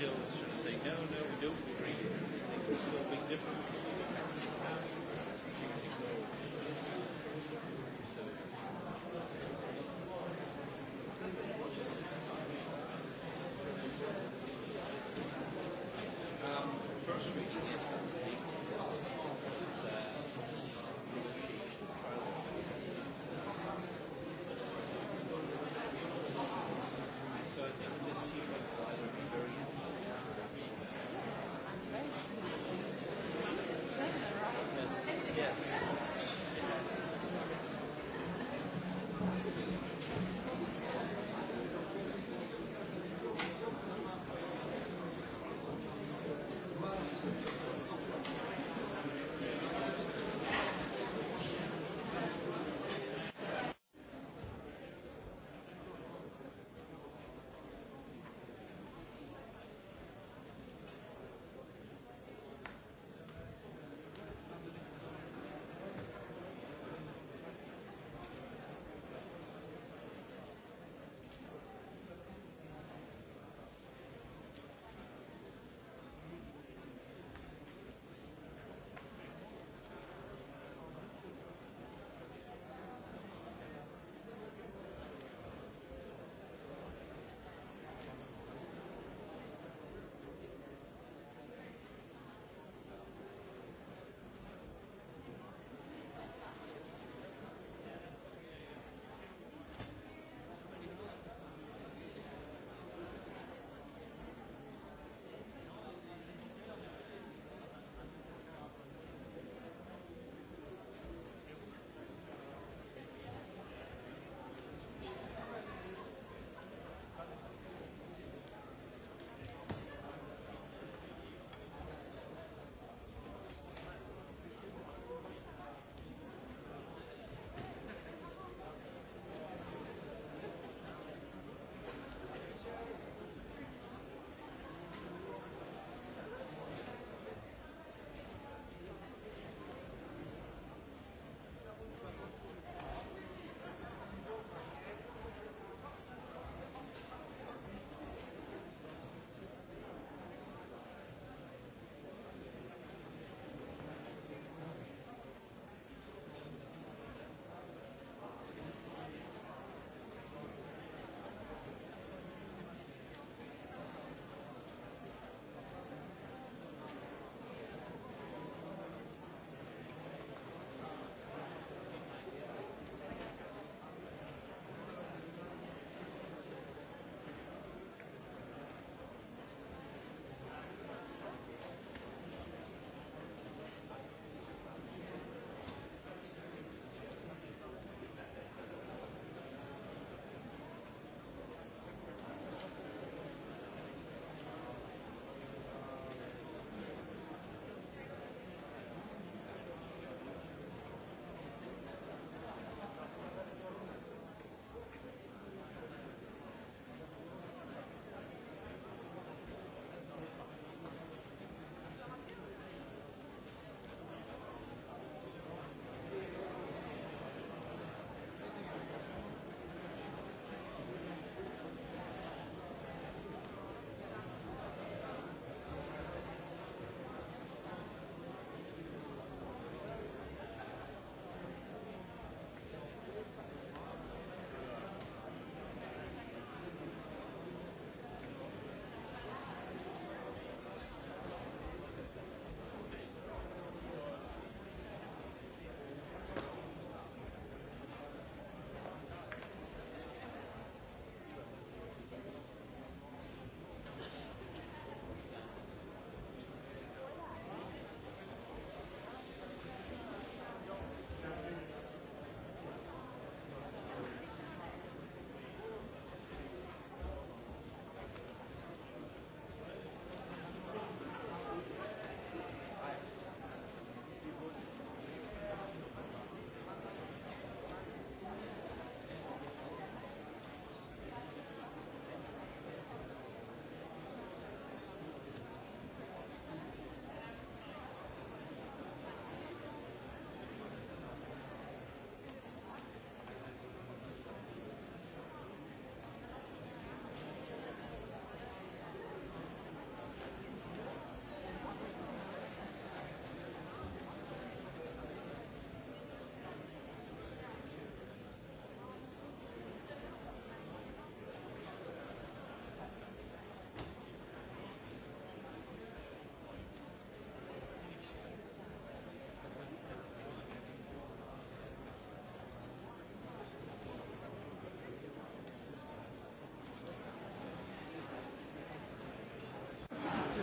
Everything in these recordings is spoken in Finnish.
Jill to say, no, no, we don't agree. There's still big difference.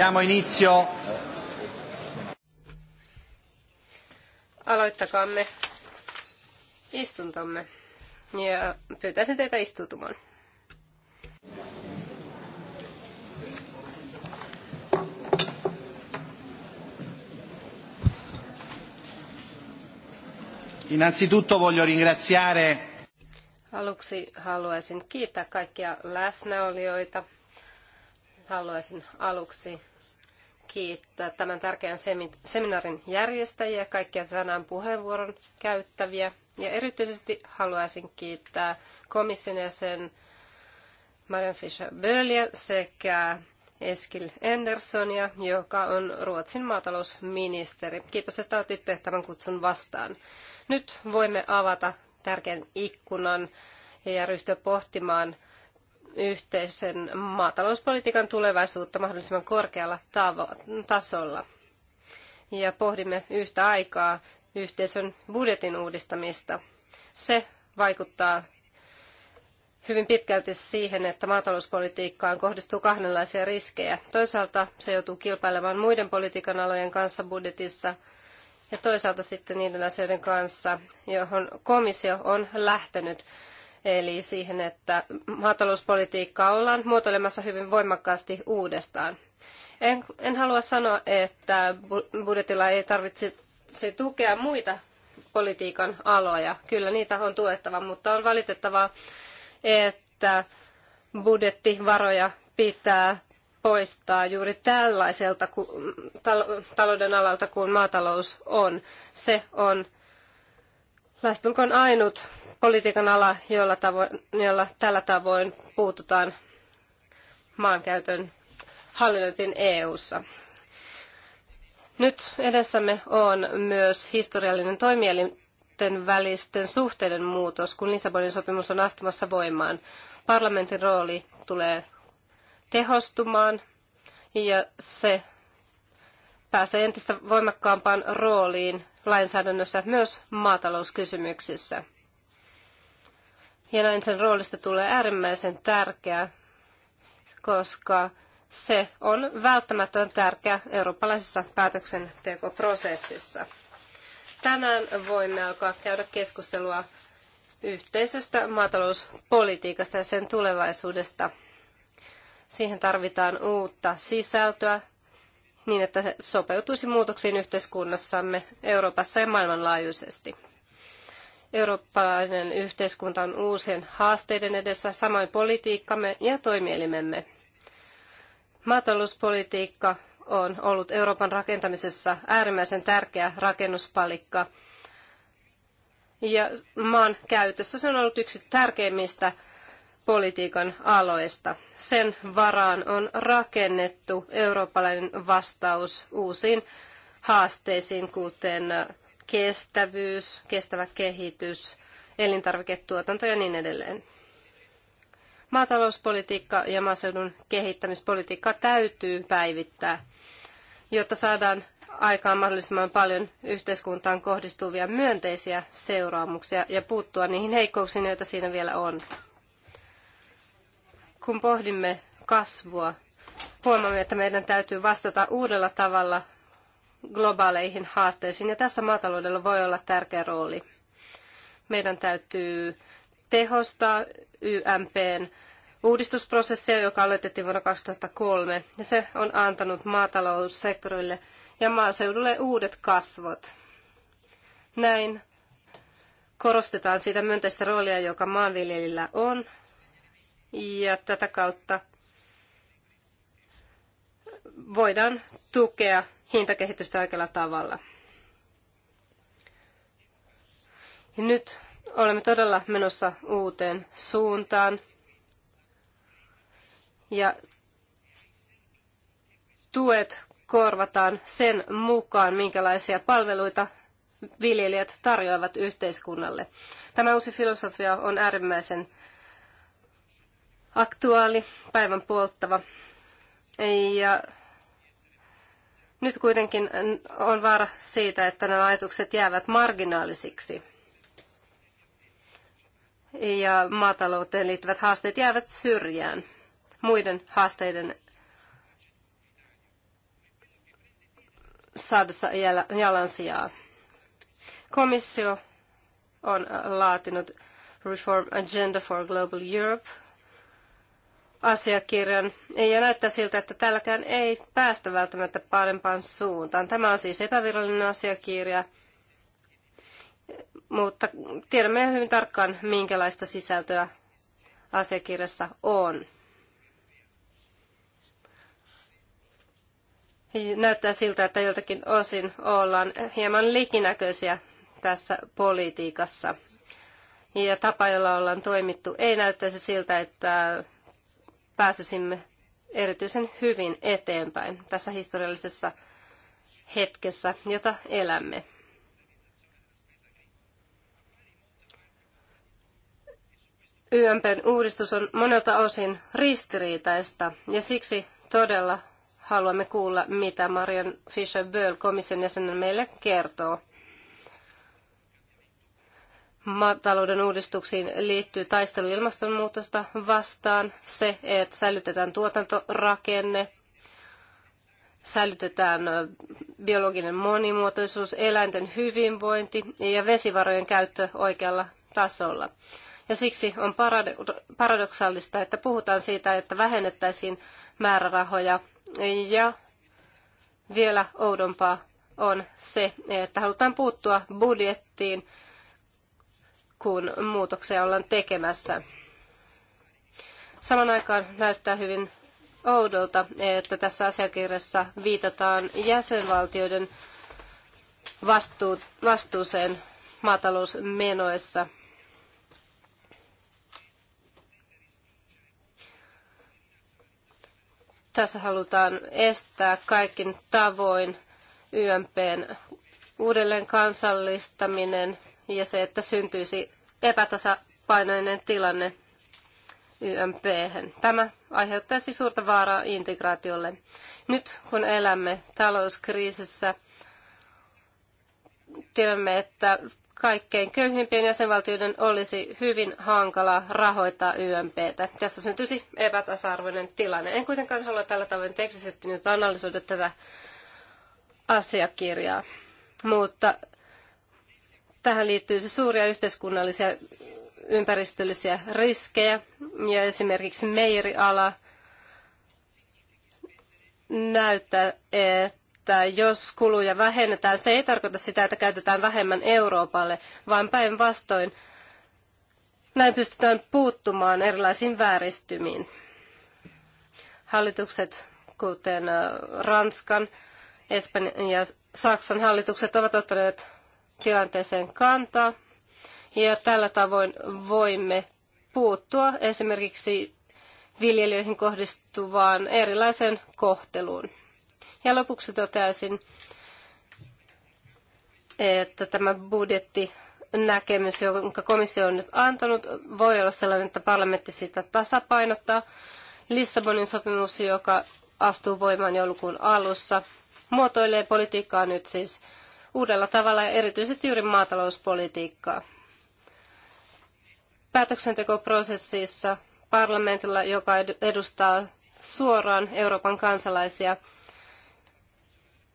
Diamo inizio. Aloittakaamme istuntomme ja pyytäisin teitä istutumaan. Innanzitutto voglio ringraziare Aluksi haluaisin kiittää kaikkia läsnäolijoita. Haluaisin aluksi kiittää tämän tärkeän seminaarin järjestäjiä, kaikkia tänään puheenvuoron käyttäviä. Ja erityisesti haluaisin kiittää komission jäsen Marian Fischer-Böliä sekä Eskil Anderssonia, joka on Ruotsin maatalousministeri. Kiitos, että otitte tämän kutsun vastaan. Nyt voimme avata tärkeän ikkunan ja ryhtyä pohtimaan – yhteisen maatalouspolitiikan tulevaisuutta mahdollisimman korkealla tavo- tasolla. Ja pohdimme yhtä aikaa yhteisön budjetin uudistamista. Se vaikuttaa hyvin pitkälti siihen, että maatalouspolitiikkaan kohdistuu kahdenlaisia riskejä. Toisaalta se joutuu kilpailemaan muiden politiikan alojen kanssa budjetissa ja toisaalta sitten niiden asioiden kanssa, johon komissio on lähtenyt eli siihen, että maatalouspolitiikkaa ollaan muotoilemassa hyvin voimakkaasti uudestaan. En, en halua sanoa, että budjetilla ei tarvitse tukea muita politiikan aloja. Kyllä niitä on tuettava, mutta on valitettavaa, että budjettivaroja pitää poistaa juuri tällaiselta talouden alalta kuin maatalous on. Se on lähestulkoon ainut politiikan ala, jolla, jolla tällä tavoin puututaan maankäytön hallinnointiin EU:ssa. Nyt edessämme on myös historiallinen toimielinten välisten suhteiden muutos, kun Lissabonin sopimus on astumassa voimaan. Parlamentin rooli tulee tehostumaan ja se pääsee entistä voimakkaampaan rooliin lainsäädännössä myös maatalouskysymyksissä. Ja näin sen roolista tulee äärimmäisen tärkeä, koska se on välttämätön tärkeä eurooppalaisessa päätöksentekoprosessissa. Tänään voimme alkaa käydä keskustelua yhteisestä maatalouspolitiikasta ja sen tulevaisuudesta. Siihen tarvitaan uutta sisältöä niin, että se sopeutuisi muutoksiin yhteiskunnassamme Euroopassa ja maailmanlaajuisesti. Eurooppalainen yhteiskunta on uusien haasteiden edessä, samoin politiikkamme ja toimielimemme. Maatalouspolitiikka on ollut Euroopan rakentamisessa äärimmäisen tärkeä rakennuspalikka. Ja maan käytössä se on ollut yksi tärkeimmistä politiikan aloista. Sen varaan on rakennettu eurooppalainen vastaus uusiin haasteisiin, kuten kestävyys, kestävä kehitys, elintarviketuotanto ja niin edelleen. Maatalouspolitiikka ja maaseudun kehittämispolitiikka täytyy päivittää, jotta saadaan aikaan mahdollisimman paljon yhteiskuntaan kohdistuvia myönteisiä seuraamuksia ja puuttua niihin heikkouksiin, joita siinä vielä on. Kun pohdimme kasvua, huomaamme, että meidän täytyy vastata uudella tavalla globaaleihin haasteisiin, ja tässä maataloudella voi olla tärkeä rooli. Meidän täytyy tehostaa YMPn uudistusprosessia, joka aloitettiin vuonna 2003, ja se on antanut maataloussektorille ja maaseudulle uudet kasvot. Näin korostetaan sitä myönteistä roolia, joka maanviljelijällä on, ja tätä kautta voidaan tukea hintakehitystä oikealla tavalla. Ja nyt olemme todella menossa uuteen suuntaan. Ja tuet korvataan sen mukaan, minkälaisia palveluita viljelijät tarjoavat yhteiskunnalle. Tämä uusi filosofia on äärimmäisen aktuaali, päivän polttava. Ja nyt kuitenkin on vaara siitä, että nämä ajatukset jäävät marginaalisiksi. Ja maatalouteen liittyvät haasteet jäävät syrjään muiden haasteiden saadessa jalansijaa. Komissio on laatinut Reform Agenda for Global Europe – asiakirjan. Ja näyttää siltä, että tälläkään ei päästä välttämättä parempaan suuntaan. Tämä on siis epävirallinen asiakirja, mutta tiedämme hyvin tarkkaan, minkälaista sisältöä asiakirjassa on. Näyttää siltä, että joiltakin osin ollaan hieman likinäköisiä tässä politiikassa. Ja tapa, jolla ollaan toimittu, ei näyttäisi siltä, että pääsisimme erityisen hyvin eteenpäin tässä historiallisessa hetkessä, jota elämme. YMPn uudistus on monelta osin ristiriitaista ja siksi todella haluamme kuulla, mitä Marion Fisher-Böll komission jäsenen meille kertoo maatalouden uudistuksiin liittyy taistelu ilmastonmuutosta vastaan, se, että säilytetään tuotantorakenne, säilytetään biologinen monimuotoisuus, eläinten hyvinvointi ja vesivarojen käyttö oikealla tasolla. Ja siksi on paradoksaalista, että puhutaan siitä, että vähennettäisiin määrärahoja ja vielä oudompaa on se, että halutaan puuttua budjettiin kun muutoksia ollaan tekemässä. Saman aikaan näyttää hyvin oudolta, että tässä asiakirjassa viitataan jäsenvaltioiden vastuu, vastuuseen maatalousmenoissa. Tässä halutaan estää kaikin tavoin YMPn uudelleen kansallistaminen – ja se, että syntyisi epätasapainoinen tilanne YMP. Tämä aiheuttaisi suurta vaaraa integraatiolle. Nyt kun elämme talouskriisissä, tiedämme, että kaikkein köyhimpien jäsenvaltioiden olisi hyvin hankala rahoittaa YMPtä. Tässä syntyisi epätasa-arvoinen tilanne. En kuitenkaan halua tällä tavoin teksisesti nyt analysoida tätä asiakirjaa, mutta Tähän liittyy suuria yhteiskunnallisia ympäristöllisiä riskejä ja esimerkiksi meiriala näyttää, että jos kuluja vähennetään, se ei tarkoita sitä, että käytetään vähemmän Euroopalle, vaan päinvastoin näin pystytään puuttumaan erilaisiin vääristymiin. Hallitukset, kuten äh, Ranskan, Espanjan ja Saksan hallitukset, ovat ottaneet tilanteeseen kantaa. Ja tällä tavoin voimme puuttua esimerkiksi viljelijöihin kohdistuvaan erilaiseen kohteluun. Ja lopuksi toteaisin, että tämä budjetti näkemys, jonka komissio on nyt antanut, voi olla sellainen, että parlamentti sitä tasapainottaa. Lissabonin sopimus, joka astuu voimaan joulukuun alussa, muotoilee politiikkaa nyt siis uudella tavalla ja erityisesti juuri maatalouspolitiikkaa. Päätöksentekoprosessissa parlamentilla, joka edustaa suoraan Euroopan kansalaisia,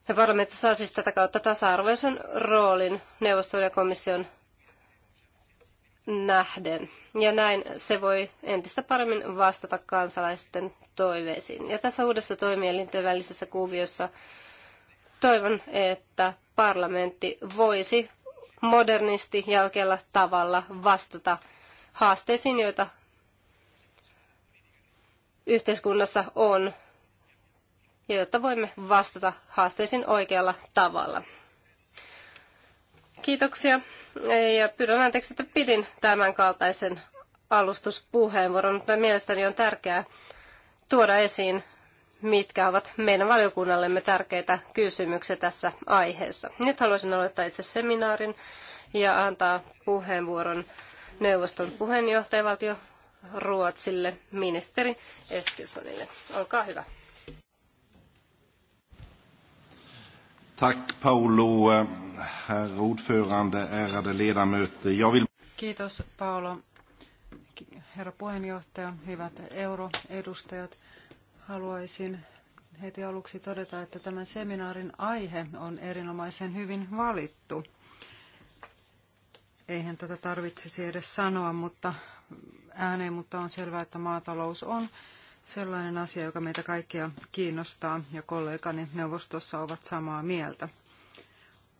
ja parlamentti saa siis tätä kautta tasa-arvoisen roolin neuvoston ja komission nähden. Ja näin se voi entistä paremmin vastata kansalaisten toiveisiin. Ja tässä uudessa toimielinten välisessä kuviossa toivon, että parlamentti voisi modernisti ja oikealla tavalla vastata haasteisiin, joita yhteiskunnassa on, ja jotta voimme vastata haasteisiin oikealla tavalla. Kiitoksia ja pyydän anteeksi, että pidin tämän kaltaisen alustuspuheenvuoron, mutta mielestäni on tärkeää tuoda esiin mitkä ovat meidän valiokunnallemme tärkeitä kysymyksiä tässä aiheessa. Nyt haluaisin aloittaa itse seminaarin ja antaa puheenvuoron neuvoston puheenjohtajavaltio Ruotsille, ministeri Eskilsonille. Olkaa hyvä. Tack Paolo, herr ordförande, ärade ledamöter. Jag vill... Kiitos Paolo, herra puheenjohtaja, hyvät euroedustajat. Haluaisin heti aluksi todeta, että tämän seminaarin aihe on erinomaisen hyvin valittu. Eihän tätä tarvitsisi edes sanoa mutta ääneen, mutta on selvää, että maatalous on sellainen asia, joka meitä kaikkia kiinnostaa ja kollegani neuvostossa ovat samaa mieltä.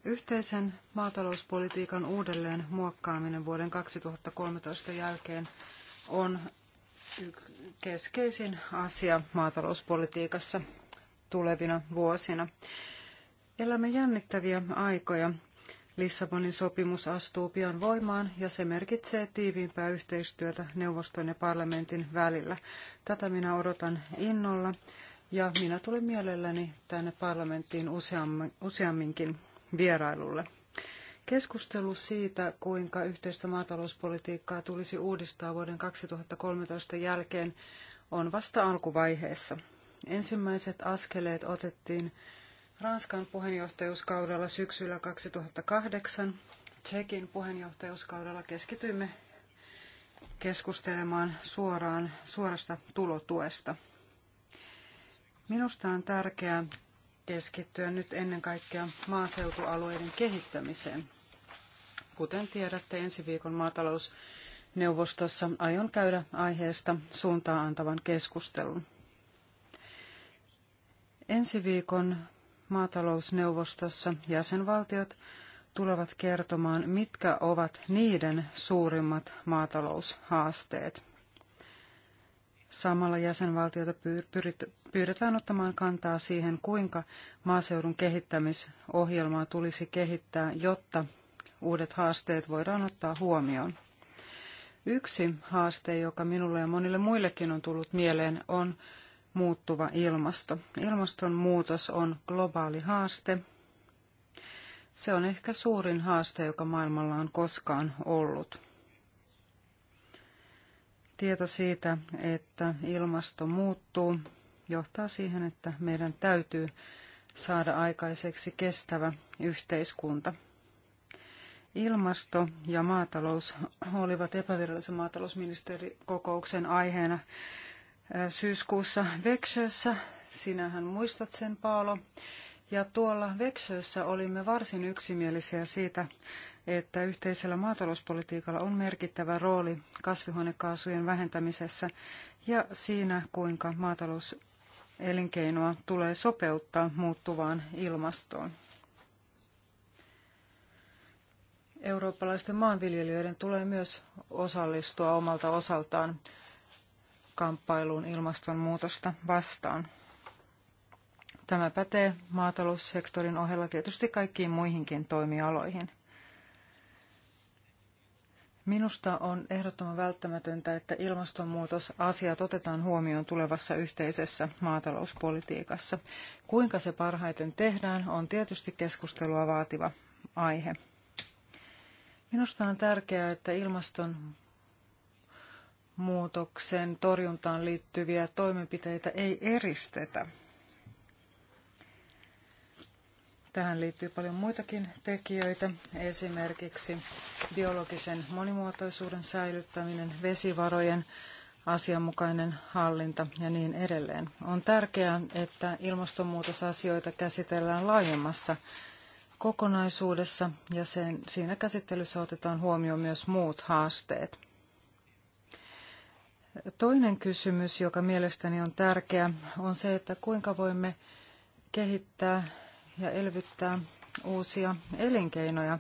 Yhteisen maatalouspolitiikan uudelleen muokkaaminen vuoden 2013 jälkeen on keskeisin asia maatalouspolitiikassa tulevina vuosina. Elämme jännittäviä aikoja. Lissabonin sopimus astuu pian voimaan ja se merkitsee tiiviimpää yhteistyötä neuvoston ja parlamentin välillä. Tätä minä odotan innolla ja minä tulin mielelläni tänne parlamenttiin useamminkin vierailulle. Keskustelu siitä, kuinka yhteistä maatalouspolitiikkaa tulisi uudistaa vuoden 2013 jälkeen, on vasta alkuvaiheessa. Ensimmäiset askeleet otettiin Ranskan puheenjohtajuuskaudella syksyllä 2008. Tsekin puheenjohtajuuskaudella keskityimme keskustelemaan suoraan suorasta tulotuesta. Minusta on tärkeää keskittyä nyt ennen kaikkea maaseutualueiden kehittämiseen. Kuten tiedätte, ensi viikon maatalousneuvostossa aion käydä aiheesta suuntaa antavan keskustelun. Ensi viikon maatalousneuvostossa jäsenvaltiot tulevat kertomaan, mitkä ovat niiden suurimmat maataloushaasteet. Samalla jäsenvaltiota pyydetään ottamaan kantaa siihen, kuinka maaseudun kehittämisohjelmaa tulisi kehittää, jotta uudet haasteet voidaan ottaa huomioon. Yksi haaste, joka minulle ja monille muillekin on tullut mieleen, on muuttuva ilmasto. Ilmastonmuutos on globaali haaste. Se on ehkä suurin haaste, joka maailmalla on koskaan ollut. Tieto siitä, että ilmasto muuttuu, johtaa siihen, että meidän täytyy saada aikaiseksi kestävä yhteiskunta. Ilmasto ja maatalous olivat epävirallisen maatalousministerikokouksen aiheena äh, syyskuussa Veksössä. Sinähän muistat sen, Paolo. Ja tuolla Veksössä olimme varsin yksimielisiä siitä, että yhteisellä maatalouspolitiikalla on merkittävä rooli kasvihuonekaasujen vähentämisessä ja siinä, kuinka maatalouselinkeinoa tulee sopeuttaa muuttuvaan ilmastoon. Eurooppalaisten maanviljelijöiden tulee myös osallistua omalta osaltaan kamppailuun ilmastonmuutosta vastaan. Tämä pätee maataloussektorin ohella tietysti kaikkiin muihinkin toimialoihin. Minusta on ehdottoman välttämätöntä, että ilmastonmuutos asiat otetaan huomioon tulevassa yhteisessä maatalouspolitiikassa. Kuinka se parhaiten tehdään, on tietysti keskustelua vaativa aihe. Minusta on tärkeää, että muutoksen torjuntaan liittyviä toimenpiteitä ei eristetä. Tähän liittyy paljon muitakin tekijöitä, esimerkiksi biologisen monimuotoisuuden säilyttäminen, vesivarojen asianmukainen hallinta ja niin edelleen. On tärkeää, että ilmastonmuutosasioita käsitellään laajemmassa kokonaisuudessa ja sen, siinä käsittelyssä otetaan huomioon myös muut haasteet. Toinen kysymys, joka mielestäni on tärkeä, on se, että kuinka voimme kehittää ja elvyttää uusia elinkeinoja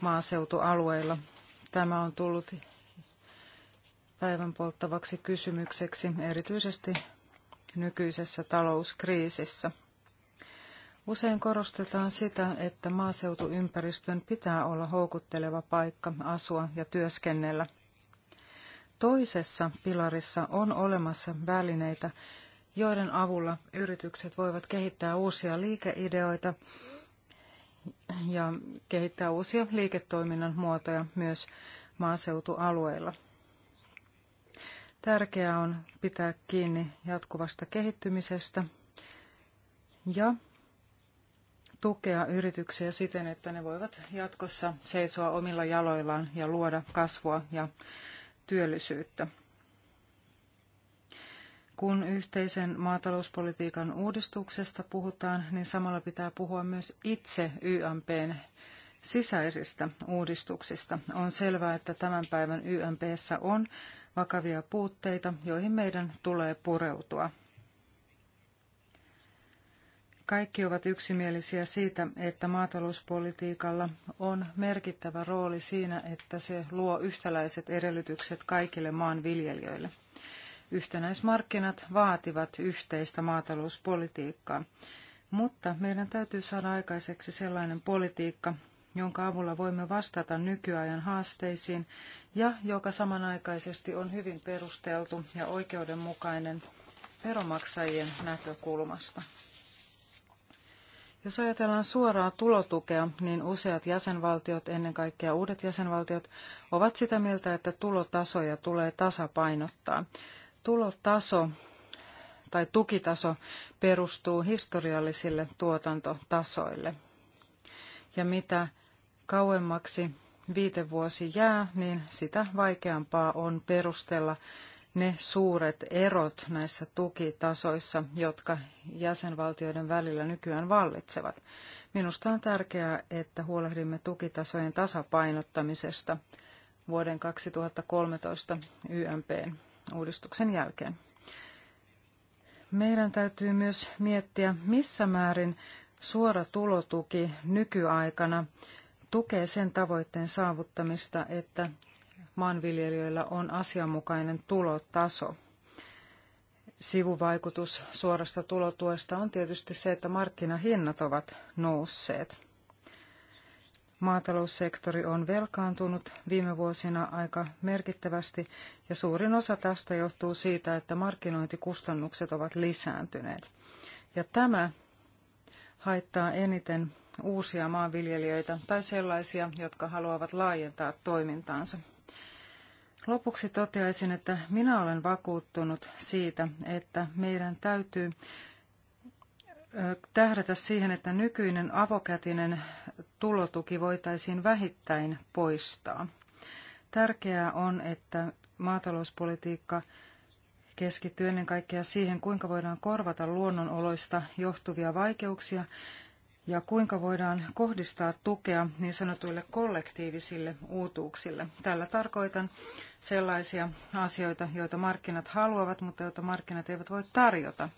maaseutualueilla. Tämä on tullut päivän polttavaksi kysymykseksi erityisesti nykyisessä talouskriisissä. Usein korostetaan sitä, että maaseutuympäristön pitää olla houkutteleva paikka asua ja työskennellä. Toisessa pilarissa on olemassa välineitä, joiden avulla yritykset voivat kehittää uusia liikeideoita ja kehittää uusia liiketoiminnan muotoja myös maaseutualueilla. Tärkeää on pitää kiinni jatkuvasta kehittymisestä ja tukea yrityksiä siten, että ne voivat jatkossa seisoa omilla jaloillaan ja luoda kasvua ja työllisyyttä. Kun yhteisen maatalouspolitiikan uudistuksesta puhutaan, niin samalla pitää puhua myös itse YMPn sisäisistä uudistuksista. On selvää, että tämän päivän YMPssä on vakavia puutteita, joihin meidän tulee pureutua. Kaikki ovat yksimielisiä siitä, että maatalouspolitiikalla on merkittävä rooli siinä, että se luo yhtäläiset edellytykset kaikille maanviljelijöille. Yhtenäismarkkinat vaativat yhteistä maatalouspolitiikkaa, mutta meidän täytyy saada aikaiseksi sellainen politiikka, jonka avulla voimme vastata nykyajan haasteisiin ja joka samanaikaisesti on hyvin perusteltu ja oikeudenmukainen veromaksajien näkökulmasta. Jos ajatellaan suoraa tulotukea, niin useat jäsenvaltiot, ennen kaikkea uudet jäsenvaltiot, ovat sitä mieltä, että tulotasoja tulee tasapainottaa tulotaso tai tukitaso perustuu historiallisille tuotantotasoille. Ja mitä kauemmaksi viitevuosi jää, niin sitä vaikeampaa on perustella ne suuret erot näissä tukitasoissa, jotka jäsenvaltioiden välillä nykyään vallitsevat. Minusta on tärkeää, että huolehdimme tukitasojen tasapainottamisesta vuoden 2013 YMPn uudistuksen jälkeen. Meidän täytyy myös miettiä, missä määrin suora tulotuki nykyaikana tukee sen tavoitteen saavuttamista, että maanviljelijöillä on asianmukainen tulotaso. Sivuvaikutus suorasta tulotuesta on tietysti se, että markkinahinnat ovat nousseet maataloussektori on velkaantunut viime vuosina aika merkittävästi ja suurin osa tästä johtuu siitä, että markkinointikustannukset ovat lisääntyneet. Ja tämä haittaa eniten uusia maanviljelijöitä tai sellaisia, jotka haluavat laajentaa toimintaansa. Lopuksi toteaisin, että minä olen vakuuttunut siitä, että meidän täytyy tähdätä siihen, että nykyinen avokätinen tulotuki voitaisiin vähittäin poistaa. Tärkeää on, että maatalouspolitiikka keskittyy ennen kaikkea siihen, kuinka voidaan korvata luonnonoloista johtuvia vaikeuksia ja kuinka voidaan kohdistaa tukea niin sanotuille kollektiivisille uutuuksille. Tällä tarkoitan sellaisia asioita, joita markkinat haluavat, mutta joita markkinat eivät voi tarjota.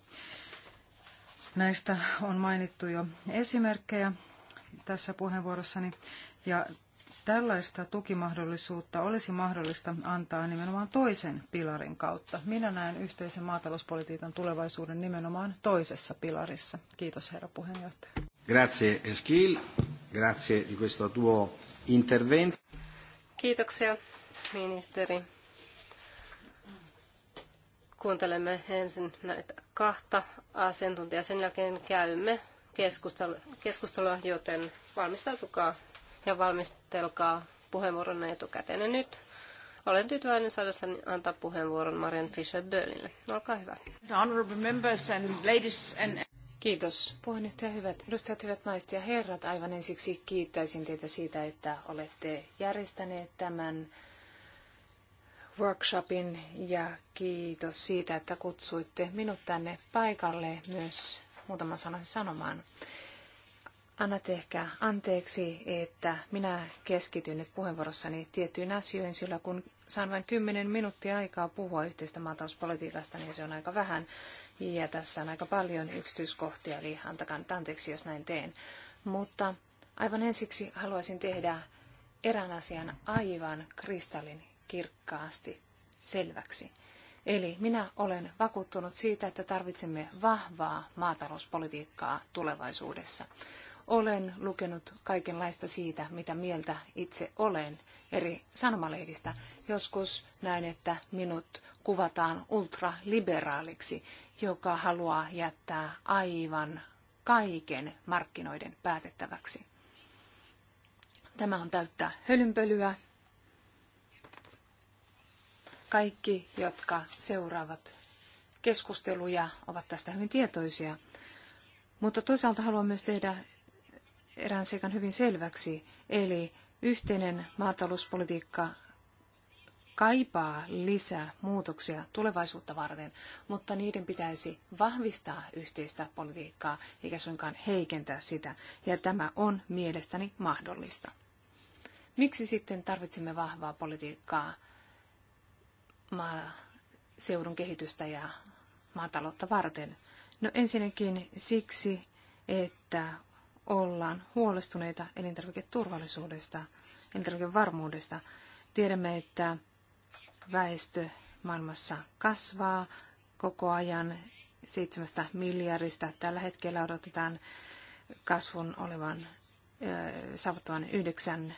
Näistä on mainittu jo esimerkkejä tässä puheenvuorossani. Ja tällaista tukimahdollisuutta olisi mahdollista antaa nimenomaan toisen pilarin kautta. Minä näen yhteisen maatalouspolitiikan tulevaisuuden nimenomaan toisessa pilarissa. Kiitos herra puheenjohtaja. Grazie Eskil, grazie di questo tuo intervento. Kiitoksia ministeri. Kuuntelemme ensin näitä kahta asiantuntijaa, sen jälkeen käymme keskustelua, joten valmistautukaa ja valmistelkaa puheenvuoronne etukäteen. Ja nyt olen tyytyväinen sen antaa puheenvuoron Marian Fisher-Böllille. Olkaa hyvä. Kiitos puheenjohtaja, hyvät edustajat, hyvät naiset ja herrat. Aivan ensiksi kiittäisin teitä siitä, että olette järjestäneet tämän workshopin ja kiitos siitä, että kutsuitte minut tänne paikalle myös muutaman sanasen sanomaan. Annat ehkä anteeksi, että minä keskityn nyt puheenvuorossani tiettyihin asioihin, sillä kun saan vain 10 minuuttia aikaa puhua yhteistä maatalouspolitiikasta, niin se on aika vähän. Ja tässä on aika paljon yksityiskohtia, eli antakaa nyt anteeksi, jos näin teen. Mutta aivan ensiksi haluaisin tehdä erään asian aivan kristallin kirkkaasti selväksi. Eli minä olen vakuuttunut siitä, että tarvitsemme vahvaa maatalouspolitiikkaa tulevaisuudessa. Olen lukenut kaikenlaista siitä, mitä mieltä itse olen eri sanomalehdistä. Joskus näin, että minut kuvataan ultraliberaaliksi, joka haluaa jättää aivan kaiken markkinoiden päätettäväksi. Tämä on täyttä hölynpölyä kaikki, jotka seuraavat keskusteluja, ovat tästä hyvin tietoisia. Mutta toisaalta haluan myös tehdä erään seikan hyvin selväksi, eli yhteinen maatalouspolitiikka kaipaa lisää muutoksia tulevaisuutta varten, mutta niiden pitäisi vahvistaa yhteistä politiikkaa eikä suinkaan heikentää sitä, ja tämä on mielestäni mahdollista. Miksi sitten tarvitsemme vahvaa politiikkaa maaseudun kehitystä ja maataloutta varten? No ensinnäkin siksi, että ollaan huolestuneita elintarviketurvallisuudesta, elintarvikevarmuudesta. Tiedämme, että väestö maailmassa kasvaa koko ajan 7 miljardista. Tällä hetkellä odotetaan kasvun olevan saavuttavan 9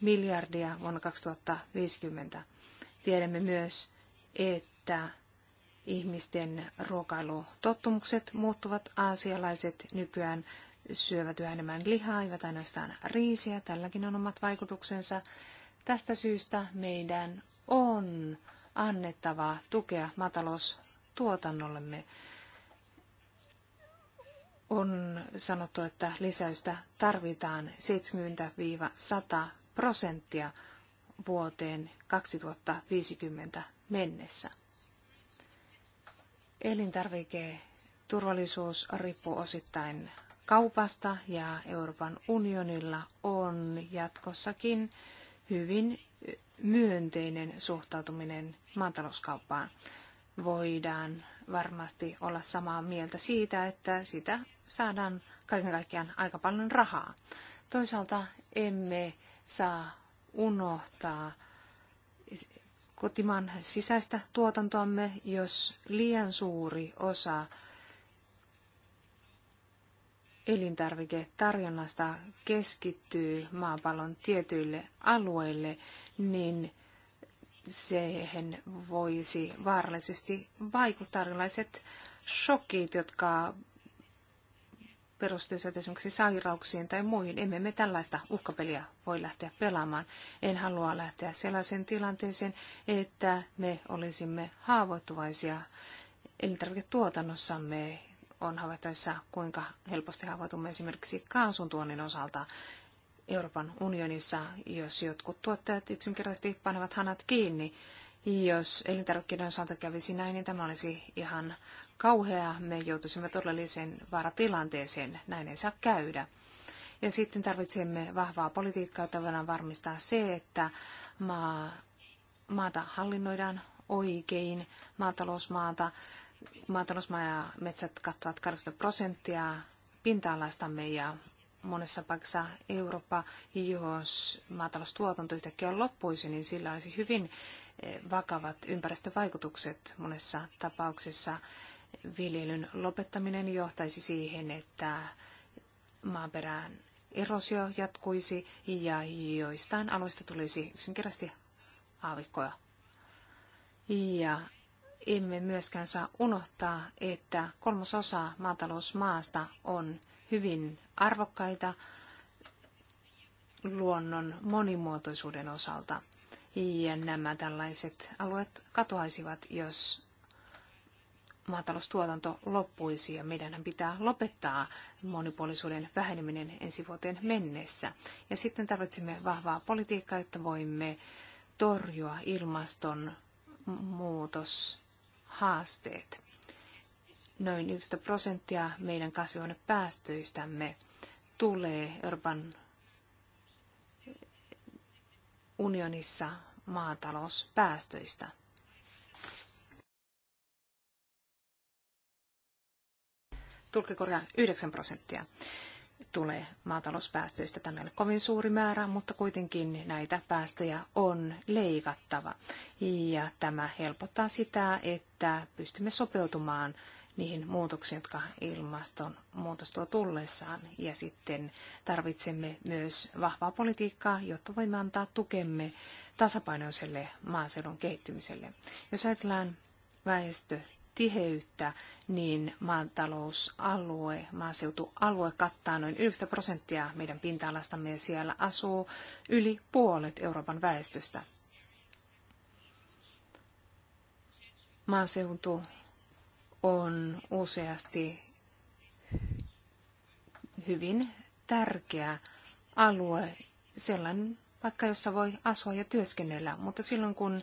miljardia vuonna 2050. Tiedämme myös, että ihmisten ruokailutottumukset muuttuvat. Aasialaiset nykyään syövät yhä enemmän lihaa, eivät ainoastaan riisiä. Tälläkin on omat vaikutuksensa. Tästä syystä meidän on annettava tukea matalostuotannollemme. On sanottu, että lisäystä tarvitaan 70-100 prosenttia vuoteen 2050 mennessä. Elintarvike turvallisuus riippuu osittain kaupasta ja Euroopan unionilla on jatkossakin hyvin myönteinen suhtautuminen maatalouskauppaan. Voidaan varmasti olla samaa mieltä siitä, että sitä saadaan kaiken kaikkiaan aika paljon rahaa. Toisaalta emme saa unohtaa kotimaan sisäistä tuotantoamme, jos liian suuri osa elintarviketarjonnasta keskittyy maapallon tietyille alueille, niin siihen voisi vaarallisesti vaikuttaa erilaiset shokit, jotka perustuisivat esimerkiksi sairauksiin tai muihin. Emme me tällaista uhkapeliä voi lähteä pelaamaan. En halua lähteä sellaisen tilanteeseen, että me olisimme haavoittuvaisia elintarviketuotannossamme. On havaittavissa, kuinka helposti haavoitumme esimerkiksi kaasun tuonnin osalta. Euroopan unionissa, jos jotkut tuottajat yksinkertaisesti panevat hanat kiinni, jos elintarvikkeiden osalta kävisi näin, niin tämä olisi ihan kauhea. Me joutuisimme todelliseen vaaratilanteeseen. Näin ei saa käydä. Ja sitten tarvitsemme vahvaa politiikkaa, jota voidaan varmistaa se, että maa, maata hallinnoidaan oikein, maatalousmaata, maatalousmaa ja metsät kattavat 80 prosenttia pinta-alastamme ja monessa paikassa Eurooppa, jos maataloustuotanto yhtäkkiä loppuisi, niin sillä olisi hyvin eh, vakavat ympäristövaikutukset monessa tapauksessa viljelyn lopettaminen johtaisi siihen, että maaperään erosio jatkuisi ja joistain aloista tulisi yksinkertaisesti aavikkoja. Ja emme myöskään saa unohtaa, että kolmasosa maatalousmaasta on hyvin arvokkaita luonnon monimuotoisuuden osalta. Ja nämä tällaiset alueet katoaisivat, jos maataloustuotanto loppuisi ja meidän pitää lopettaa monipuolisuuden väheneminen ensi vuoteen mennessä. Ja sitten tarvitsemme vahvaa politiikkaa, jotta voimme torjua ilmastonmuutoshaasteet. Noin 11 prosenttia meidän kasvihuonepäästöistämme tulee Euroopan unionissa maatalouspäästöistä. tulkikorjaa 9 prosenttia tulee maatalouspäästöistä. Tämä on kovin suuri määrä, mutta kuitenkin näitä päästöjä on leikattava. Ja tämä helpottaa sitä, että pystymme sopeutumaan niihin muutoksiin, jotka ilmastonmuutos tuo tullessaan. Ja sitten tarvitsemme myös vahvaa politiikkaa, jotta voimme antaa tukemme tasapainoiselle maaseudun kehittymiselle. Jos ajatellaan väestö tiheyttä, niin maantalousalue, maaseutualue kattaa noin 9 prosenttia meidän pinta-alastamme ja siellä asuu yli puolet Euroopan väestöstä. Maaseutu on useasti hyvin tärkeä alue, sellainen vaikka jossa voi asua ja työskennellä, mutta silloin kun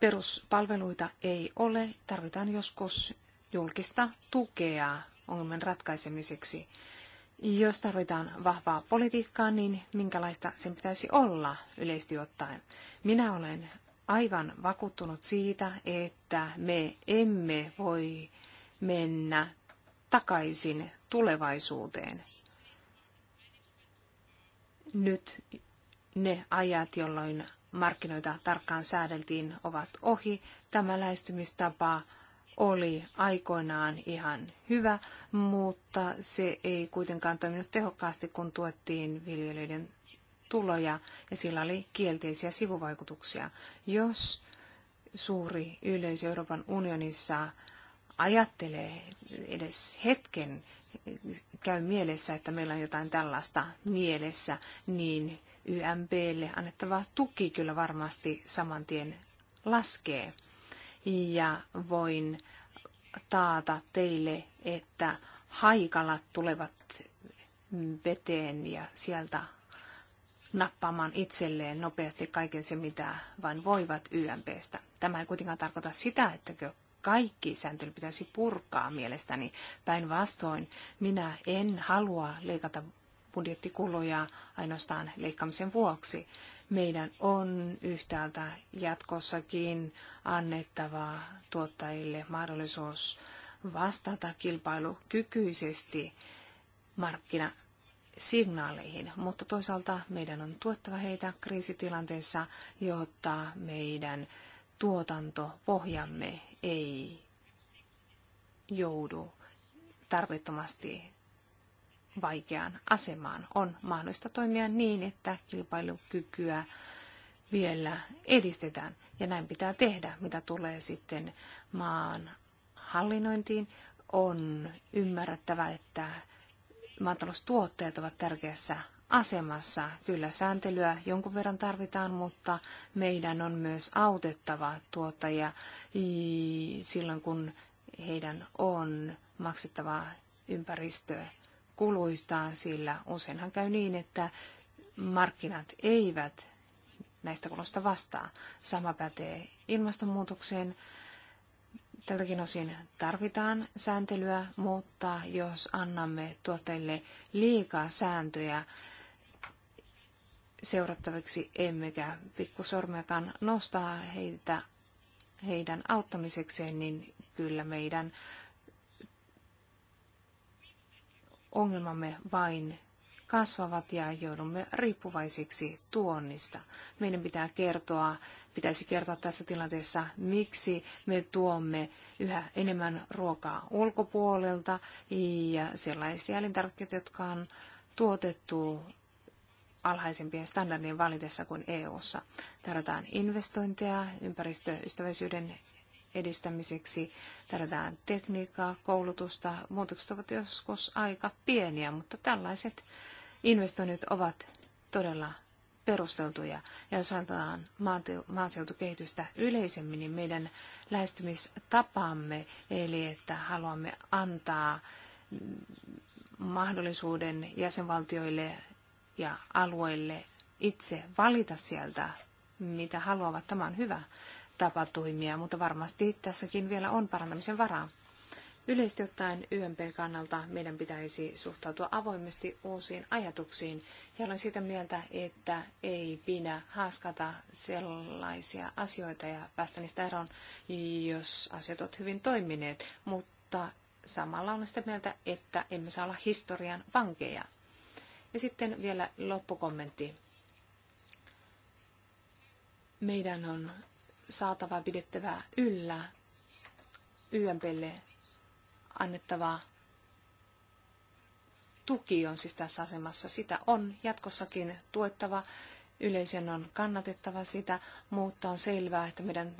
peruspalveluita ei ole, tarvitaan joskus julkista tukea ongelman ratkaisemiseksi. Jos tarvitaan vahvaa politiikkaa, niin minkälaista sen pitäisi olla yleisesti ottaen? Minä olen aivan vakuuttunut siitä, että me emme voi mennä takaisin tulevaisuuteen. Nyt ne ajat, jolloin markkinoita tarkkaan säädeltiin, ovat ohi. Tämä lähestymistapa oli aikoinaan ihan hyvä, mutta se ei kuitenkaan toiminut tehokkaasti, kun tuettiin viljelijöiden tuloja ja sillä oli kielteisiä sivuvaikutuksia. Jos suuri yleisö Euroopan unionissa ajattelee edes hetken, käy mielessä, että meillä on jotain tällaista mielessä, niin YMPlle annettava tuki kyllä varmasti saman tien laskee. Ja voin taata teille, että haikalat tulevat veteen ja sieltä nappaamaan itselleen nopeasti kaiken se, mitä vain voivat YMPstä. Tämä ei kuitenkaan tarkoita sitä, ettäkö kaikki sääntely pitäisi purkaa mielestäni. Päinvastoin minä en halua leikata budjettikuluja ainoastaan leikkaamisen vuoksi. Meidän on yhtäältä jatkossakin annettava tuottajille mahdollisuus vastata kilpailukykyisesti markkina signaaleihin, mutta toisaalta meidän on tuottava heitä kriisitilanteessa, jotta meidän tuotantopohjamme ei joudu tarpeettomasti vaikeaan asemaan. On mahdollista toimia niin, että kilpailukykyä vielä edistetään. Ja näin pitää tehdä, mitä tulee sitten maan hallinnointiin. On ymmärrettävä, että maataloustuotteet ovat tärkeässä asemassa. Kyllä sääntelyä jonkun verran tarvitaan, mutta meidän on myös autettava tuottajia silloin, kun heidän on maksettava ympäristöä kuluistaan, sillä useinhan käy niin, että markkinat eivät näistä kuluista vastaa. Sama pätee ilmastonmuutokseen. Tältäkin osin tarvitaan sääntelyä, mutta jos annamme tuotteille liikaa sääntöjä seurattaviksi, emmekä pikkusormeakaan nostaa heitä, heidän auttamisekseen, niin kyllä meidän ongelmamme vain kasvavat ja joudumme riippuvaisiksi tuonnista. Meidän pitää kertoa, pitäisi kertoa tässä tilanteessa, miksi me tuomme yhä enemmän ruokaa ulkopuolelta ja sellaisia elintarvikkeita, jotka on tuotettu alhaisempien standardien valitessa kuin EU-ssa. Tarvitaan investointeja ympäristöystäväisyyden edistämiseksi. Tarvitaan tekniikkaa, koulutusta. Muutokset ovat joskus aika pieniä, mutta tällaiset investoinnit ovat todella perusteltuja. Ja jos ajatellaan maaseutukehitystä yleisemmin, niin meidän lähestymistapaamme, eli että haluamme antaa mahdollisuuden jäsenvaltioille ja alueille itse valita sieltä, mitä haluavat. Tämä on hyvä tapa toimia, mutta varmasti tässäkin vielä on parantamisen varaa. Yleisesti ottaen YMP-kannalta meidän pitäisi suhtautua avoimesti uusiin ajatuksiin ja olen siitä mieltä, että ei pidä haaskata sellaisia asioita ja päästä niistä eroon, jos asiat ovat hyvin toimineet, mutta samalla olen sitä mieltä, että emme saa olla historian vankeja. Ja sitten vielä loppukommentti. Meidän on saatavaa pidettävää yllä YMPlle annettavaa tuki on siis tässä asemassa. Sitä on jatkossakin tuettava, yleisön on kannatettava sitä, mutta on selvää, että meidän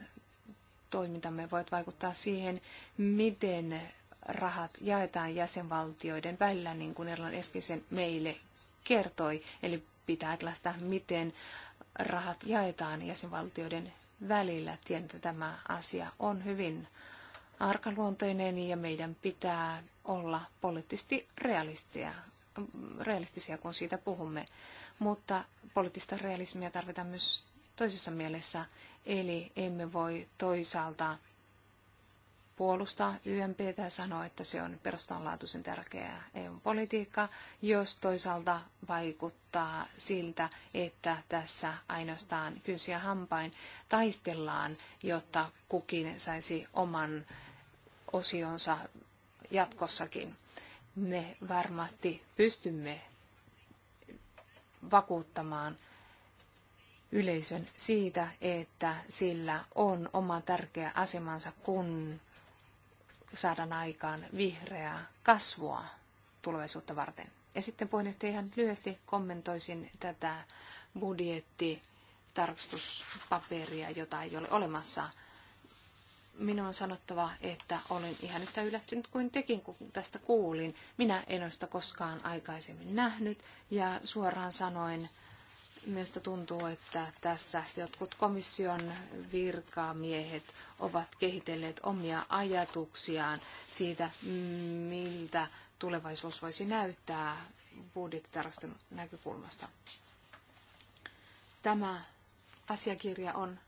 toimintamme voivat vaikuttaa siihen, miten rahat jaetaan jäsenvaltioiden välillä, niin kuin Erlan Eskisen meille kertoi. Eli pitää tällaista, miten rahat jaetaan jäsenvaltioiden välillä. Tiedän, että tämä asia on hyvin arkaluontoinen ja meidän pitää olla poliittisesti realistia, realistisia, kun siitä puhumme. Mutta poliittista realismia tarvitaan myös toisessa mielessä, eli emme voi toisaalta puolustaa YMPtä ja sanoa, että se on perustanlaatuisen tärkeää EU-politiikkaa, jos toisaalta vaikuttaa siltä, että tässä ainoastaan kynsiä hampain taistellaan, jotta kukin saisi oman osionsa jatkossakin. Me varmasti pystymme vakuuttamaan yleisön siitä, että sillä on oma tärkeä asemansa, kun saadaan aikaan vihreää kasvua tulevaisuutta varten. Ja sitten puheenjohtaja ihan lyhyesti kommentoisin tätä budjettitarkastuspaperia, jota ei ole olemassa. Minun on sanottava, että olen ihan yhtä yllättynyt kuin tekin, kun tästä kuulin. Minä en ole sitä koskaan aikaisemmin nähnyt ja suoraan sanoen Minusta tuntuu, että tässä jotkut komission virkamiehet ovat kehitelleet omia ajatuksiaan siitä, miltä tulevaisuus voisi näyttää budjettitarkastelun näkökulmasta. Tämä asiakirja on,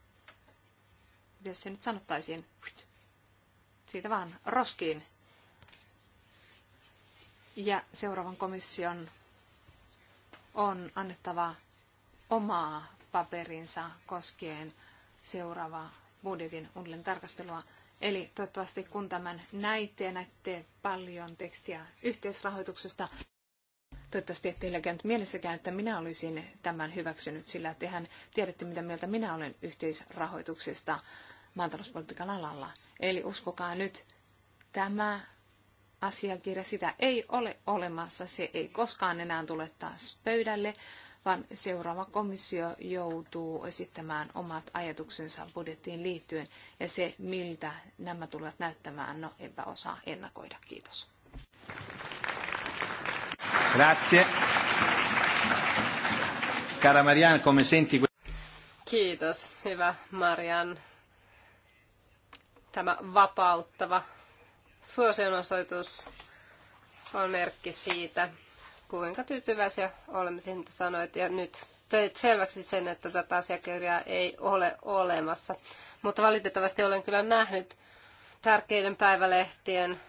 miten se nyt sanottaisiin, siitä vaan roskiin. Ja seuraavan komission on annettava omaa paperinsa koskien seuraavaa budjetin uudelleen tarkastelua. Eli toivottavasti kun tämän näitte ja näitte paljon tekstiä yhteisrahoituksesta, toivottavasti ettei teillä käynyt mielessäkään, että minä olisin tämän hyväksynyt, sillä tehän tiedätte, mitä mieltä minä olen yhteisrahoituksesta maatalouspolitiikan alalla. Eli uskokaa nyt, tämä asiakirja, sitä ei ole olemassa, se ei koskaan enää tule taas pöydälle vaan seuraava komissio joutuu esittämään omat ajatuksensa budjettiin liittyen ja se, miltä nämä tulevat näyttämään, no enpä osaa ennakoida. Kiitos. Grazie. Cara Marianne, come senti... Kiitos, hyvä Marian. Tämä vapauttava suosionosoitus on merkki siitä, kuinka tyytyväisiä olemme siihen, mitä sanoit. Ja nyt teit selväksi sen, että tätä asiakirjaa ei ole olemassa. Mutta valitettavasti olen kyllä nähnyt tärkeiden päivälehtien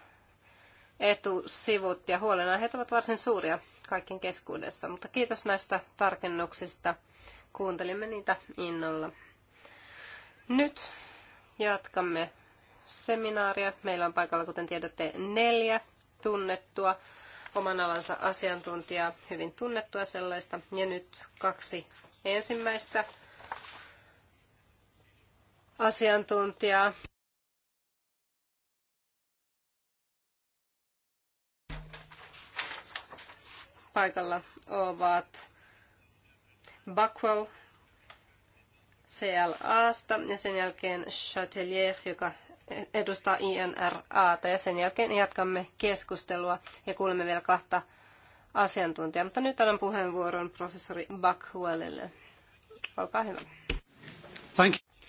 etusivut ja huolenaiheet ovat varsin suuria kaikkien keskuudessa. Mutta kiitos näistä tarkennuksista. Kuuntelimme niitä innolla. Nyt jatkamme seminaaria. Meillä on paikalla, kuten tiedätte, neljä tunnettua oman alansa asiantuntijaa, hyvin tunnettua sellaista. Ja nyt kaksi ensimmäistä asiantuntijaa. Paikalla ovat Buckwell CLAsta ja sen jälkeen Chatelier, joka edustaa INRAta ja sen jälkeen jatkamme keskustelua ja kuulemme vielä kahta asiantuntijaa. Mutta nyt annan puheenvuoron professori Buckwellille. Olkaa hyvä. Thank you.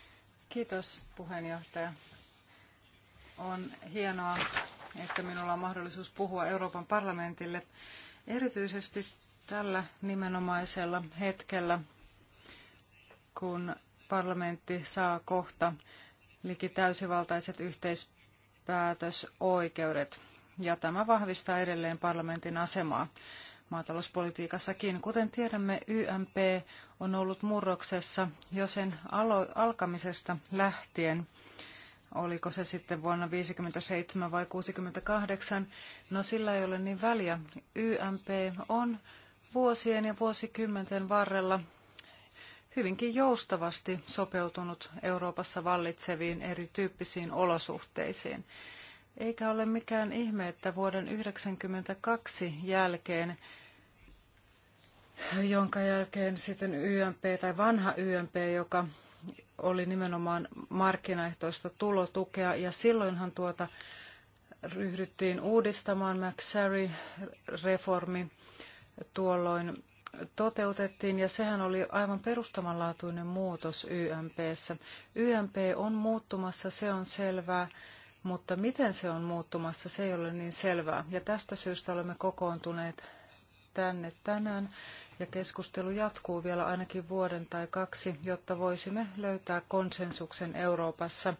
Kiitos puheenjohtaja. On hienoa, että minulla on mahdollisuus puhua Euroopan parlamentille erityisesti tällä nimenomaisella hetkellä, kun parlamentti saa kohta liki täysivaltaiset yhteispäätösoikeudet. Ja tämä vahvistaa edelleen parlamentin asemaa maatalouspolitiikassakin. Kuten tiedämme, YMP on ollut murroksessa jo sen alkamisesta lähtien. Oliko se sitten vuonna 57 vai 68? No sillä ei ole niin väliä. YMP on vuosien ja vuosikymmenten varrella hyvinkin joustavasti sopeutunut Euroopassa vallitseviin erityyppisiin olosuhteisiin. Eikä ole mikään ihme, että vuoden 1992 jälkeen, jonka jälkeen sitten YMP tai vanha YMP, joka oli nimenomaan markkinaehtoista tulotukea, ja silloinhan tuota ryhdyttiin uudistamaan McSherry-reformi, tuolloin toteutettiin ja sehän oli aivan perustavanlaatuinen muutos YMPssä. YMP on muuttumassa, se on selvää, mutta miten se on muuttumassa, se ei ole niin selvää. Ja tästä syystä olemme kokoontuneet tänne tänään ja keskustelu jatkuu vielä ainakin vuoden tai kaksi, jotta voisimme löytää konsensuksen Euroopassa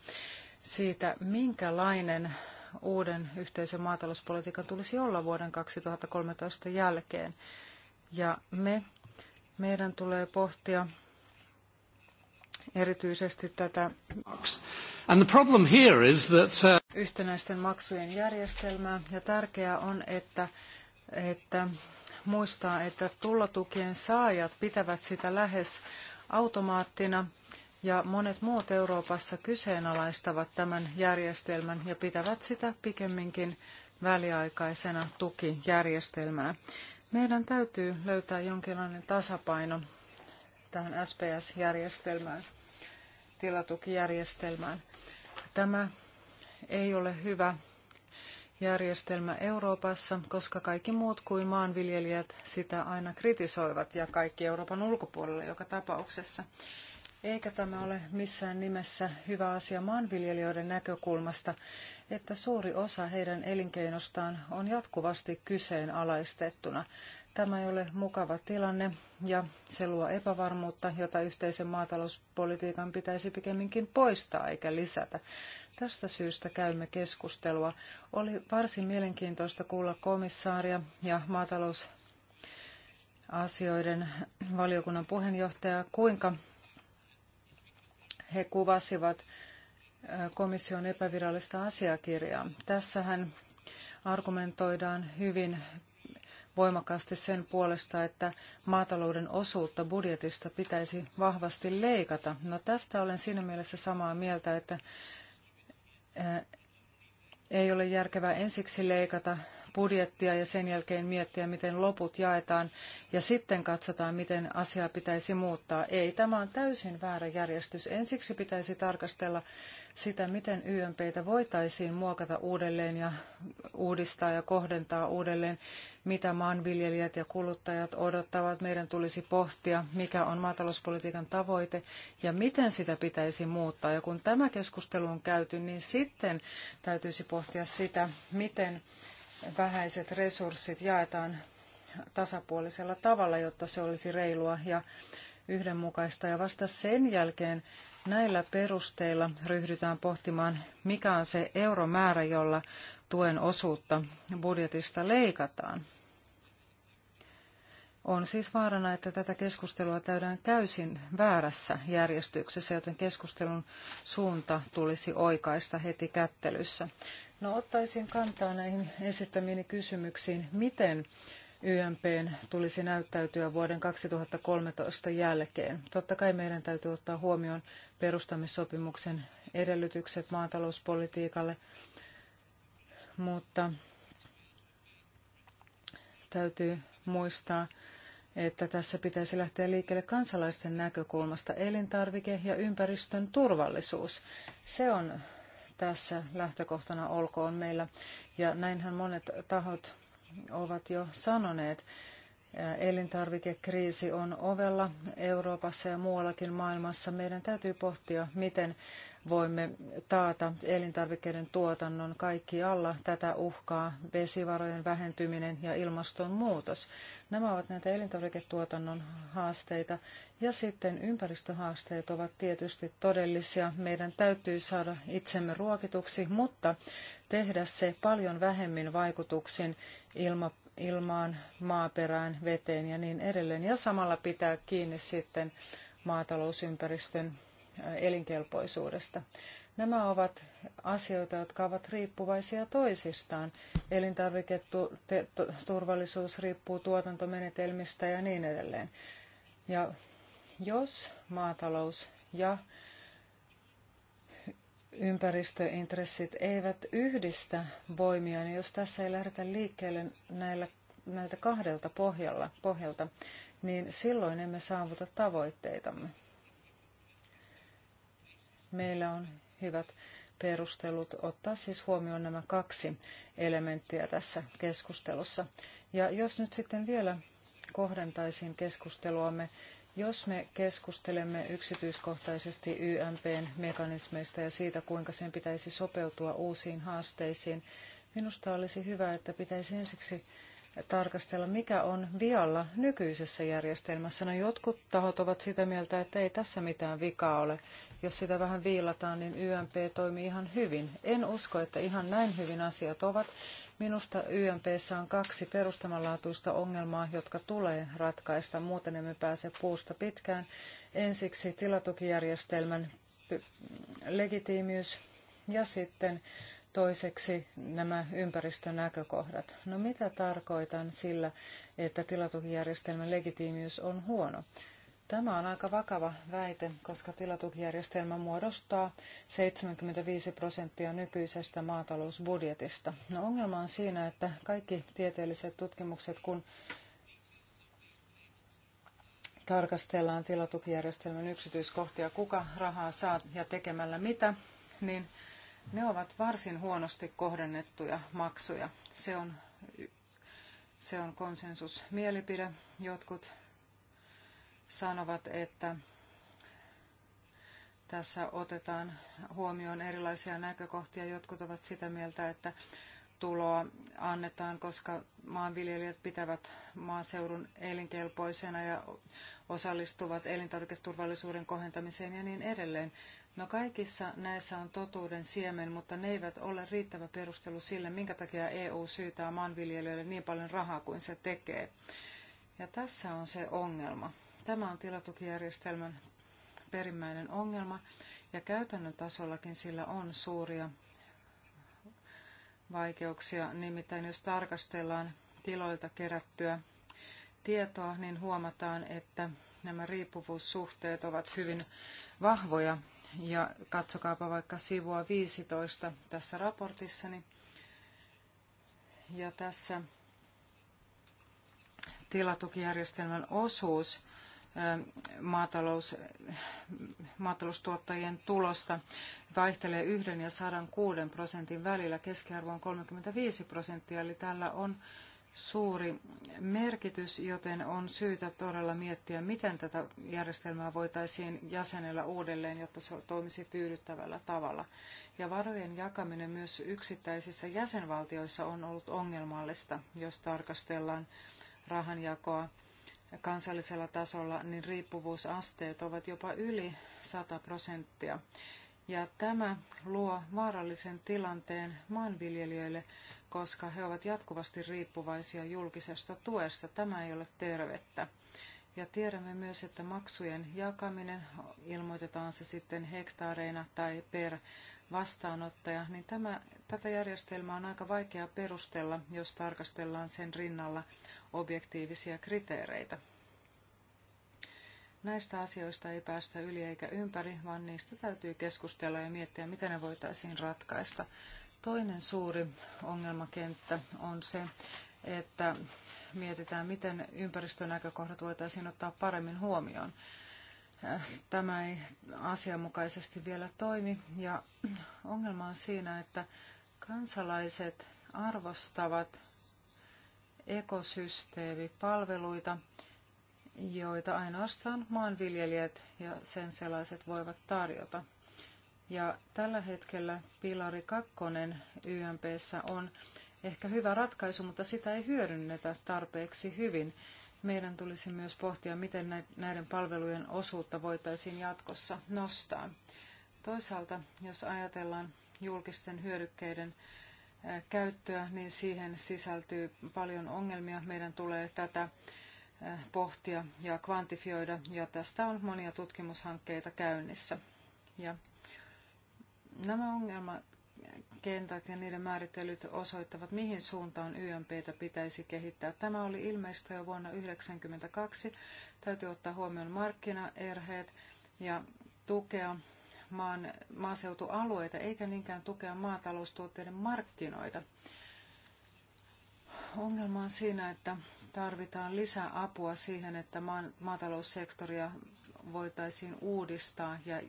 siitä, minkälainen uuden yhteisen maatalouspolitiikan tulisi olla vuoden 2013 jälkeen. Ja me, meidän tulee pohtia erityisesti tätä uh, yhtenäisten maksujen järjestelmää. Ja tärkeää on, että, että muistaa, että tullatukien saajat pitävät sitä lähes automaattina ja monet muut Euroopassa kyseenalaistavat tämän järjestelmän ja pitävät sitä pikemminkin väliaikaisena tukijärjestelmänä. Meidän täytyy löytää jonkinlainen tasapaino tähän SPS-järjestelmään, tilatukijärjestelmään. Tämä ei ole hyvä järjestelmä Euroopassa, koska kaikki muut kuin maanviljelijät sitä aina kritisoivat ja kaikki Euroopan ulkopuolella joka tapauksessa. Eikä tämä ole missään nimessä hyvä asia maanviljelijöiden näkökulmasta että suuri osa heidän elinkeinostaan on jatkuvasti kyseenalaistettuna. Tämä ei ole mukava tilanne ja se luo epävarmuutta, jota yhteisen maatalouspolitiikan pitäisi pikemminkin poistaa eikä lisätä. Tästä syystä käymme keskustelua. Oli varsin mielenkiintoista kuulla komissaaria ja maatalousasioiden valiokunnan puheenjohtajaa, kuinka he kuvasivat komission epävirallista asiakirjaa. Tässähän argumentoidaan hyvin voimakkaasti sen puolesta, että maatalouden osuutta budjetista pitäisi vahvasti leikata. No tästä olen siinä mielessä samaa mieltä, että ei ole järkevää ensiksi leikata budjettia ja sen jälkeen miettiä, miten loput jaetaan ja sitten katsotaan, miten asiaa pitäisi muuttaa. Ei, tämä on täysin väärä järjestys. Ensiksi pitäisi tarkastella sitä, miten YMPtä voitaisiin muokata uudelleen ja uudistaa ja kohdentaa uudelleen, mitä maanviljelijät ja kuluttajat odottavat. Meidän tulisi pohtia, mikä on maatalouspolitiikan tavoite ja miten sitä pitäisi muuttaa. Ja kun tämä keskustelu on käyty, niin sitten täytyisi pohtia sitä, miten vähäiset resurssit jaetaan tasapuolisella tavalla, jotta se olisi reilua ja yhdenmukaista. Ja vasta sen jälkeen näillä perusteilla ryhdytään pohtimaan, mikä on se euromäärä, jolla tuen osuutta budjetista leikataan. On siis vaarana, että tätä keskustelua käydään täysin väärässä järjestyksessä, joten keskustelun suunta tulisi oikaista heti kättelyssä. No ottaisin kantaa näihin esittämiini kysymyksiin. Miten YMP tulisi näyttäytyä vuoden 2013 jälkeen. Totta kai meidän täytyy ottaa huomioon perustamissopimuksen edellytykset maatalouspolitiikalle, mutta täytyy muistaa, että tässä pitäisi lähteä liikkeelle kansalaisten näkökulmasta elintarvike ja ympäristön turvallisuus. Se on tässä lähtökohtana olkoon meillä. Ja näinhän monet tahot ovat jo sanoneet. Elintarvikekriisi on ovella Euroopassa ja muuallakin maailmassa. Meidän täytyy pohtia, miten voimme taata elintarvikkeiden tuotannon kaikkialla. Tätä uhkaa vesivarojen vähentyminen ja ilmastonmuutos. Nämä ovat näitä elintarviketuotannon haasteita. Ja sitten ympäristöhaasteet ovat tietysti todellisia. Meidän täytyy saada itsemme ruokituksi, mutta tehdä se paljon vähemmin vaikutuksin ilma, ilmaan, maaperään, veteen ja niin edelleen. Ja samalla pitää kiinni sitten maatalousympäristön elinkelpoisuudesta. Nämä ovat asioita, jotka ovat riippuvaisia toisistaan. Elintarviketurvallisuus riippuu tuotantomenetelmistä ja niin edelleen. Ja jos maatalous ja ympäristöintressit eivät yhdistä voimia, niin jos tässä ei lähdetä liikkeelle näillä, näiltä kahdelta pohjalla, pohjalta, niin silloin emme saavuta tavoitteitamme. Meillä on hyvät perustelut ottaa siis huomioon nämä kaksi elementtiä tässä keskustelussa. Ja jos nyt sitten vielä kohdentaisin keskusteluamme jos me keskustelemme yksityiskohtaisesti YMPn mekanismeista ja siitä, kuinka sen pitäisi sopeutua uusiin haasteisiin, minusta olisi hyvä, että pitäisi ensiksi tarkastella, mikä on vialla nykyisessä järjestelmässä. No jotkut tahot ovat sitä mieltä, että ei tässä mitään vikaa ole. Jos sitä vähän viilataan, niin YMP toimii ihan hyvin. En usko, että ihan näin hyvin asiat ovat, Minusta YMPssä on kaksi perustamanlaatuista ongelmaa, jotka tulee ratkaista, muuten emme pääse puusta pitkään. Ensiksi tilatukijärjestelmän legitiimiys ja sitten toiseksi nämä ympäristönäkökohdat. No mitä tarkoitan sillä, että tilatukijärjestelmän legitiimiys on huono? Tämä on aika vakava väite, koska tilatukijärjestelmä muodostaa 75 prosenttia nykyisestä maatalousbudjetista. No, ongelma on siinä, että kaikki tieteelliset tutkimukset, kun tarkastellaan tilatukijärjestelmän yksityiskohtia, kuka rahaa saa ja tekemällä mitä, niin ne ovat varsin huonosti kohdennettuja maksuja. Se on, se on konsensusmielipide. Jotkut sanovat, että tässä otetaan huomioon erilaisia näkökohtia. Jotkut ovat sitä mieltä, että tuloa annetaan, koska maanviljelijät pitävät maaseudun elinkelpoisena ja osallistuvat elintarviketurvallisuuden kohentamiseen ja niin edelleen. No kaikissa näissä on totuuden siemen, mutta ne eivät ole riittävä perustelu sille, minkä takia EU syytää maanviljelijöille niin paljon rahaa kuin se tekee. Ja tässä on se ongelma tämä on tilatukijärjestelmän perimmäinen ongelma ja käytännön tasollakin sillä on suuria vaikeuksia. Nimittäin jos tarkastellaan tiloilta kerättyä tietoa, niin huomataan, että nämä riippuvuussuhteet ovat hyvin vahvoja. Ja katsokaapa vaikka sivua 15 tässä raportissani. Ja tässä tilatukijärjestelmän osuus maatalous, maataloustuottajien tulosta vaihtelee 1 ja 106 prosentin välillä. Keskiarvo on 35 prosenttia, eli tällä on suuri merkitys, joten on syytä todella miettiä, miten tätä järjestelmää voitaisiin jäsenellä uudelleen, jotta se toimisi tyydyttävällä tavalla. Ja varojen jakaminen myös yksittäisissä jäsenvaltioissa on ollut ongelmallista, jos tarkastellaan rahanjakoa kansallisella tasolla, niin riippuvuusasteet ovat jopa yli 100 prosenttia. Ja tämä luo vaarallisen tilanteen maanviljelijöille, koska he ovat jatkuvasti riippuvaisia julkisesta tuesta. Tämä ei ole tervettä. Ja tiedämme myös, että maksujen jakaminen, ilmoitetaan se sitten hektaareina tai per vastaanottaja, niin tämä, tätä järjestelmää on aika vaikea perustella, jos tarkastellaan sen rinnalla objektiivisia kriteereitä. Näistä asioista ei päästä yli eikä ympäri, vaan niistä täytyy keskustella ja miettiä, miten ne voitaisiin ratkaista. Toinen suuri ongelmakenttä on se, että mietitään, miten ympäristönäkökohdat voitaisiin ottaa paremmin huomioon. Tämä ei asianmukaisesti vielä toimi ja ongelma on siinä, että kansalaiset arvostavat ekosysteemipalveluita, joita ainoastaan maanviljelijät ja sen sellaiset voivat tarjota. Ja tällä hetkellä pilari kakkonen YMPssä on ehkä hyvä ratkaisu, mutta sitä ei hyödynnetä tarpeeksi hyvin. Meidän tulisi myös pohtia, miten näiden palvelujen osuutta voitaisiin jatkossa nostaa. Toisaalta, jos ajatellaan julkisten hyödykkeiden käyttöä, niin siihen sisältyy paljon ongelmia. Meidän tulee tätä pohtia ja kvantifioida, ja tästä on monia tutkimushankkeita käynnissä. Ja nämä ongelmakentät ja niiden määrittelyt osoittavat, mihin suuntaan YMPtä pitäisi kehittää. Tämä oli ilmeistä jo vuonna 1992. Täytyy ottaa huomioon markkinaerheet ja tukea maan, maaseutualueita eikä niinkään tukea maataloustuotteiden markkinoita. Ongelma on siinä, että tarvitaan lisää apua siihen, että maan, maataloussektoria voitaisiin uudistaa ja,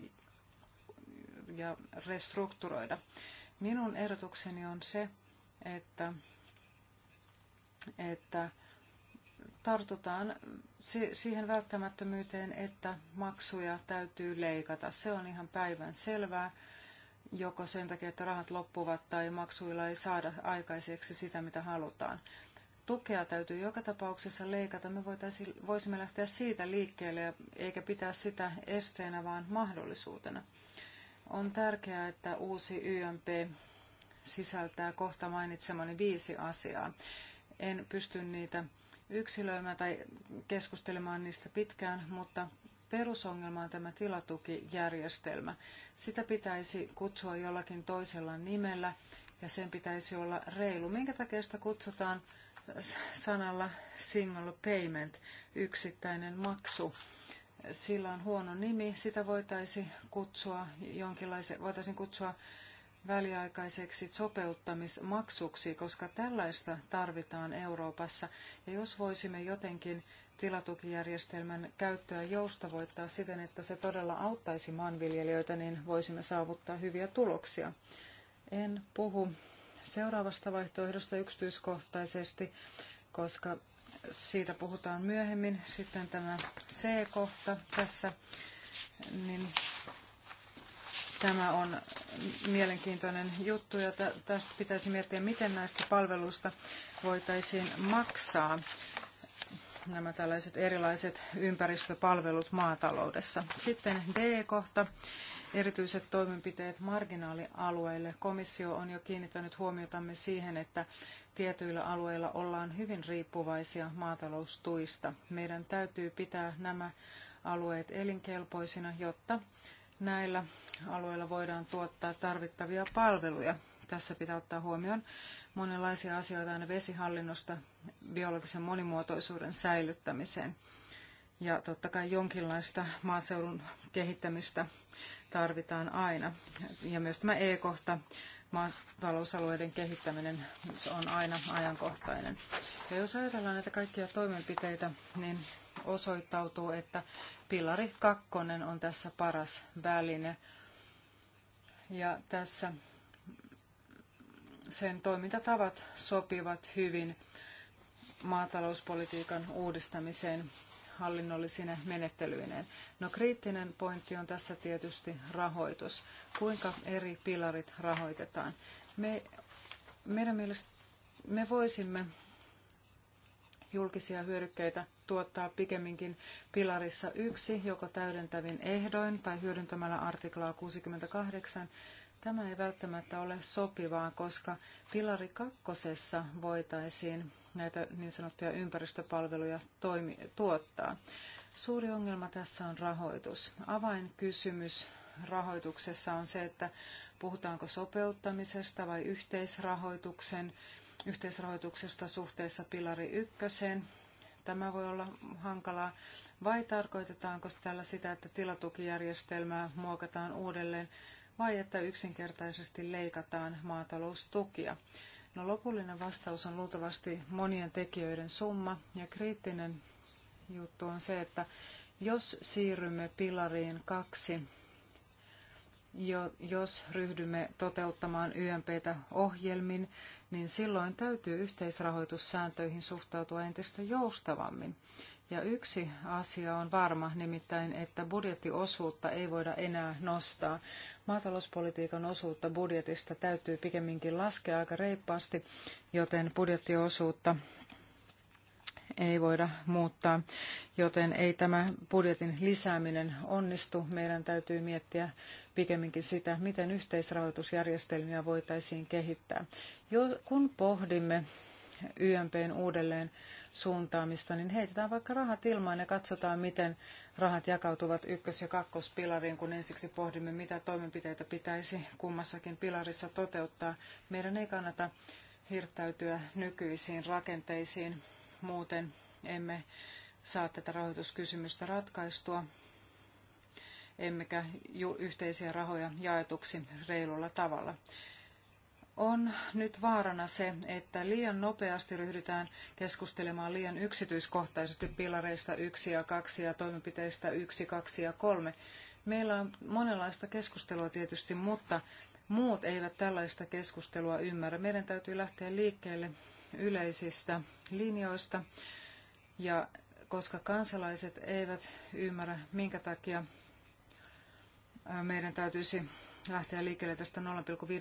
ja restrukturoida. Minun ehdotukseni on se, että, että tartutaan siihen välttämättömyyteen, että maksuja täytyy leikata. Se on ihan päivän selvää, joko sen takia, että rahat loppuvat tai maksuilla ei saada aikaiseksi sitä, mitä halutaan. Tukea täytyy joka tapauksessa leikata. Me voisimme lähteä siitä liikkeelle eikä pitää sitä esteenä, vaan mahdollisuutena. On tärkeää, että uusi YMP sisältää kohta mainitsemani viisi asiaa. En pysty niitä yksilöimään tai keskustelemaan niistä pitkään, mutta perusongelma on tämä tilatukijärjestelmä. Sitä pitäisi kutsua jollakin toisella nimellä ja sen pitäisi olla reilu. Minkä takia sitä kutsutaan sanalla single payment, yksittäinen maksu? Sillä on huono nimi. Sitä voitaisiin kutsua jonkinlaisen, voitaisiin kutsua väliaikaiseksi sopeuttamismaksuksi, koska tällaista tarvitaan Euroopassa. Ja jos voisimme jotenkin tilatukijärjestelmän käyttöä joustavoittaa siten, että se todella auttaisi maanviljelijöitä, niin voisimme saavuttaa hyviä tuloksia. En puhu seuraavasta vaihtoehdosta yksityiskohtaisesti, koska siitä puhutaan myöhemmin. Sitten tämä C-kohta tässä, niin Tämä on mielenkiintoinen juttu ja tästä pitäisi miettiä, miten näistä palveluista voitaisiin maksaa nämä tällaiset erilaiset ympäristöpalvelut maataloudessa. Sitten D-kohta. Erityiset toimenpiteet marginaalialueille. Komissio on jo kiinnittänyt huomiotamme siihen, että tietyillä alueilla ollaan hyvin riippuvaisia maataloustuista. Meidän täytyy pitää nämä alueet elinkelpoisina, jotta näillä alueilla voidaan tuottaa tarvittavia palveluja. Tässä pitää ottaa huomioon monenlaisia asioita aina vesihallinnosta biologisen monimuotoisuuden säilyttämiseen. Ja totta kai jonkinlaista maaseudun kehittämistä tarvitaan aina. Ja myös tämä E-kohta, maatalousalueiden kehittäminen, on aina ajankohtainen. Ja jos ajatellaan näitä kaikkia toimenpiteitä, niin osoittautuu, että pilari kakkonen on tässä paras väline. Ja tässä sen toimintatavat sopivat hyvin maatalouspolitiikan uudistamiseen hallinnollisine menettelyineen. No kriittinen pointti on tässä tietysti rahoitus. Kuinka eri pilarit rahoitetaan? Me, meidän mielestä me voisimme julkisia hyödykkeitä tuottaa pikemminkin pilarissa yksi, joko täydentävin ehdoin tai hyödyntämällä artiklaa 68. Tämä ei välttämättä ole sopivaa, koska pilari kakkosessa voitaisiin näitä niin sanottuja ympäristöpalveluja toimi, tuottaa. Suuri ongelma tässä on rahoitus. Avainkysymys rahoituksessa on se, että puhutaanko sopeuttamisesta vai yhteisrahoituksen yhteisrahoituksesta suhteessa pilari ykköseen. Tämä voi olla hankalaa. Vai tarkoitetaanko tällä sitä, että tilatukijärjestelmää muokataan uudelleen vai että yksinkertaisesti leikataan maataloustukia? No lopullinen vastaus on luultavasti monien tekijöiden summa ja kriittinen juttu on se, että jos siirrymme pilariin kaksi, jo, jos ryhdymme toteuttamaan YMPtä ohjelmin, niin silloin täytyy yhteisrahoitussääntöihin suhtautua entistä joustavammin. Ja yksi asia on varma, nimittäin, että budjettiosuutta ei voida enää nostaa. Maatalouspolitiikan osuutta budjetista täytyy pikemminkin laskea aika reippaasti, joten budjettiosuutta ei voida muuttaa, joten ei tämä budjetin lisääminen onnistu. Meidän täytyy miettiä pikemminkin sitä, miten yhteisrahoitusjärjestelmiä voitaisiin kehittää. Jo, kun pohdimme YMPn uudelleen suuntaamista, niin heitetään vaikka rahat ilmaan ja katsotaan, miten rahat jakautuvat ykkös- ja kakkospilariin, kun ensiksi pohdimme, mitä toimenpiteitä pitäisi kummassakin pilarissa toteuttaa. Meidän ei kannata hirttäytyä nykyisiin rakenteisiin muuten emme saa tätä rahoituskysymystä ratkaistua, emmekä yhteisiä rahoja jaetuksi reilulla tavalla. On nyt vaarana se, että liian nopeasti ryhdytään keskustelemaan liian yksityiskohtaisesti pilareista yksi ja kaksi ja toimenpiteistä yksi, kaksi ja kolme. Meillä on monenlaista keskustelua tietysti, mutta muut eivät tällaista keskustelua ymmärrä. Meidän täytyy lähteä liikkeelle yleisistä linjoista, ja koska kansalaiset eivät ymmärrä, minkä takia meidän täytyisi lähteä liikkeelle tästä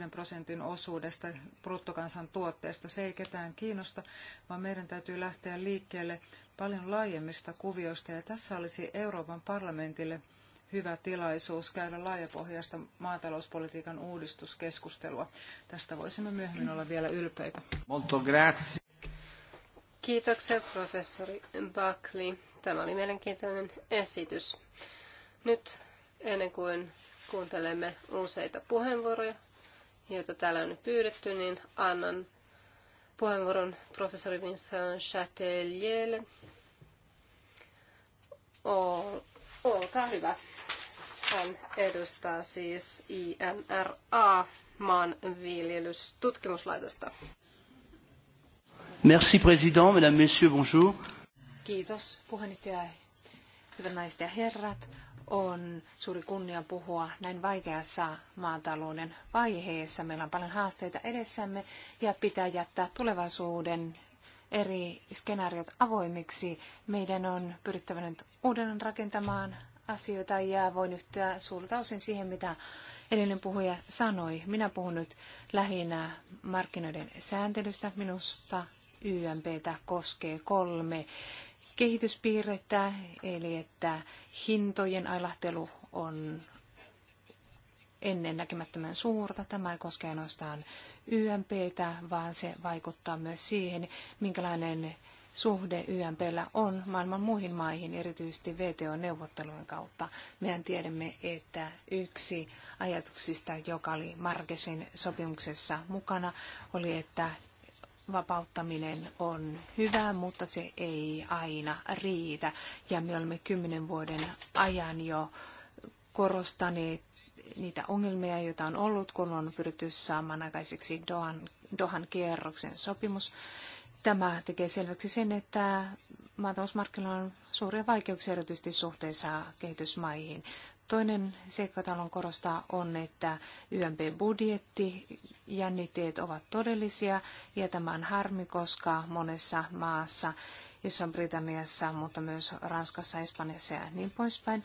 0,5 prosentin osuudesta bruttokansantuotteesta. Se ei ketään kiinnosta, vaan meidän täytyy lähteä liikkeelle paljon laajemmista kuvioista. Ja tässä olisi Euroopan parlamentille hyvä tilaisuus käydä laajapohjaista maatalouspolitiikan uudistuskeskustelua. Tästä voisimme myöhemmin olla vielä ylpeitä. Molto grazie. Kiitoksia professori Buckley. Tämä oli mielenkiintoinen esitys. Nyt ennen kuin kuuntelemme useita puheenvuoroja, joita täällä on pyydetty, niin annan puheenvuoron professori Vincent Chatelierlle. Olkaa hyvä on edustaa siis INRA maanviljelystutkimuslaitosta. Merci président, mesdames, messieurs, bonjour. Kiitos puheenjohtaja. Hyvät naiset ja herrat, on suuri kunnia puhua näin vaikeassa maatalouden vaiheessa. Meillä on paljon haasteita edessämme ja pitää jättää tulevaisuuden eri skenaariot avoimiksi. Meidän on pyrittävä nyt uudelleen rakentamaan asioita ja voin yhtyä suurta osin siihen, mitä edellinen puhuja sanoi. Minä puhun nyt lähinnä markkinoiden sääntelystä. Minusta YMPtä koskee kolme kehityspiirrettä, eli että hintojen ailahtelu on ennen näkemättömän suurta. Tämä ei koske ainoastaan YMPtä, vaan se vaikuttaa myös siihen, minkälainen suhde YMPllä on maailman muihin maihin, erityisesti VTO-neuvottelujen kautta. Mehän tiedämme, että yksi ajatuksista, joka oli Markesin sopimuksessa mukana, oli, että vapauttaminen on hyvä, mutta se ei aina riitä. Ja me olemme kymmenen vuoden ajan jo korostaneet niitä ongelmia, joita on ollut, kun on pyritty saamaan aikaiseksi Dohan, Dohan kierroksen sopimus. Tämä tekee selväksi sen, että maatalousmarkkinoilla on suuria vaikeuksia erityisesti suhteessa kehitysmaihin. Toinen seikka, jota haluan korostaa, on, että YMP-budjetti jännitteet ovat todellisia ja tämä on harmi, koska monessa maassa, jossa Britanniassa, mutta myös Ranskassa, Espanjassa ja niin poispäin,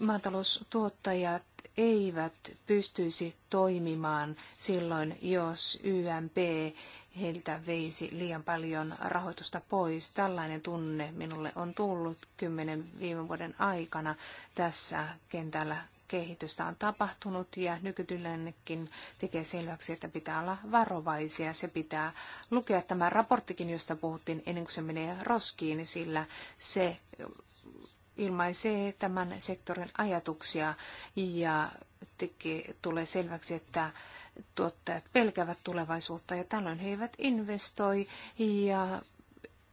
maataloustuottajat eivät pystyisi toimimaan silloin, jos YMP heiltä veisi liian paljon rahoitusta pois. Tällainen tunne minulle on tullut kymmenen viime vuoden aikana tässä kentällä kehitystä on tapahtunut ja nykytilannekin tekee selväksi, että pitää olla varovaisia. Se pitää lukea tämä raporttikin, josta puhuttiin ennen kuin se menee roskiin, sillä se ilmaisee tämän sektorin ajatuksia ja tekee, tulee selväksi, että tuottajat pelkävät tulevaisuutta ja tällöin he eivät investoi ja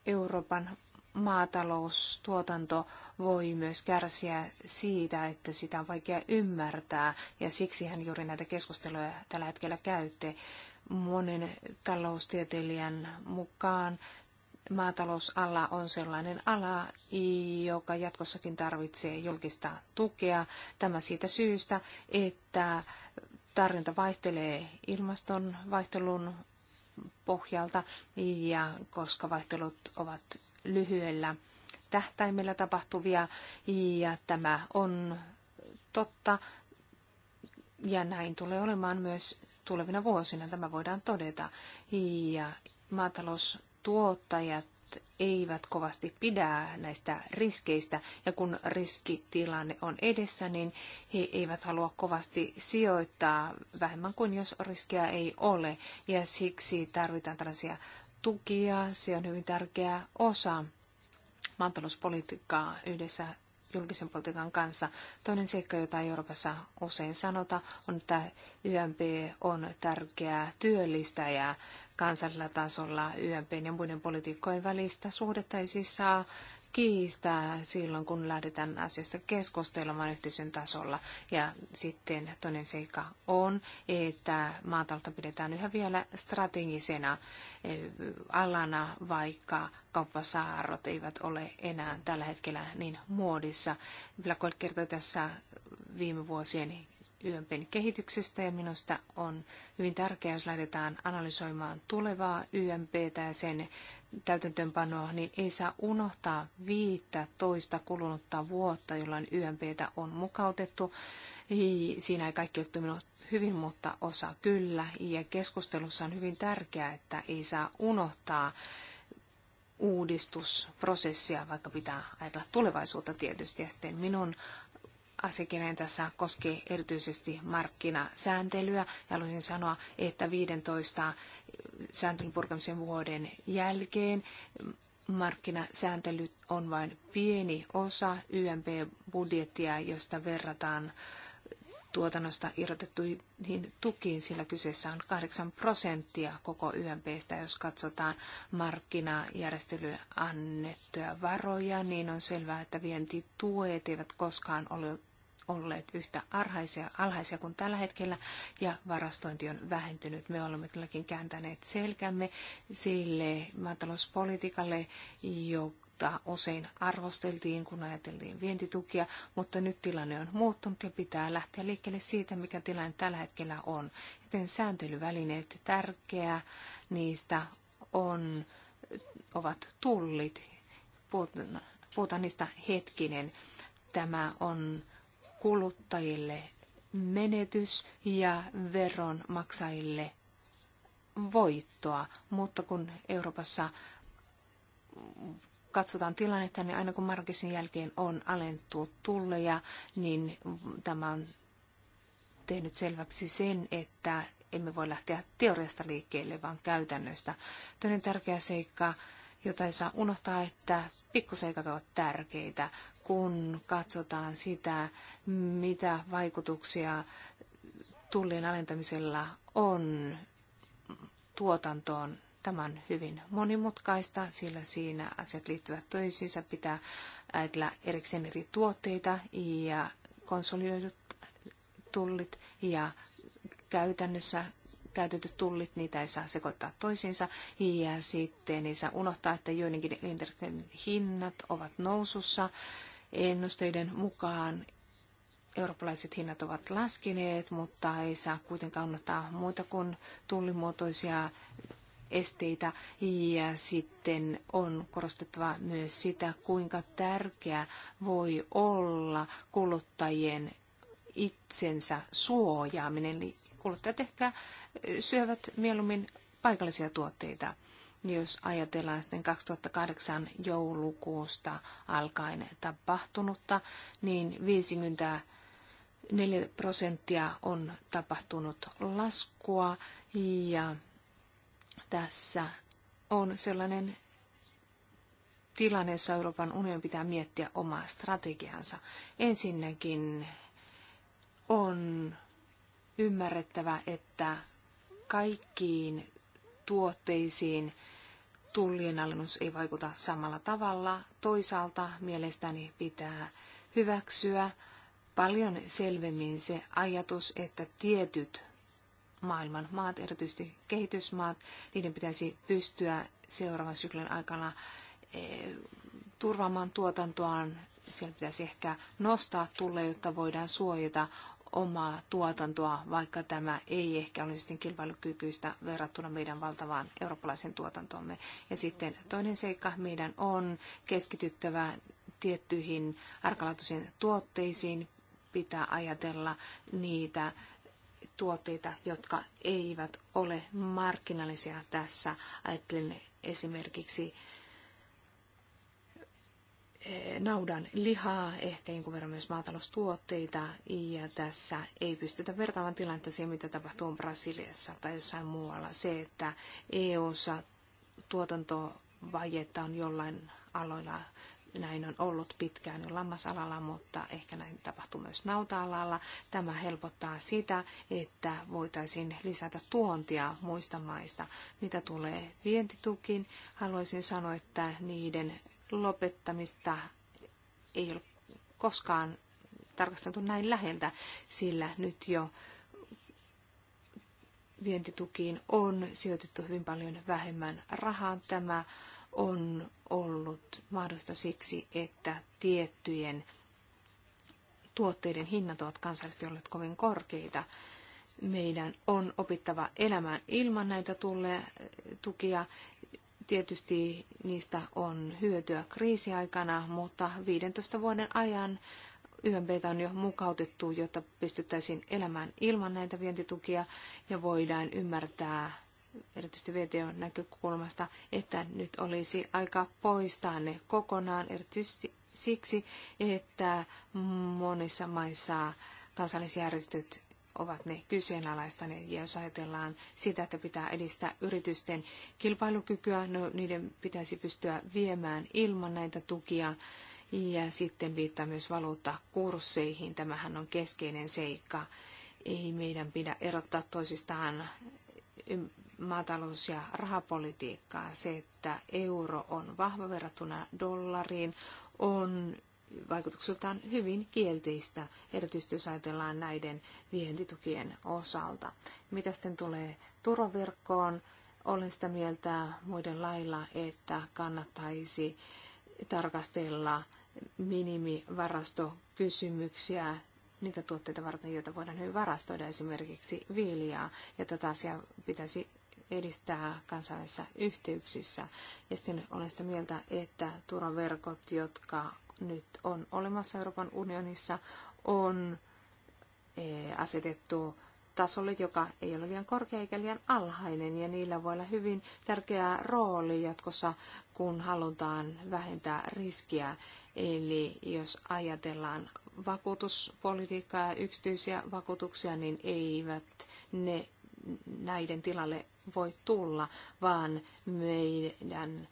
Euroopan maataloustuotanto voi myös kärsiä siitä, että sitä on vaikea ymmärtää ja siksi hän juuri näitä keskusteluja tällä hetkellä käytte monen taloustieteilijän mukaan maatalousala on sellainen ala, joka jatkossakin tarvitsee julkista tukea. Tämä siitä syystä, että tarjonta vaihtelee ilmaston vaihtelun pohjalta ja koska vaihtelut ovat lyhyellä tähtäimellä tapahtuvia ja tämä on totta ja näin tulee olemaan myös tulevina vuosina, tämä voidaan todeta. Ja maatalous tuottajat eivät kovasti pidä näistä riskeistä, ja kun riskitilanne on edessä, niin he eivät halua kovasti sijoittaa vähemmän kuin jos riskiä ei ole, ja siksi tarvitaan tällaisia tukia, se on hyvin tärkeä osa maatalouspolitiikkaa yhdessä julkisen politiikan kanssa. Toinen seikka, jota Euroopassa usein sanota, on, että YMP on tärkeää ja kansallisella tasolla YMP ja muiden politiikkojen välistä suhdetta ei siis saa kiistää silloin, kun lähdetään asiasta keskustelemaan yhteisön tasolla. Ja sitten toinen seikka on, että maatalta pidetään yhä vielä strategisena eh, alana, vaikka kauppasaarrot eivät ole enää tällä hetkellä niin muodissa. Blackwood kertoi tässä viime vuosien YMPn kehityksestä ja minusta on hyvin tärkeää, jos lähdetään analysoimaan tulevaa YMPtä ja sen täytäntöönpanoa, niin ei saa unohtaa viittä toista kulunutta vuotta, jolloin YMPtä on mukautettu. Siinä ei kaikki ole minut hyvin, mutta osa kyllä. Ja keskustelussa on hyvin tärkeää, että ei saa unohtaa uudistusprosessia, vaikka pitää ajatella tulevaisuutta tietysti. Ja sitten minun asiakirjan tässä koskee erityisesti markkinasääntelyä. Ja haluaisin sanoa, että 15 sääntelyn purkamisen vuoden jälkeen markkinasääntely on vain pieni osa YMP-budjettia, josta verrataan tuotannosta irrotettuihin tukiin, sillä kyseessä on 8 prosenttia koko YMPstä. Jos katsotaan markkinajärjestelyyn annettuja varoja, niin on selvää, että vientituet eivät koskaan ole olleet yhtä arhaisia, alhaisia kuin tällä hetkellä ja varastointi on vähentynyt. Me olemme kylläkin kääntäneet selkämme sille maatalouspolitiikalle, jota usein arvosteltiin, kun ajateltiin vientitukia, mutta nyt tilanne on muuttunut ja pitää lähteä liikkeelle siitä, mikä tilanne tällä hetkellä on. Joten sääntelyvälineet tärkeä, niistä on, ovat tullit. Puhutaan niistä hetkinen. Tämä on kuluttajille menetys ja veronmaksajille voittoa, mutta kun Euroopassa katsotaan tilannetta, niin aina kun Markesin jälkeen on alentunut tulleja, niin tämä on tehnyt selväksi sen, että emme voi lähteä teoriasta liikkeelle, vaan käytännöstä. Toinen tärkeä seikka, jota ei saa unohtaa, että pikkuseikat ovat tärkeitä kun katsotaan sitä, mitä vaikutuksia tullien alentamisella on tuotantoon. Tämä on hyvin monimutkaista, sillä siinä asiat liittyvät toisiinsa. Pitää ajatella erikseen eri tuotteita ja konsolioidut tullit ja käytännössä käytetyt tullit, niitä ei saa sekoittaa toisiinsa. Ja sitten ei saa unohtaa, että joidenkin elintarvikkeiden hinnat ovat nousussa Ennusteiden mukaan eurooppalaiset hinnat ovat laskeneet, mutta ei saa kuitenkaan ottaa muita kuin tullimuotoisia esteitä. Ja sitten on korostettava myös sitä, kuinka tärkeä voi olla kuluttajien itsensä suojaaminen. Eli kuluttajat ehkä syövät mieluummin paikallisia tuotteita jos ajatellaan sitten 2008 joulukuusta alkaen tapahtunutta, niin 54 prosenttia on tapahtunut laskua ja tässä on sellainen tilanne, jossa Euroopan unionin pitää miettiä omaa strategiansa. Ensinnäkin on ymmärrettävä, että kaikkiin tuotteisiin tullien alennus ei vaikuta samalla tavalla. Toisaalta mielestäni pitää hyväksyä paljon selvemmin se ajatus, että tietyt maailman maat, erityisesti kehitysmaat, niiden pitäisi pystyä seuraavan syklin aikana eh, turvaamaan tuotantoaan. Siellä pitäisi ehkä nostaa tulle, jotta voidaan suojata omaa tuotantoa, vaikka tämä ei ehkä olisi sitten niin kilpailukykyistä verrattuna meidän valtavaan eurooppalaisen tuotantomme. Ja sitten toinen seikka, meidän on keskityttävä tiettyihin arkalaatuisiin tuotteisiin, pitää ajatella niitä tuotteita, jotka eivät ole markkinallisia tässä. Ajattelen esimerkiksi Eh, naudan lihaa, ehkä jonkun verran myös maataloustuotteita, ja tässä ei pystytä vertaamaan tilannetta siihen, mitä tapahtuu Brasiliassa tai jossain muualla. Se, että EU-ssa tuotantovajetta on jollain aloilla näin on ollut pitkään jo lammasalalla, mutta ehkä näin tapahtuu myös nauta-alalla. Tämä helpottaa sitä, että voitaisiin lisätä tuontia muista maista. Mitä tulee vientitukin. haluaisin sanoa, että niiden lopettamista ei ole koskaan tarkasteltu näin läheltä, sillä nyt jo vientitukiin on sijoitettu hyvin paljon vähemmän rahaa. Tämä on ollut mahdollista siksi, että tiettyjen tuotteiden hinnat ovat kansallisesti olleet kovin korkeita. Meidän on opittava elämään ilman näitä tulle, tukia Tietysti niistä on hyötyä kriisiaikana, mutta 15 vuoden ajan YMB on jo mukautettu, jotta pystyttäisiin elämään ilman näitä vientitukia ja voidaan ymmärtää erityisesti VTOn näkökulmasta, että nyt olisi aika poistaa ne kokonaan, erityisesti siksi, että monissa maissa kansallisjärjestöt ovat ne kyseenalaistaneet. Ja jos ajatellaan sitä, että pitää edistää yritysten kilpailukykyä, no niiden pitäisi pystyä viemään ilman näitä tukia. Ja sitten viittaa myös kursseihin. Tämähän on keskeinen seikka. Ei meidän pidä erottaa toisistaan maatalous- ja rahapolitiikkaa. Se, että euro on vahva verrattuna dollariin, on vaikutuksiltaan hyvin kielteistä, erityisesti jos ajatellaan näiden vientitukien osalta. Mitä sitten tulee turvaverkkoon, olen sitä mieltä muiden lailla, että kannattaisi tarkastella minimivarastokysymyksiä niitä tuotteita varten, joita voidaan hyvin varastoida, esimerkiksi viljaa, ja tätä asiaa pitäisi edistää kansainvälisissä yhteyksissä. Ja sitten olen sitä mieltä, että turvaverkot, jotka nyt on olemassa Euroopan unionissa, on eh, asetettu tasolle, joka ei ole liian korkea eikä liian alhainen, ja niillä voi olla hyvin tärkeä rooli jatkossa, kun halutaan vähentää riskiä. Eli jos ajatellaan vakuutuspolitiikkaa ja yksityisiä vakuutuksia, niin eivät ne näiden tilalle voi tulla, vaan meidän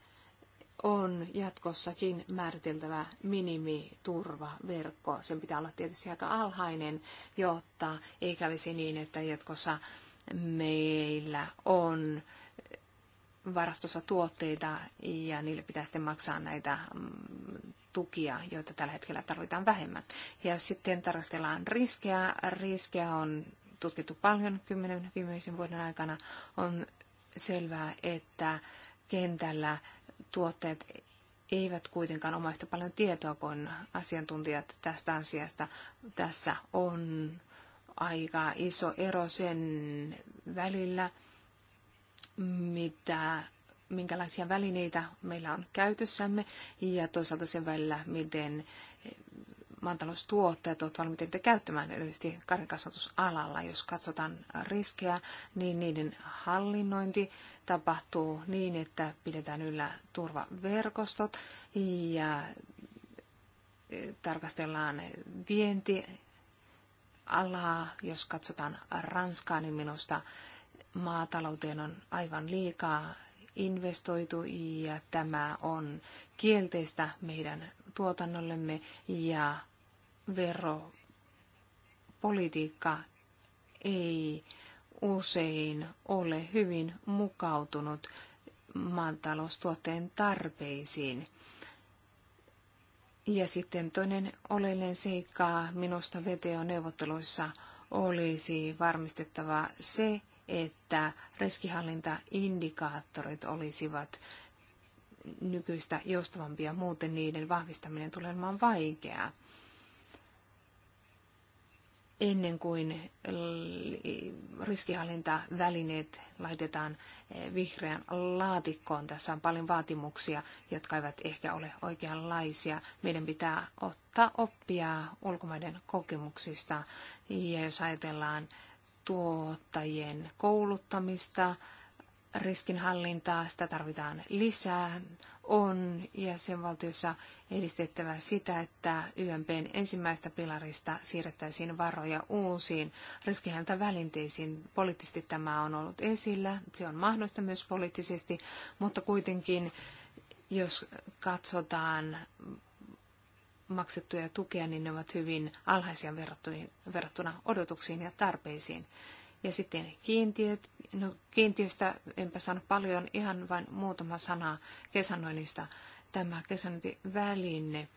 on jatkossakin määriteltävä minimiturvaverkko. Sen pitää olla tietysti aika alhainen, jotta ei kävisi niin, että jatkossa meillä on varastossa tuotteita ja niille pitää sitten maksaa näitä mm, tukia, joita tällä hetkellä tarvitaan vähemmän. Ja sitten tarkastellaan riskejä, riskejä on tutkittu paljon kymmenen viimeisen vuoden aikana, on selvää, että kentällä Tuotteet eivät kuitenkaan oma yhtä paljon tietoa kuin asiantuntijat tästä asiasta. Tässä on aika iso ero sen välillä, mitä, minkälaisia välineitä meillä on käytössämme ja toisaalta sen välillä, miten maataloustuotteet ovat valmiita käyttämään erityisesti karjakasvatusalalla. Jos katsotaan riskejä, niin niiden hallinnointi tapahtuu niin, että pidetään yllä turvaverkostot ja eh, tarkastellaan alaa, Jos katsotaan Ranskaa, niin minusta maatalouteen on aivan liikaa investoitu ja tämä on kielteistä meidän tuotannollemme ja veropolitiikka ei usein ole hyvin mukautunut maantaloustuotteen tarpeisiin. Ja sitten toinen oleellinen seikka minusta VTO-neuvotteluissa olisi varmistettava se, että riskihallintaindikaattorit olisivat nykyistä joustavampia, muuten niiden vahvistaminen tulee olemaan vaikeaa. Ennen kuin riskihallintavälineet laitetaan eh, vihreän laatikkoon, tässä on paljon vaatimuksia, jotka eivät ehkä ole oikeanlaisia. Meidän pitää ottaa oppia ulkomaiden kokemuksista ja jos ajatellaan tuottajien kouluttamista, riskinhallintaa, sitä tarvitaan lisää, on jäsenvaltiossa edistettävä sitä, että YMPn ensimmäistä pilarista siirrettäisiin varoja uusiin riskinhallintavälinteisiin. Poliittisesti tämä on ollut esillä, se on mahdollista myös poliittisesti, mutta kuitenkin jos katsotaan maksettuja tukea, niin ne ovat hyvin alhaisia verrattuna odotuksiin ja tarpeisiin. Ja sitten kiintiöt. No, kiintiöstä enpä sano paljon, ihan vain muutama sana kesänoinnista. Tämä kesänointiväline,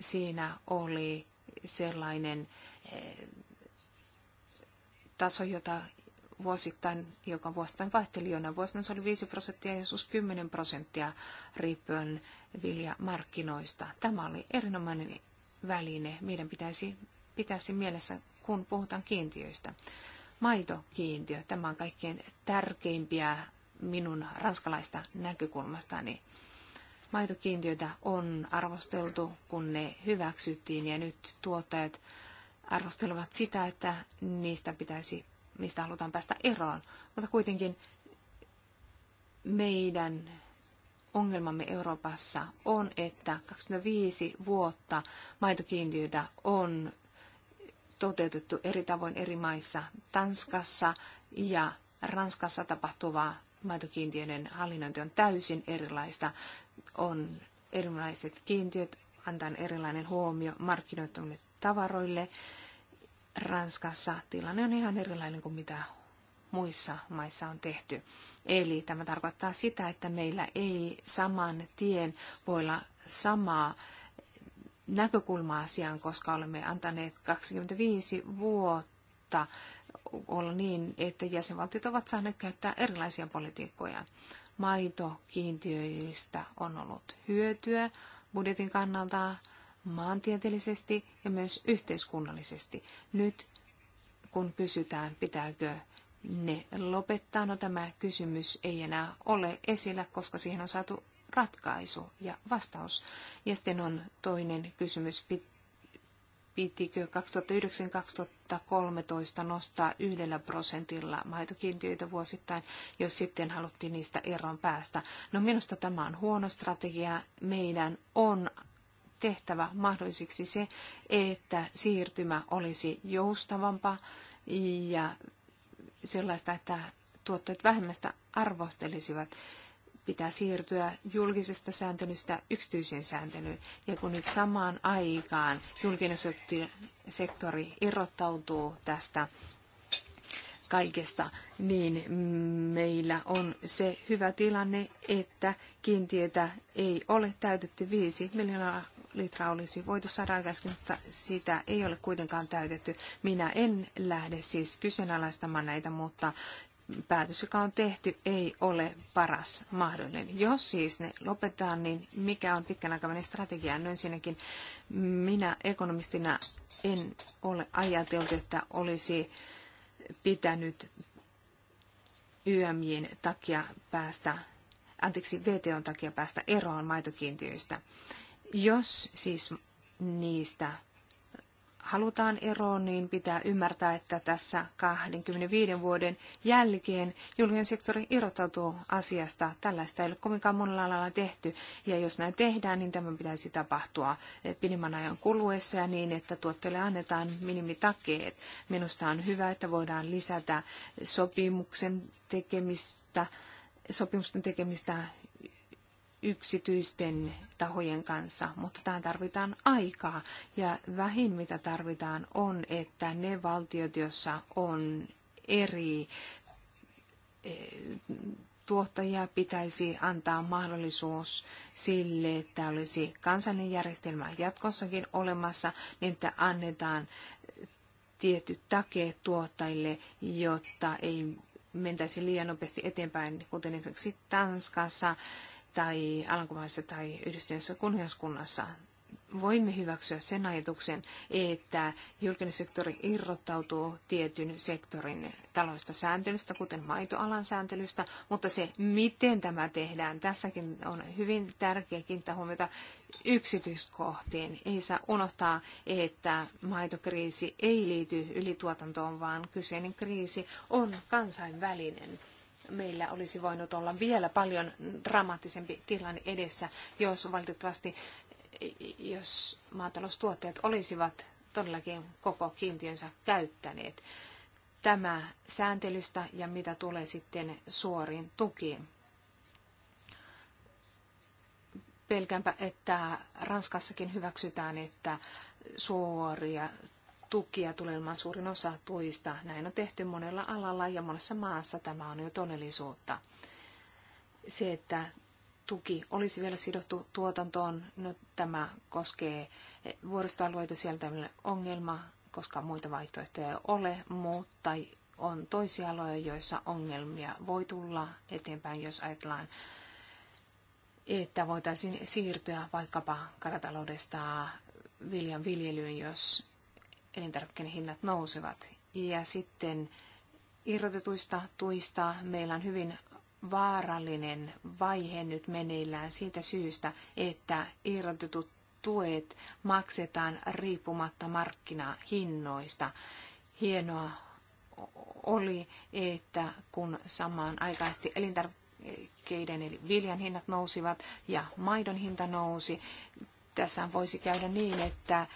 siinä oli sellainen eh, taso, jota vuosittain, joka vuosittain vaihteli jona vuosina, se oli 5 prosenttia, ja joskus 10 prosenttia riippuen viljamarkkinoista. Tämä oli erinomainen väline, meidän pitäisi pitää mielessä, kun puhutaan kiintiöistä maitokiintiö. Tämä on kaikkein tärkeimpiä minun ranskalaista näkökulmastani. Maitokiintiöitä on arvosteltu, kun ne hyväksyttiin ja nyt tuottajat arvostelevat sitä, että niistä pitäisi, mistä halutaan päästä eroon. Mutta kuitenkin meidän ongelmamme Euroopassa on, että 25 vuotta maitokiintiöitä on toteutettu eri tavoin eri maissa. Tanskassa ja Ranskassa tapahtuva maitokiintiöiden hallinnointi on täysin erilaista. On erilaiset kiintiöt, antaa erilainen huomio markkinoitumille tavaroille. Ranskassa tilanne on ihan erilainen kuin mitä muissa maissa on tehty. Eli tämä tarkoittaa sitä, että meillä ei saman tien voi olla samaa näkökulma asiaan, koska olemme antaneet 25 vuotta olla niin, että jäsenvaltiot ovat saaneet käyttää erilaisia politiikkoja. Maitokiintiöistä on ollut hyötyä budjetin kannalta maantieteellisesti ja myös yhteiskunnallisesti. Nyt kun kysytään, pitääkö ne lopettaa, no tämä kysymys ei enää ole esillä, koska siihen on saatu ratkaisu ja vastaus. Ja sitten on toinen kysymys, pitikö 2009-2013 nostaa yhdellä prosentilla maitokiintiöitä vuosittain, jos sitten haluttiin niistä eroon päästä. No minusta tämä on huono strategia. Meidän on tehtävä mahdollisiksi se, että siirtymä olisi joustavampaa ja sellaista, että tuotteet vähemmästä arvostelisivat pitää siirtyä julkisesta sääntelystä yksityiseen sääntelyyn. Ja kun nyt samaan aikaan julkinen sektori irrottautuu tästä kaikesta, niin meillä on se hyvä tilanne, että kiintiötä ei ole täytetty viisi miljoonaa litra olisi voitu saada aikaisemmin, mutta sitä ei ole kuitenkaan täytetty. Minä en lähde siis kyseenalaistamaan näitä, mutta päätös, joka on tehty, ei ole paras mahdollinen. Jos siis ne lopetetaan, niin mikä on pitkän aikavälin strategia? No ensinnäkin minä ekonomistina en ole ajatellut, että olisi pitänyt YMJin takia päästä, anteeksi, VTOn takia päästä eroon maitokiintiöistä. Jos siis niistä halutaan eroon, niin pitää ymmärtää, että tässä 25 vuoden jälkeen julkinen sektori irrottautuu asiasta. Tällaista ei ole kovinkaan monella alalla tehty, ja jos näin tehdään, niin tämän pitäisi tapahtua pidemmän ajan kuluessa ja niin, että tuotteille annetaan minimitakeet. Minusta on hyvä, että voidaan lisätä sopimuksen tekemistä sopimusten tekemistä yksityisten tahojen kanssa, mutta tähän tarvitaan aikaa. Ja vähin mitä tarvitaan on, että ne valtiot, joissa on eri eh, tuottajia, pitäisi antaa mahdollisuus sille, että olisi kansallinen järjestelmä jatkossakin olemassa, niin että annetaan tietyt takeet tuottajille, jotta ei mentäisi liian nopeasti eteenpäin, kuten esimerkiksi Tanskassa tai Alankomaissa tai Yhdistyneessä kuningaskunnassa. Voimme hyväksyä sen ajatuksen, että julkinen sektori irrottautuu tietyn sektorin taloista sääntelystä, kuten maitoalan sääntelystä, mutta se, miten tämä tehdään, tässäkin on hyvin tärkeä kiinnittää huomiota yksityiskohtiin. Ei saa unohtaa, että maitokriisi ei liity ylituotantoon, vaan kyseinen kriisi on kansainvälinen meillä olisi voinut olla vielä paljon dramaattisempi tilanne edessä, jos valitettavasti jos maataloustuottajat olisivat todellakin koko kiintiönsä käyttäneet. Tämä sääntelystä ja mitä tulee sitten suoriin tukiin. Pelkäänpä, että Ranskassakin hyväksytään, että suoria tukia tulee olemaan suurin osa tuista. Näin on tehty monella alalla ja monessa maassa tämä on jo todellisuutta. Se, että tuki olisi vielä sidottu tuotantoon, no, tämä koskee vuoristoalueita, sieltä ongelma, koska muita vaihtoehtoja ei ole, mutta on toisia aloja, joissa ongelmia voi tulla eteenpäin, jos ajatellaan, että voitaisiin siirtyä vaikkapa karataloudesta viljan viljelyyn, jos elintarvikkeiden hinnat nousevat. Ja sitten irrotetuista tuista meillä on hyvin vaarallinen vaihe nyt meneillään siitä syystä, että irrotetut tuet maksetaan riippumatta markkinahinnoista. Hienoa oli, että kun samaan aikaisesti elintarvikkeiden eli viljan hinnat nousivat ja maidon hinta nousi, tässä voisi käydä niin, että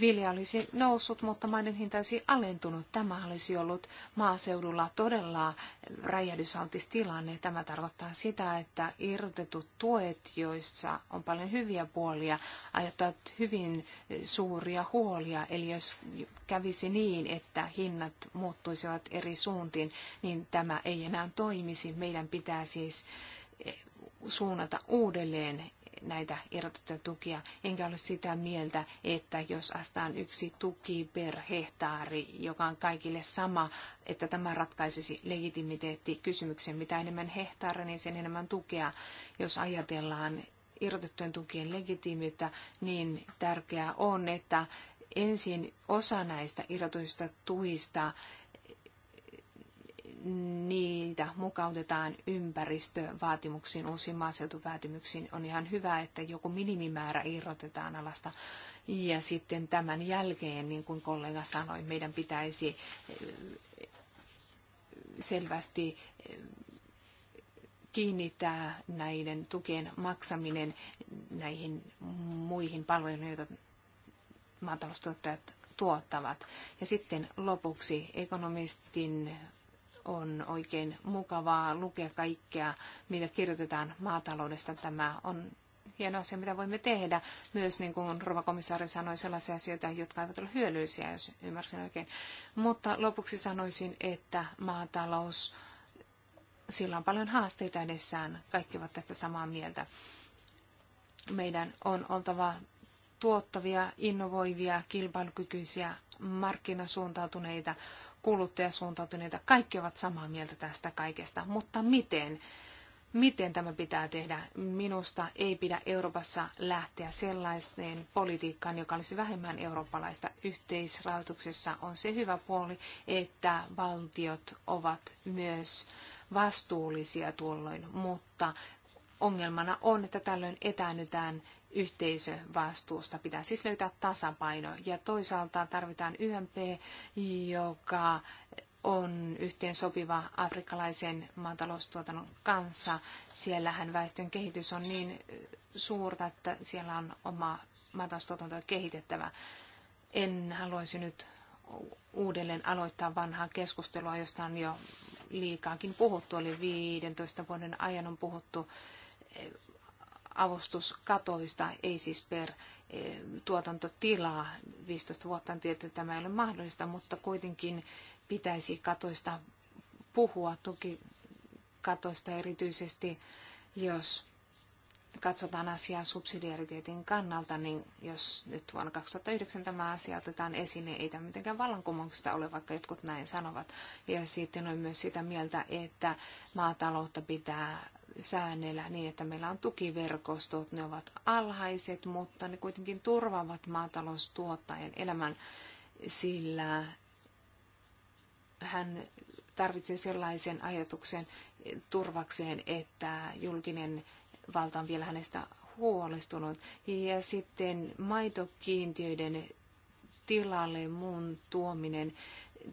vilja olisi noussut, mutta maidon hinta olisi alentunut. Tämä olisi ollut maaseudulla todella räjähdysaltis tilanne. Tämä tarkoittaa sitä, että irrotetut tuet, joissa on paljon hyviä puolia, aiheuttavat hyvin suuria huolia. Eli jos kävisi niin, että hinnat muuttuisivat eri suuntiin, niin tämä ei enää toimisi. Meidän pitää siis suunnata uudelleen näitä irrotettuja tukia, enkä ole sitä mieltä, että jos astaan yksi tuki per hehtaari, joka on kaikille sama, että tämä ratkaisisi kysymyksen, Mitä enemmän hehtaari, niin sen enemmän tukea. Jos ajatellaan irrotettujen tukien legitiimiyttä, niin tärkeää on, että ensin osa näistä irrotuista tuista niitä mukautetaan ympäristövaatimuksiin, uusiin maaseutuvaatimuksiin, on ihan hyvä, että joku minimimäärä irrotetaan alasta. Ja sitten tämän jälkeen, niin kuin kollega sanoi, meidän pitäisi eh, selvästi eh, kiinnittää näiden tukien maksaminen näihin muihin palveluihin, joita maataloustuottajat tuottavat. Ja sitten lopuksi ekonomistin on oikein mukavaa lukea kaikkea, mitä kirjoitetaan maataloudesta. Tämä on hieno asia, mitä voimme tehdä. Myös niin kuin Rova komissaari sanoi, sellaisia asioita, jotka eivät ole hyödyllisiä, jos ymmärsin oikein. Mutta lopuksi sanoisin, että maatalous, sillä on paljon haasteita edessään. Kaikki ovat tästä samaa mieltä. Meidän on oltava tuottavia, innovoivia, kilpailukykyisiä, markkinasuuntautuneita, kuluttajasuuntautuneita. Kaikki ovat samaa mieltä tästä kaikesta, mutta miten? Miten tämä pitää tehdä? Minusta ei pidä Euroopassa lähteä sellaiseen politiikkaan, joka olisi vähemmän eurooppalaista. Yhteisrahoituksessa on se hyvä puoli, että valtiot ovat myös vastuullisia tuolloin, mutta ongelmana on, että tällöin etäännytään yhteisövastuusta. Pitää siis löytää tasapaino. Ja toisaalta tarvitaan YMP, joka on yhteen sopiva afrikkalaisen maataloustuotannon kanssa. Siellähän väestön kehitys on niin suurta, että siellä on oma maataloustuotanto kehitettävä. En haluaisi nyt uudelleen aloittaa vanhaa keskustelua, josta on jo liikaakin puhuttu, eli 15 vuoden ajan on puhuttu katoista ei siis per eh, tuotantotilaa. 15 vuotta on tietty, tämä ei ole mahdollista, mutta kuitenkin pitäisi katoista puhua, toki katoista erityisesti, jos katsotaan asiaa subsidiariteetin kannalta, niin jos nyt vuonna 2009 tämä asia otetaan esiin, niin ei tämä mitenkään vallankumouksesta ole, vaikka jotkut näin sanovat. Ja sitten on myös sitä mieltä, että maataloutta pitää säännellä niin, että meillä on tukiverkostot. Ne ovat alhaiset, mutta ne kuitenkin turvaavat maataloustuottajan elämän, sillä hän tarvitsee sellaisen ajatuksen turvakseen, että julkinen valta on vielä hänestä huolestunut. Ja sitten maitokiintiöiden tilalle muun tuominen.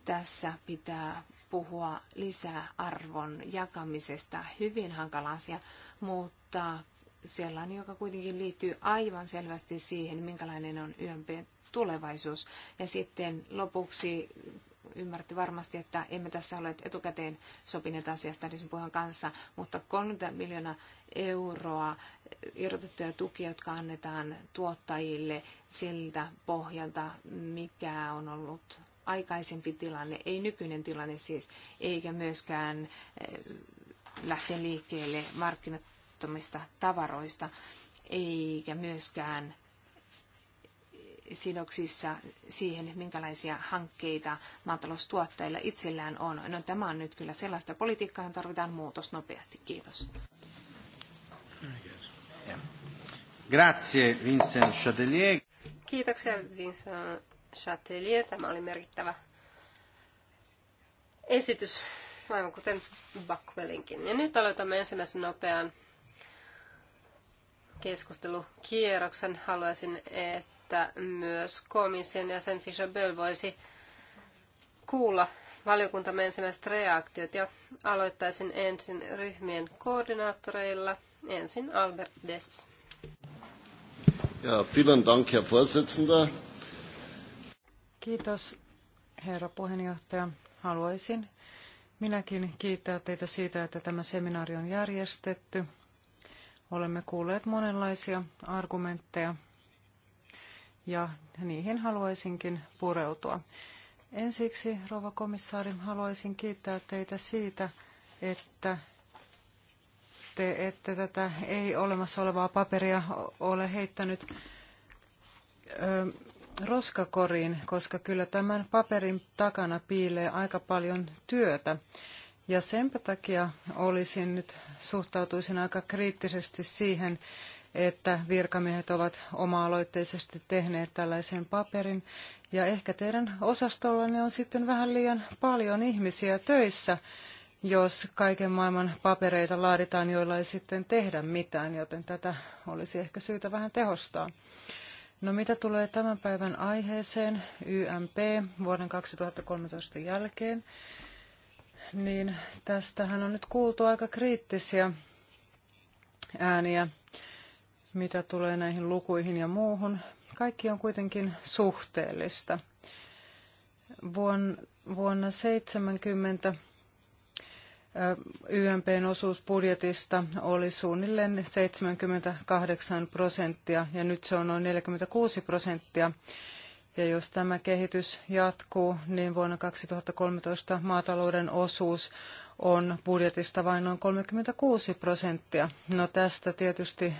Tässä pitää puhua lisää arvon jakamisesta. Hyvin hankala asia, mutta sellainen, joka kuitenkin liittyy aivan selvästi siihen, minkälainen on YMP tulevaisuus. Ja sitten lopuksi ymmärrätte varmasti, että emme tässä ole etukäteen sopineet asiasta Disney puhan kanssa, mutta 30 miljoonaa euroa irrotettuja tukia, jotka annetaan tuottajille siltä pohjalta, mikä on ollut aikaisempi tilanne, ei nykyinen tilanne siis, eikä myöskään eh, lähteä liikkeelle markkinattomista tavaroista, eikä myöskään sidoksissa siihen, minkälaisia hankkeita maataloustuottajilla itsellään on. No tämä on nyt kyllä sellaista politiikkaa, johon tarvitaan muutos nopeasti. Kiitos. Grazie Vincent Chatelier. Kiitoksia Vincent Chatelier. Tämä oli merkittävä esitys, aivan kuten Buckwellinkin. Ja nyt aloitamme ensimmäisen nopean keskustelukierroksen. Haluaisin, että että myös komission jäsen Fischer Böll voisi kuulla valiokuntamme ensimmäiset reaktiot ja aloittaisin ensin ryhmien koordinaattoreilla. Ensin Albert Dess. Ja, vielen Dank, Herr Vorsitzender. Kiitos, herra puheenjohtaja. Haluaisin minäkin kiittää teitä siitä, että tämä seminaari on järjestetty. Olemme kuulleet monenlaisia argumentteja ja niihin haluaisinkin pureutua. Ensiksi, rouva komissaari, haluaisin kiittää teitä siitä, että te ette tätä ei olemassa olevaa paperia ole heittänyt ö, roskakoriin, koska kyllä tämän paperin takana piilee aika paljon työtä. Ja senpä takia olisin nyt suhtautuisin aika kriittisesti siihen, että virkamiehet ovat oma-aloitteisesti tehneet tällaisen paperin. Ja ehkä teidän osastollanne on sitten vähän liian paljon ihmisiä töissä, jos kaiken maailman papereita laaditaan, joilla ei sitten tehdä mitään, joten tätä olisi ehkä syytä vähän tehostaa. No mitä tulee tämän päivän aiheeseen, YMP vuoden 2013 jälkeen, niin tästähän on nyt kuultu aika kriittisiä ääniä mitä tulee näihin lukuihin ja muuhun. Kaikki on kuitenkin suhteellista. Vuonna 1970 YMPn osuus budjetista oli suunnilleen 78 prosenttia ja nyt se on noin 46 prosenttia. Ja jos tämä kehitys jatkuu, niin vuonna 2013 maatalouden osuus on budjetista vain noin 36 prosenttia. No tästä tietysti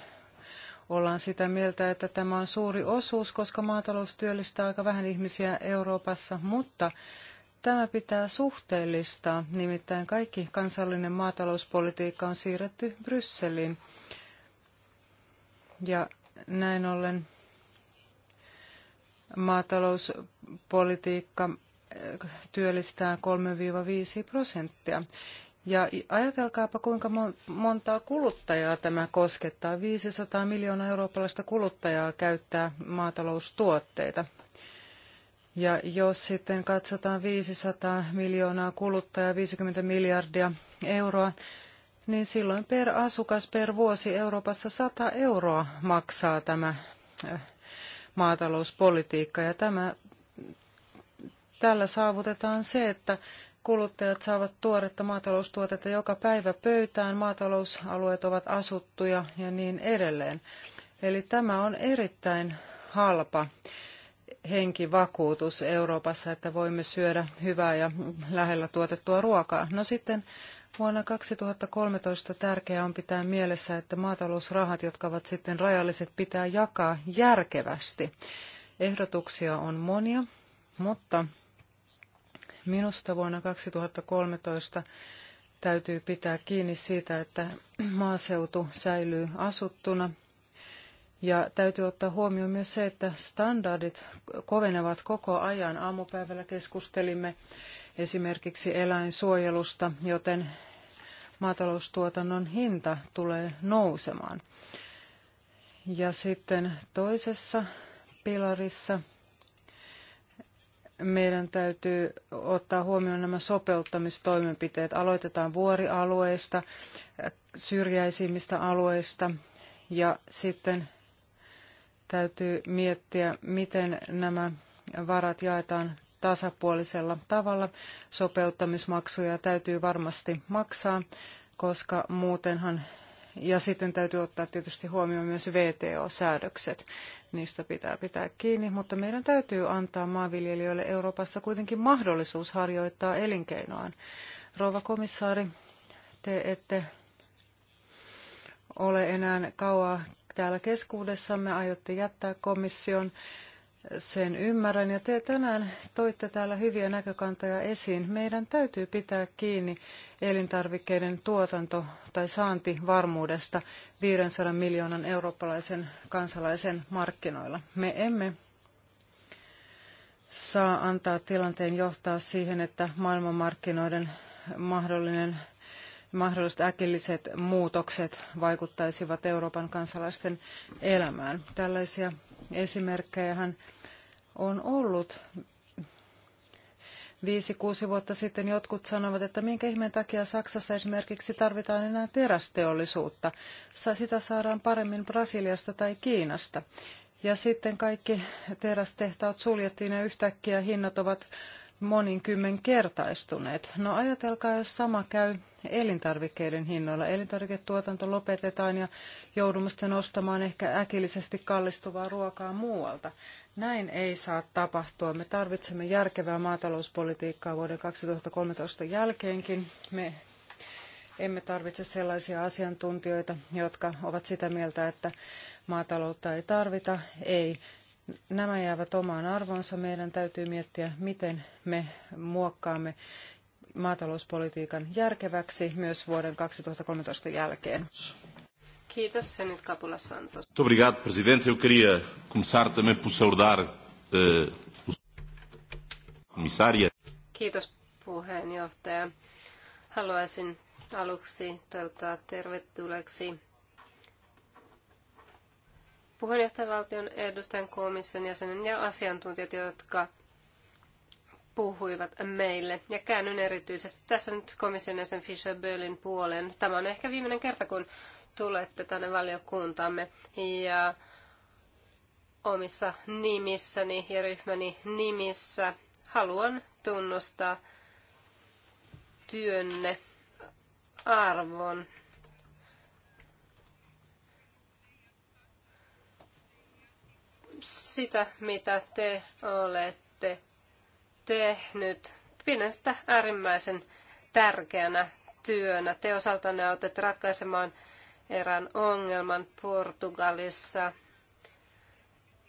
ollaan sitä mieltä, että tämä on suuri osuus, koska maatalous työllistää aika vähän ihmisiä Euroopassa, mutta Tämä pitää suhteellistaa, nimittäin kaikki kansallinen maatalouspolitiikka on siirretty Brysseliin. Ja näin ollen maatalouspolitiikka eh, työllistää 3-5 prosenttia. Ja ajatelkaapa, kuinka montaa kuluttajaa tämä koskettaa. 500 miljoonaa eurooppalaista kuluttajaa käyttää maataloustuotteita. Ja jos sitten katsotaan 500 miljoonaa kuluttajaa, 50 miljardia euroa, niin silloin per asukas per vuosi Euroopassa 100 euroa maksaa tämä eh, maatalouspolitiikka. Ja tämä, tällä saavutetaan se, että kuluttajat saavat tuoretta maataloustuotetta joka päivä pöytään, maatalousalueet ovat asuttuja ja niin edelleen. Eli tämä on erittäin halpa henkivakuutus Euroopassa, että voimme syödä hyvää ja lähellä tuotettua ruokaa. No sitten vuonna 2013 tärkeää on pitää mielessä, että maatalousrahat, jotka ovat sitten rajalliset, pitää jakaa järkevästi. Ehdotuksia on monia, mutta Minusta vuonna 2013 täytyy pitää kiinni siitä, että maaseutu säilyy asuttuna. Ja täytyy ottaa huomioon myös se, että standardit kovenevat koko ajan. Aamupäivällä keskustelimme esimerkiksi eläinsuojelusta, joten maataloustuotannon hinta tulee nousemaan. Ja sitten toisessa pilarissa meidän täytyy ottaa huomioon nämä sopeuttamistoimenpiteet. Aloitetaan vuorialueista, syrjäisimmistä alueista ja sitten täytyy miettiä, miten nämä varat jaetaan tasapuolisella tavalla. Sopeuttamismaksuja täytyy varmasti maksaa, koska muutenhan ja sitten täytyy ottaa tietysti huomioon myös VTO-säädökset. Niistä pitää pitää kiinni, mutta meidän täytyy antaa maanviljelijöille Euroopassa kuitenkin mahdollisuus harjoittaa elinkeinoaan. Rouva komissaari, te ette ole enää kauaa täällä keskuudessamme, aiotte jättää komission sen ymmärrän. Ja te tänään toitte täällä hyviä näkökantoja esiin. Meidän täytyy pitää kiinni elintarvikkeiden tuotanto- tai saantivarmuudesta 500 miljoonan eurooppalaisen kansalaisen markkinoilla. Me emme saa antaa tilanteen johtaa siihen, että maailmanmarkkinoiden mahdollinen mahdolliset äkilliset muutokset vaikuttaisivat Euroopan kansalaisten elämään. Tällaisia esimerkkejähän on ollut. Viisi, kuusi vuotta sitten jotkut sanovat, että minkä ihmeen takia Saksassa esimerkiksi tarvitaan enää terästeollisuutta. Sitä saadaan paremmin Brasiliasta tai Kiinasta. Ja sitten kaikki terästehtaat suljettiin ja yhtäkkiä hinnat ovat moninkymmenkertaistuneet. No ajatelkaa, jos sama käy elintarvikkeiden hinnoilla. Elintarviketuotanto lopetetaan ja joudumme sitten ostamaan ehkä äkillisesti kallistuvaa ruokaa muualta. Näin ei saa tapahtua. Me tarvitsemme järkevää maatalouspolitiikkaa vuoden 2013 jälkeenkin. Me emme tarvitse sellaisia asiantuntijoita, jotka ovat sitä mieltä, että maataloutta ei tarvita. Ei, Nämä jäävät omaan arvonsa. Meidän täytyy miettiä, miten me muokkaamme maatalouspolitiikan järkeväksi myös vuoden 2013 jälkeen. Kiitos, se nyt Kapula Santos. Obrigado, presidente. Eu queria começar também por saudar komissaria. Eh, Kiitos, puheenjohtaja. Haluaisin aluksi toivottaa tervetulleeksi puheenjohtajavaltion edustajan komission jäsenen ja asiantuntijat, jotka puhuivat meille. Ja käännyn erityisesti tässä nyt komission jäsen Fischer Böllin puoleen. Tämä on ehkä viimeinen kerta, kun tulette tänne valiokuntaamme. Ja omissa nimissäni ja ryhmäni nimissä haluan tunnustaa työnne arvon sitä, mitä te olette tehnyt. Pidän sitä äärimmäisen tärkeänä työnä. Te osaltanne olette ratkaisemaan erään ongelman Portugalissa.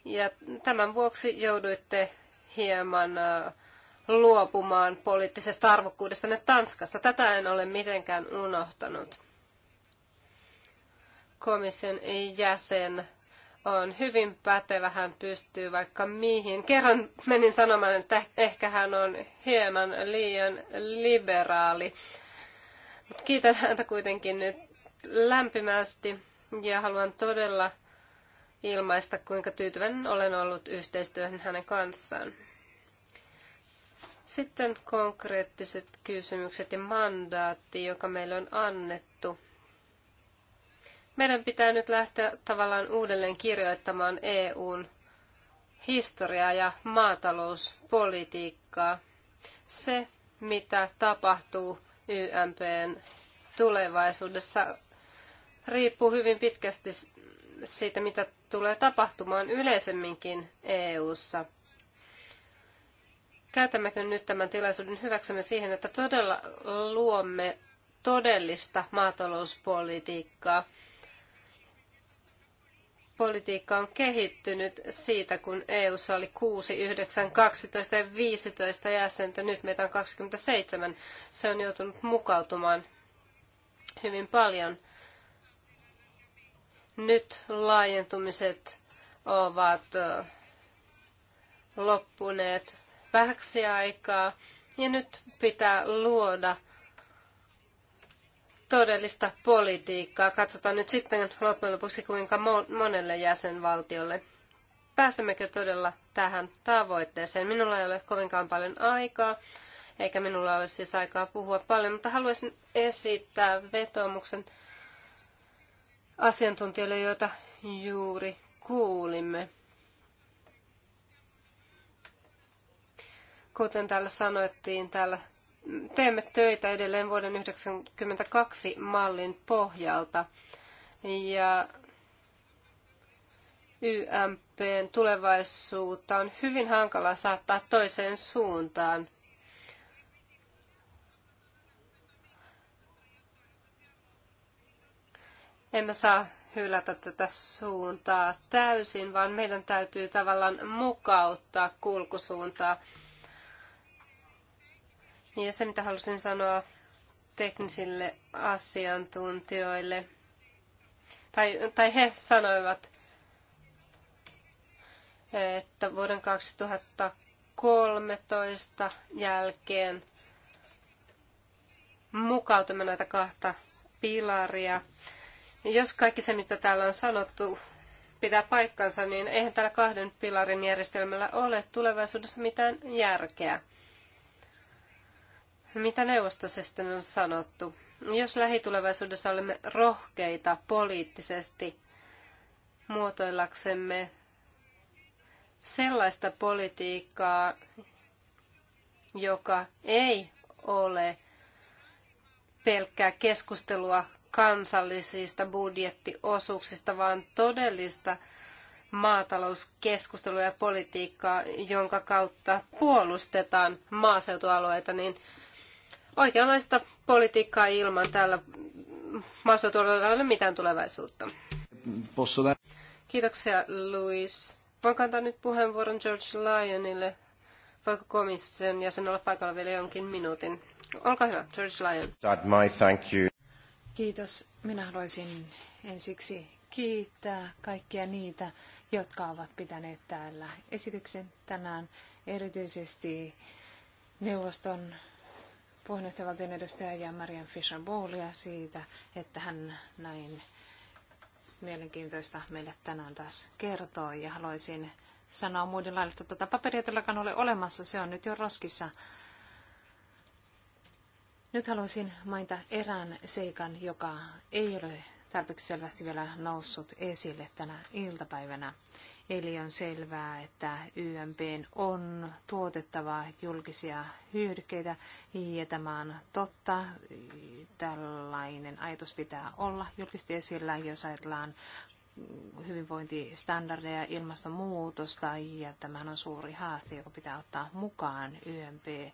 Ja tämän vuoksi jouduitte hieman äh, luopumaan poliittisesta ne Tanskasta. Tätä en ole mitenkään unohtanut. Komission jäsen on hyvin pätevä, hän pystyy vaikka mihin. Kerran menin sanomaan, että ehkä hän on hieman liian liberaali. Mut kiitän häntä kuitenkin nyt lämpimästi ja haluan todella ilmaista, kuinka tyytyväinen olen ollut yhteistyöhön hänen kanssaan. Sitten konkreettiset kysymykset ja mandaatti, joka meille on annettu meidän pitää nyt lähteä tavallaan uudelleen kirjoittamaan EUn historiaa ja maatalouspolitiikkaa. Se, mitä tapahtuu YMPn tulevaisuudessa, riippuu hyvin pitkästi siitä, mitä tulee tapahtumaan yleisemminkin EU:ssa. Käytämmekö nyt tämän tilaisuuden hyväksemme siihen, että todella luomme todellista maatalouspolitiikkaa, politiikka on kehittynyt siitä, kun EU:ssa oli 6, 9, 12 ja 15 jäsentä. Nyt meitä on 27. Se on joutunut mukautumaan hyvin paljon. Nyt laajentumiset ovat loppuneet vähäksi aikaa ja nyt pitää luoda todellista politiikkaa. Katsotaan nyt sitten loppujen lopuksi, kuinka monelle jäsenvaltiolle pääsemmekö todella tähän tavoitteeseen. Minulla ei ole kovinkaan paljon aikaa, eikä minulla ole siis aikaa puhua paljon, mutta haluaisin esittää vetoomuksen asiantuntijoille, joita juuri kuulimme. Kuten täällä sanoittiin, täällä teemme töitä edelleen vuoden 1992 mallin pohjalta. Ja YMPn tulevaisuutta on hyvin hankala saattaa toiseen suuntaan. Emme saa hylätä tätä suuntaa täysin, vaan meidän täytyy tavallaan mukauttaa kulkusuuntaa ja se, mitä halusin sanoa teknisille asiantuntijoille, tai, tai he sanoivat, että vuoden 2013 jälkeen mukautamme näitä kahta pilaria. Ja jos kaikki se, mitä täällä on sanottu, pitää paikkansa, niin eihän täällä kahden pilarin järjestelmällä ole tulevaisuudessa mitään järkeä. Mitä neuvostosesta on sanottu? Jos lähitulevaisuudessa olemme rohkeita poliittisesti muotoillaksemme sellaista politiikkaa, joka ei ole pelkkää keskustelua kansallisista budjettiosuuksista, vaan todellista maatalouskeskustelua ja politiikkaa, jonka kautta puolustetaan maaseutualueita, niin Oikeanlaista politiikkaa ilman tällä maaseutuolueella ei ole mitään tulevaisuutta. Kiitoksia, Luis. Voinko antaa nyt puheenvuoron George Lyonille? Voiko komission jäsen olla paikalla vielä jonkin minuutin? Olkaa hyvä, George Lyon. My thank you. Kiitos. Minä haluaisin ensiksi kiittää kaikkia niitä, jotka ovat pitäneet täällä esityksen tänään, erityisesti neuvoston puheenjohtajavaltion edustaja ja Marian fischer bowlia siitä, että hän näin mielenkiintoista meille tänään taas kertoi. Ja haluaisin sanoa muiden lailla, että tätä paperia todellakaan ole olemassa, se on nyt jo roskissa. Nyt haluaisin mainita erään seikan, joka ei ole tarpeeksi selvästi vielä noussut esille tänä iltapäivänä. Eli on selvää, että YMP on tuotettava julkisia hyödykkeitä ja tämä on totta. Tällainen ajatus pitää olla julkisesti esillä, jos ajatellaan hyvinvointistandardeja, ilmastonmuutosta ja tämä on suuri haaste, joka pitää ottaa mukaan YMP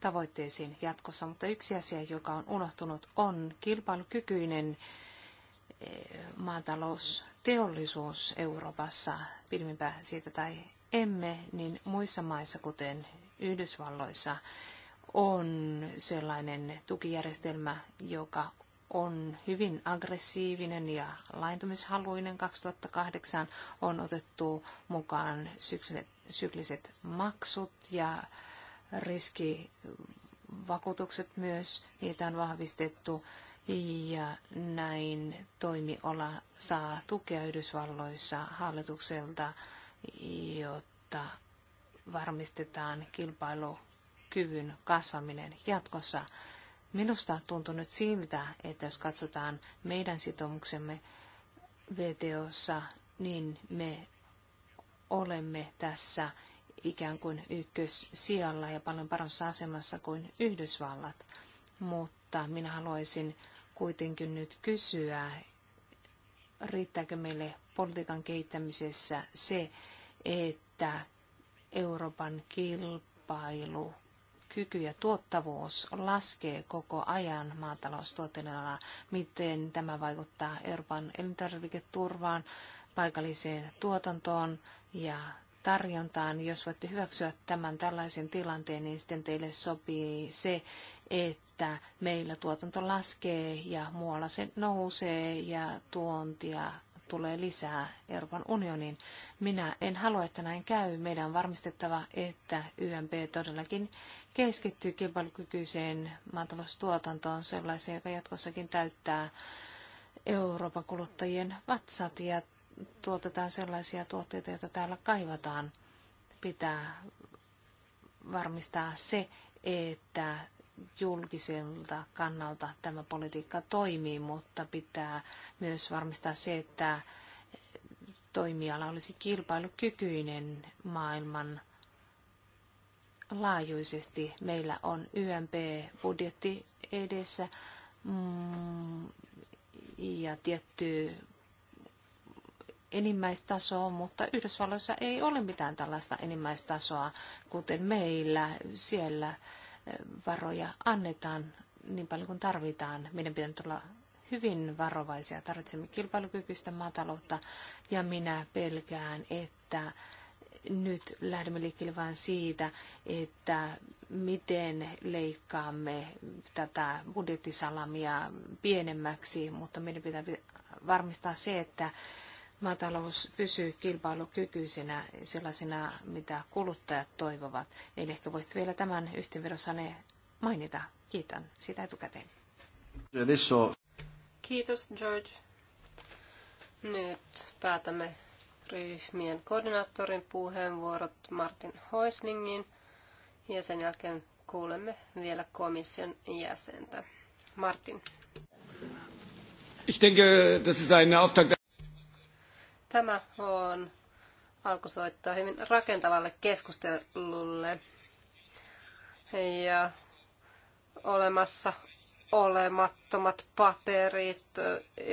tavoitteisiin jatkossa. Mutta yksi asia, joka on unohtunut, on kilpailukykyinen maatalousteollisuus Euroopassa, pidmimpä siitä tai emme, niin muissa maissa, kuten Yhdysvalloissa, on sellainen tukijärjestelmä, joka on hyvin aggressiivinen ja laintumishaluinen. 2008 on otettu mukaan sykliset maksut ja riskivakuutukset myös, niitä on vahvistettu ja näin toimiala saa tukea Yhdysvalloissa hallitukselta, jotta varmistetaan kilpailukyvyn kasvaminen jatkossa. Minusta tuntuu nyt siltä, että jos katsotaan meidän sitoumuksemme VTOssa, niin me olemme tässä ikään kuin ykkössijalla ja paljon paremmassa asemassa kuin Yhdysvallat. Mutta minä haluaisin kuitenkin nyt kysyä, riittääkö meille politiikan kehittämisessä se, että Euroopan kilpailu kyky ja tuottavuus laskee koko ajan maataloustuotteiden alalla. Miten tämä vaikuttaa Euroopan elintarviketurvaan, paikalliseen tuotantoon ja tarjontaan. Jos voitte hyväksyä tämän tällaisen tilanteen, niin sitten teille sopii se, että että meillä tuotanto laskee ja muualla se nousee ja tuontia tulee lisää Euroopan unioniin. Minä en halua, että näin käy. Meidän on varmistettava, että YMP todellakin keskittyy kilpailukykyiseen maataloustuotantoon sellaiseen, joka jatkossakin täyttää Euroopan kuluttajien vatsat ja tuotetaan sellaisia tuotteita, joita täällä kaivataan. Pitää varmistaa se, että julkiselta kannalta tämä politiikka toimii, mutta pitää myös varmistaa se, että toimiala olisi kilpailukykyinen maailman laajuisesti. Meillä on YMP-budjetti edessä mm, ja tietty enimmäistaso, mutta Yhdysvalloissa ei ole mitään tällaista enimmäistasoa, kuten meillä. Siellä varoja annetaan niin paljon kuin tarvitaan. Meidän pitää nyt olla hyvin varovaisia. Tarvitsemme kilpailukykyistä maataloutta ja minä pelkään, että nyt lähdemme liikkeelle vain siitä, että miten leikkaamme tätä budjettisalamia pienemmäksi, mutta meidän pitää varmistaa se, että maatalous pysyy kilpailukykyisenä sellaisena, mitä kuluttajat toivovat. Eli ehkä voisit vielä tämän yhteenvedossanne mainita. Kiitän sitä etukäteen. Kiitos George. Nyt päätämme ryhmien koordinaattorin puheenvuorot Martin Hoislingin ja sen jälkeen kuulemme vielä komission jäsentä. Martin. Ich denke, das ist ein Auftakt. Tämä on soittaa hyvin rakentavalle keskustelulle. Ja olemassa olemattomat paperit,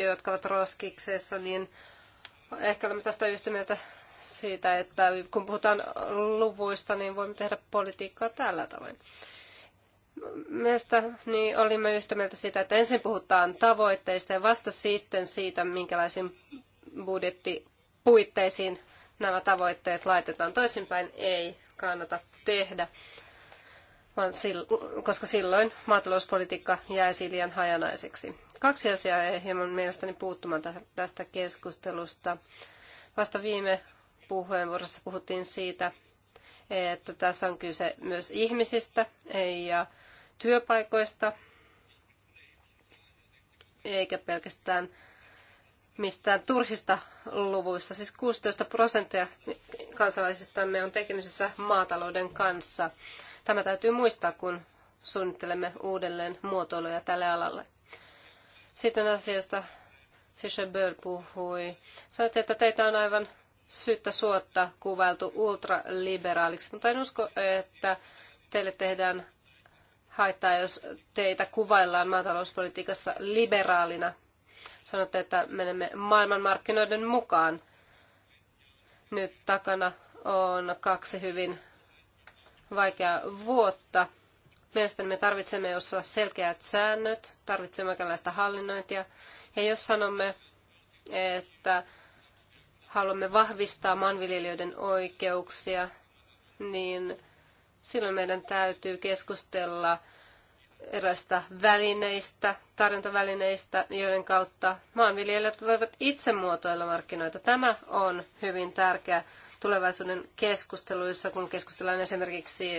jotka ovat roskiksessa, niin ehkä olemme tästä yhtä mieltä siitä, että kun puhutaan luvuista, niin voimme tehdä politiikkaa tällä tavoin. Meistä niin olimme yhtä mieltä siitä, että ensin puhutaan tavoitteista ja vasta sitten siitä, minkälaisiin budjettipuitteisiin nämä tavoitteet laitetaan toisinpäin, ei kannata tehdä, vaan sil, koska silloin maatalouspolitiikka jäisi liian hajanaiseksi. Kaksi asiaa ei hieman mielestäni puuttumaan tästä keskustelusta. Vasta viime puheenvuorossa puhuttiin siitä, että tässä on kyse myös ihmisistä ja työpaikoista, eikä pelkästään mistään turhista luvuista. Siis 16 prosenttia kansalaisistamme on tekemisissä maatalouden kanssa. Tämä täytyy muistaa, kun suunnittelemme uudelleen muotoiluja tälle alalle. Sitten asiasta Fisher Bird puhui. Sanoitte, että teitä on aivan syyttä suotta kuvailtu ultraliberaaliksi, mutta en usko, että teille tehdään haittaa, jos teitä kuvaillaan maatalouspolitiikassa liberaalina. Sanotte, että menemme maailmanmarkkinoiden mukaan. Nyt takana on kaksi hyvin vaikeaa vuotta. Mielestäni me tarvitsemme jossa selkeät säännöt, tarvitsemme oikeanlaista hallinnointia. Ja jos sanomme, että haluamme vahvistaa maanviljelijöiden oikeuksia, niin silloin meidän täytyy keskustella erilaisista välineistä, tarjontavälineistä, joiden kautta maanviljelijät voivat itse muotoilla markkinoita. Tämä on hyvin tärkeä tulevaisuuden keskusteluissa, kun keskustellaan esimerkiksi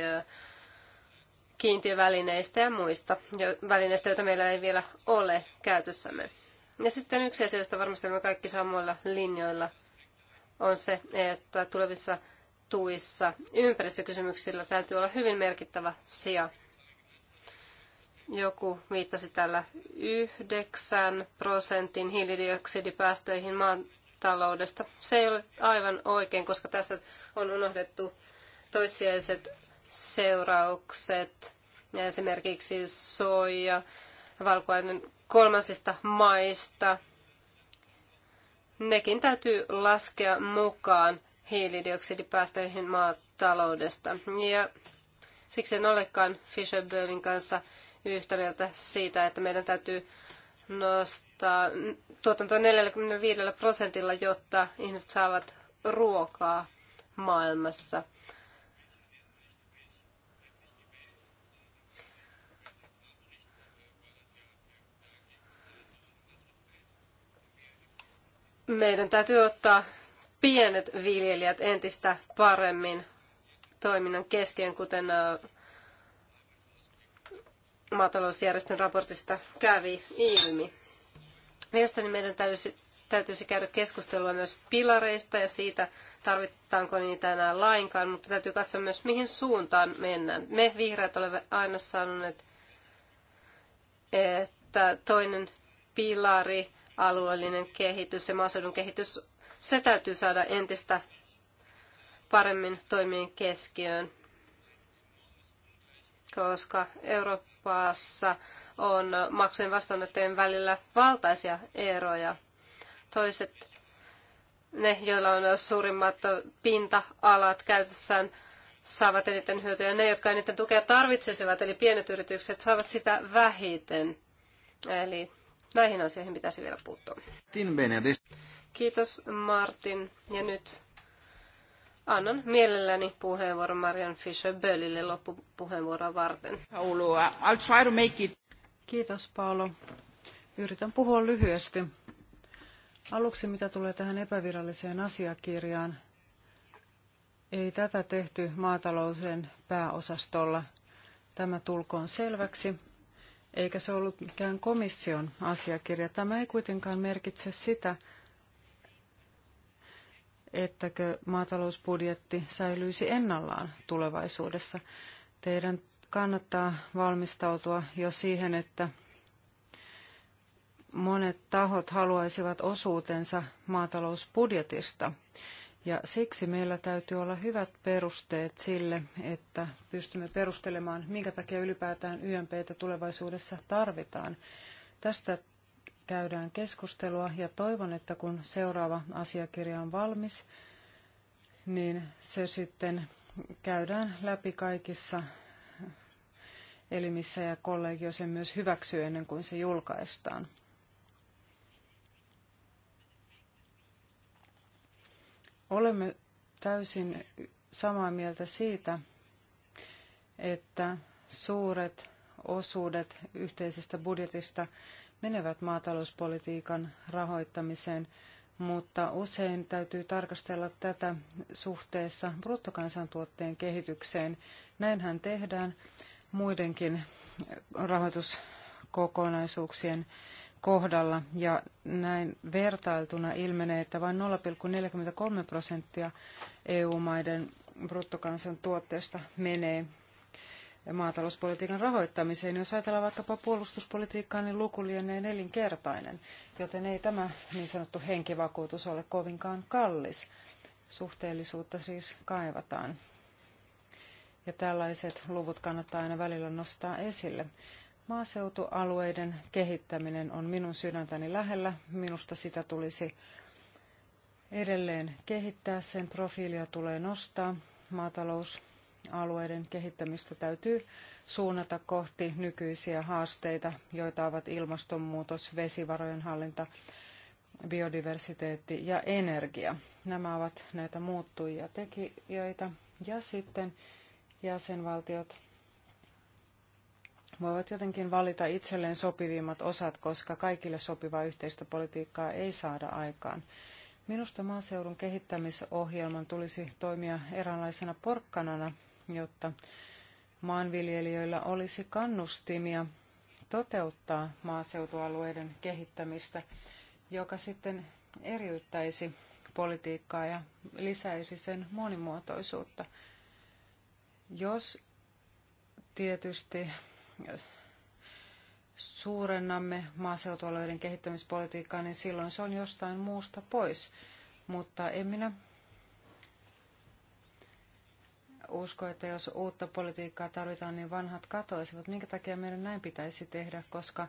kiintiövälineistä ja muista välineistä, joita meillä ei vielä ole käytössämme. Ja sitten yksi asia, josta varmasti me kaikki samoilla linjoilla, on se, että tulevissa tuissa ympäristökysymyksillä täytyy olla hyvin merkittävä sija – joku viittasi tällä yhdeksän prosentin hiilidioksidipäästöihin maataloudesta. Se ei ole aivan oikein, koska tässä on unohdettu toissijaiset seuraukset, esimerkiksi soija, valkuainen kolmansista maista. Nekin täytyy laskea mukaan hiilidioksidipäästöihin maataloudesta. Ja siksi en olekaan fisher kanssa yhtä mieltä siitä, että meidän täytyy nostaa tuotantoa 45 prosentilla, jotta ihmiset saavat ruokaa maailmassa. Meidän täytyy ottaa pienet viljelijät entistä paremmin toiminnan keskiön, kuten äh, maatalousjärjestön raportista kävi ilmi. Mielestäni meidän täytyisi, täytyisi käydä keskustelua myös pilareista ja siitä, tarvitaanko niitä enää lainkaan, mutta täytyy katsoa myös, mihin suuntaan mennään. Me vihreät olemme aina sanoneet, että toinen pilari, alueellinen kehitys ja maaseudun kehitys, se täytyy saada entistä paremmin toimien keskiöön, koska Eurooppa Euroopassa on maksujen vastaanottojen välillä valtaisia eroja. Toiset, ne joilla on suurimmat pinta-alat käytössään, saavat eniten hyötyä. Ne, jotka eniten tukea tarvitsisivat, eli pienet yritykset, saavat sitä vähiten. Eli näihin asioihin pitäisi vielä puuttua. Kiitos Martin. Ja nyt Annan mielelläni puheenvuoron Marian Fischer-Böllille loppupuheenvuoroa varten. I'll try to make it. Kiitos Paolo. Yritän puhua lyhyesti. Aluksi mitä tulee tähän epäviralliseen asiakirjaan, ei tätä tehty maatalouden pääosastolla. Tämä tulkoon selväksi, eikä se ollut mikään komission asiakirja. Tämä ei kuitenkaan merkitse sitä, ettäkö maatalousbudjetti säilyisi ennallaan tulevaisuudessa. Teidän kannattaa valmistautua jo siihen, että monet tahot haluaisivat osuutensa maatalousbudjetista. Ja siksi meillä täytyy olla hyvät perusteet sille, että pystymme perustelemaan, minkä takia ylipäätään YMPtä tulevaisuudessa tarvitaan. Tästä käydään keskustelua ja toivon, että kun seuraava asiakirja on valmis, niin se sitten käydään läpi kaikissa elimissä ja kollegio sen myös hyväksyy ennen kuin se julkaistaan. Olemme täysin samaa mieltä siitä, että suuret osuudet yhteisestä budjetista menevät maatalouspolitiikan rahoittamiseen, mutta usein täytyy tarkastella tätä suhteessa bruttokansantuotteen kehitykseen. Näinhän tehdään muidenkin rahoituskokonaisuuksien kohdalla ja näin vertailtuna ilmenee, että vain 0,43 prosenttia EU-maiden bruttokansantuotteesta menee maatalouspolitiikan rahoittamiseen. Jos ajatellaan vaikkapa puolustuspolitiikkaa, niin luku lienee nelinkertainen, joten ei tämä niin sanottu henkivakuutus ole kovinkaan kallis. Suhteellisuutta siis kaivataan. Ja tällaiset luvut kannattaa aina välillä nostaa esille. Maaseutualueiden kehittäminen on minun sydäntäni lähellä. Minusta sitä tulisi edelleen kehittää, sen profiilia tulee nostaa. Maatalous alueiden kehittämistä täytyy suunnata kohti nykyisiä haasteita, joita ovat ilmastonmuutos, vesivarojen hallinta, biodiversiteetti ja energia. Nämä ovat näitä muuttujia tekijöitä. Ja sitten jäsenvaltiot voivat jotenkin valita itselleen sopivimmat osat, koska kaikille sopivaa yhteistä politiikkaa ei saada aikaan. Minusta maaseudun kehittämisohjelman tulisi toimia eräänlaisena porkkanana jotta maanviljelijöillä olisi kannustimia toteuttaa maaseutualueiden kehittämistä, joka sitten eriyttäisi politiikkaa ja lisäisi sen monimuotoisuutta. Jos tietysti suurennamme maaseutualueiden kehittämispolitiikkaa, niin silloin se on jostain muusta pois. Mutta en minä usko, että jos uutta politiikkaa tarvitaan, niin vanhat katoisivat. Minkä takia meidän näin pitäisi tehdä, koska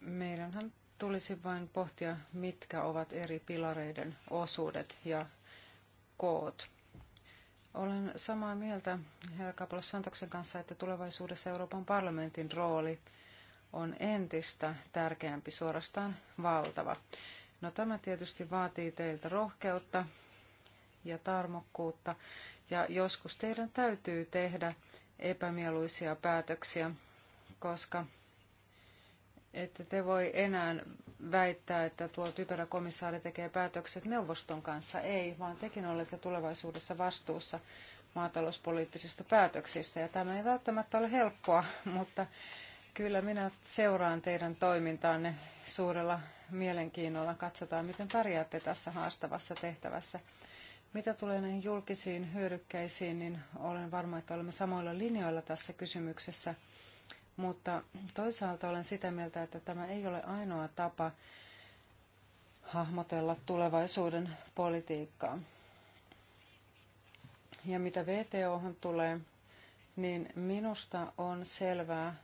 meidänhän tulisi vain pohtia, mitkä ovat eri pilareiden osuudet ja koot. Olen samaa mieltä herra Kapolos Santoksen kanssa, että tulevaisuudessa Euroopan parlamentin rooli on entistä tärkeämpi, suorastaan valtava. No tämä tietysti vaatii teiltä rohkeutta ja tarmokkuutta ja joskus teidän täytyy tehdä epämieluisia päätöksiä, koska ette te voi enää väittää, että tuo typerä komissaari tekee päätökset neuvoston kanssa. Ei, vaan tekin olette tulevaisuudessa vastuussa maatalouspoliittisista päätöksistä. Ja tämä ei välttämättä ole helppoa, mutta Kyllä minä seuraan teidän toimintaanne suurella mielenkiinnolla. Katsotaan, miten pärjäätte tässä haastavassa tehtävässä. Mitä tulee näihin julkisiin hyödykkeisiin, niin olen varma, että olemme samoilla linjoilla tässä kysymyksessä. Mutta toisaalta olen sitä mieltä, että tämä ei ole ainoa tapa hahmotella tulevaisuuden politiikkaa. Ja mitä VTOhan tulee, niin minusta on selvää,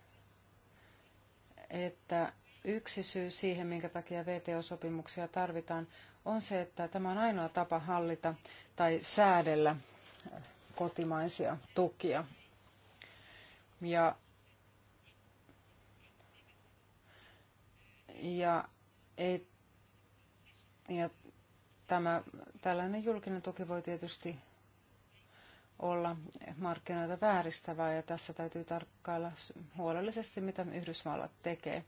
että yksi syy siihen, minkä takia VTO-sopimuksia tarvitaan, on se, että tämä on ainoa tapa hallita tai säädellä kotimaisia tukia. Ja, ja, ei, ja tämä, tällainen julkinen tuki voi tietysti olla markkinoita vääristävää ja tässä täytyy tarkkailla huolellisesti, mitä Yhdysvallat tekee.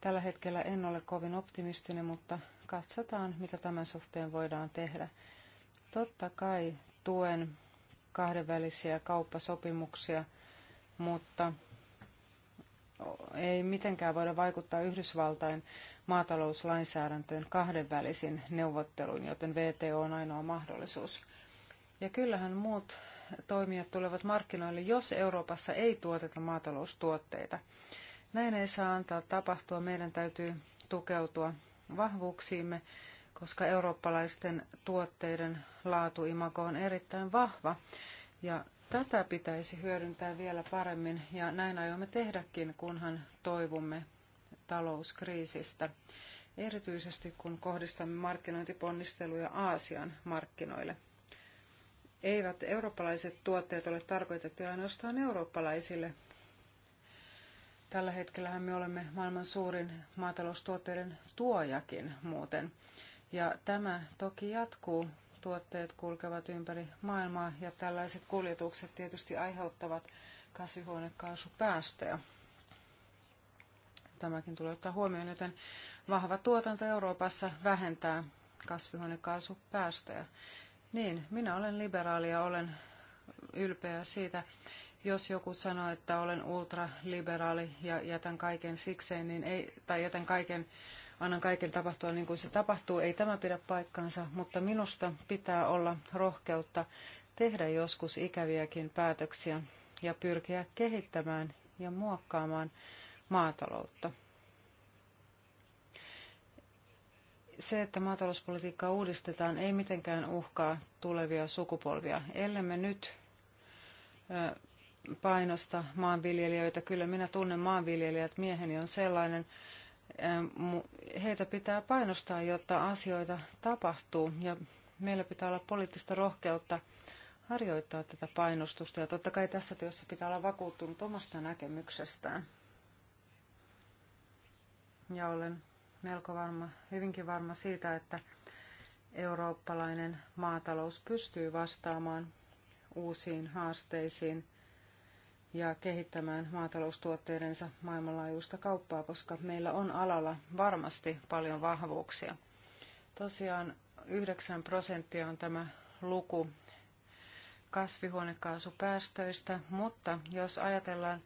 Tällä hetkellä en ole kovin optimistinen, mutta katsotaan, mitä tämän suhteen voidaan tehdä. Totta kai tuen kahdenvälisiä kauppasopimuksia, mutta ei mitenkään voida vaikuttaa Yhdysvaltain maatalouslainsäädäntöön kahdenvälisin neuvotteluun joten VTO on ainoa mahdollisuus. Ja kyllähän muut toimijat tulevat markkinoille, jos Euroopassa ei tuoteta maataloustuotteita. Näin ei saa antaa tapahtua. Meidän täytyy tukeutua vahvuuksiimme, koska eurooppalaisten tuotteiden laatuimako on erittäin vahva. Ja tätä pitäisi hyödyntää vielä paremmin, ja näin aiomme tehdäkin, kunhan toivumme talouskriisistä. Erityisesti kun kohdistamme markkinointiponnisteluja Aasian markkinoille eivät eurooppalaiset tuotteet ole tarkoitettuja ainoastaan eurooppalaisille. Tällä hetkellähän me olemme maailman suurin maataloustuotteiden tuojakin muuten. Ja tämä toki jatkuu. Tuotteet kulkevat ympäri maailmaa ja tällaiset kuljetukset tietysti aiheuttavat kasvihuonekaasupäästöjä. Tämäkin tulee ottaa huomioon, joten vahva tuotanto Euroopassa vähentää kasvihuonekaasupäästöjä. Niin, minä olen liberaali ja olen ylpeä siitä. Jos joku sanoo, että olen ultraliberaali ja jätän kaiken sikseen, niin ei, tai jätän kaiken, annan kaiken tapahtua niin kuin se tapahtuu, ei tämä pidä paikkaansa, mutta minusta pitää olla rohkeutta tehdä joskus ikäviäkin päätöksiä ja pyrkiä kehittämään ja muokkaamaan maataloutta. se, että maatalouspolitiikkaa uudistetaan, ei mitenkään uhkaa tulevia sukupolvia. Ellemme nyt painosta maanviljelijöitä, kyllä minä tunnen maanviljelijät, mieheni on sellainen, heitä pitää painostaa, jotta asioita tapahtuu ja meillä pitää olla poliittista rohkeutta harjoittaa tätä painostusta ja totta kai tässä työssä pitää olla vakuuttunut omasta näkemyksestään. Ja olen melko varma, hyvinkin varma siitä, että eurooppalainen maatalous pystyy vastaamaan uusiin haasteisiin ja kehittämään maataloustuotteidensa maailmanlaajuista kauppaa, koska meillä on alalla varmasti paljon vahvuuksia. Tosiaan 9 prosenttia on tämä luku kasvihuonekaasupäästöistä, mutta jos ajatellaan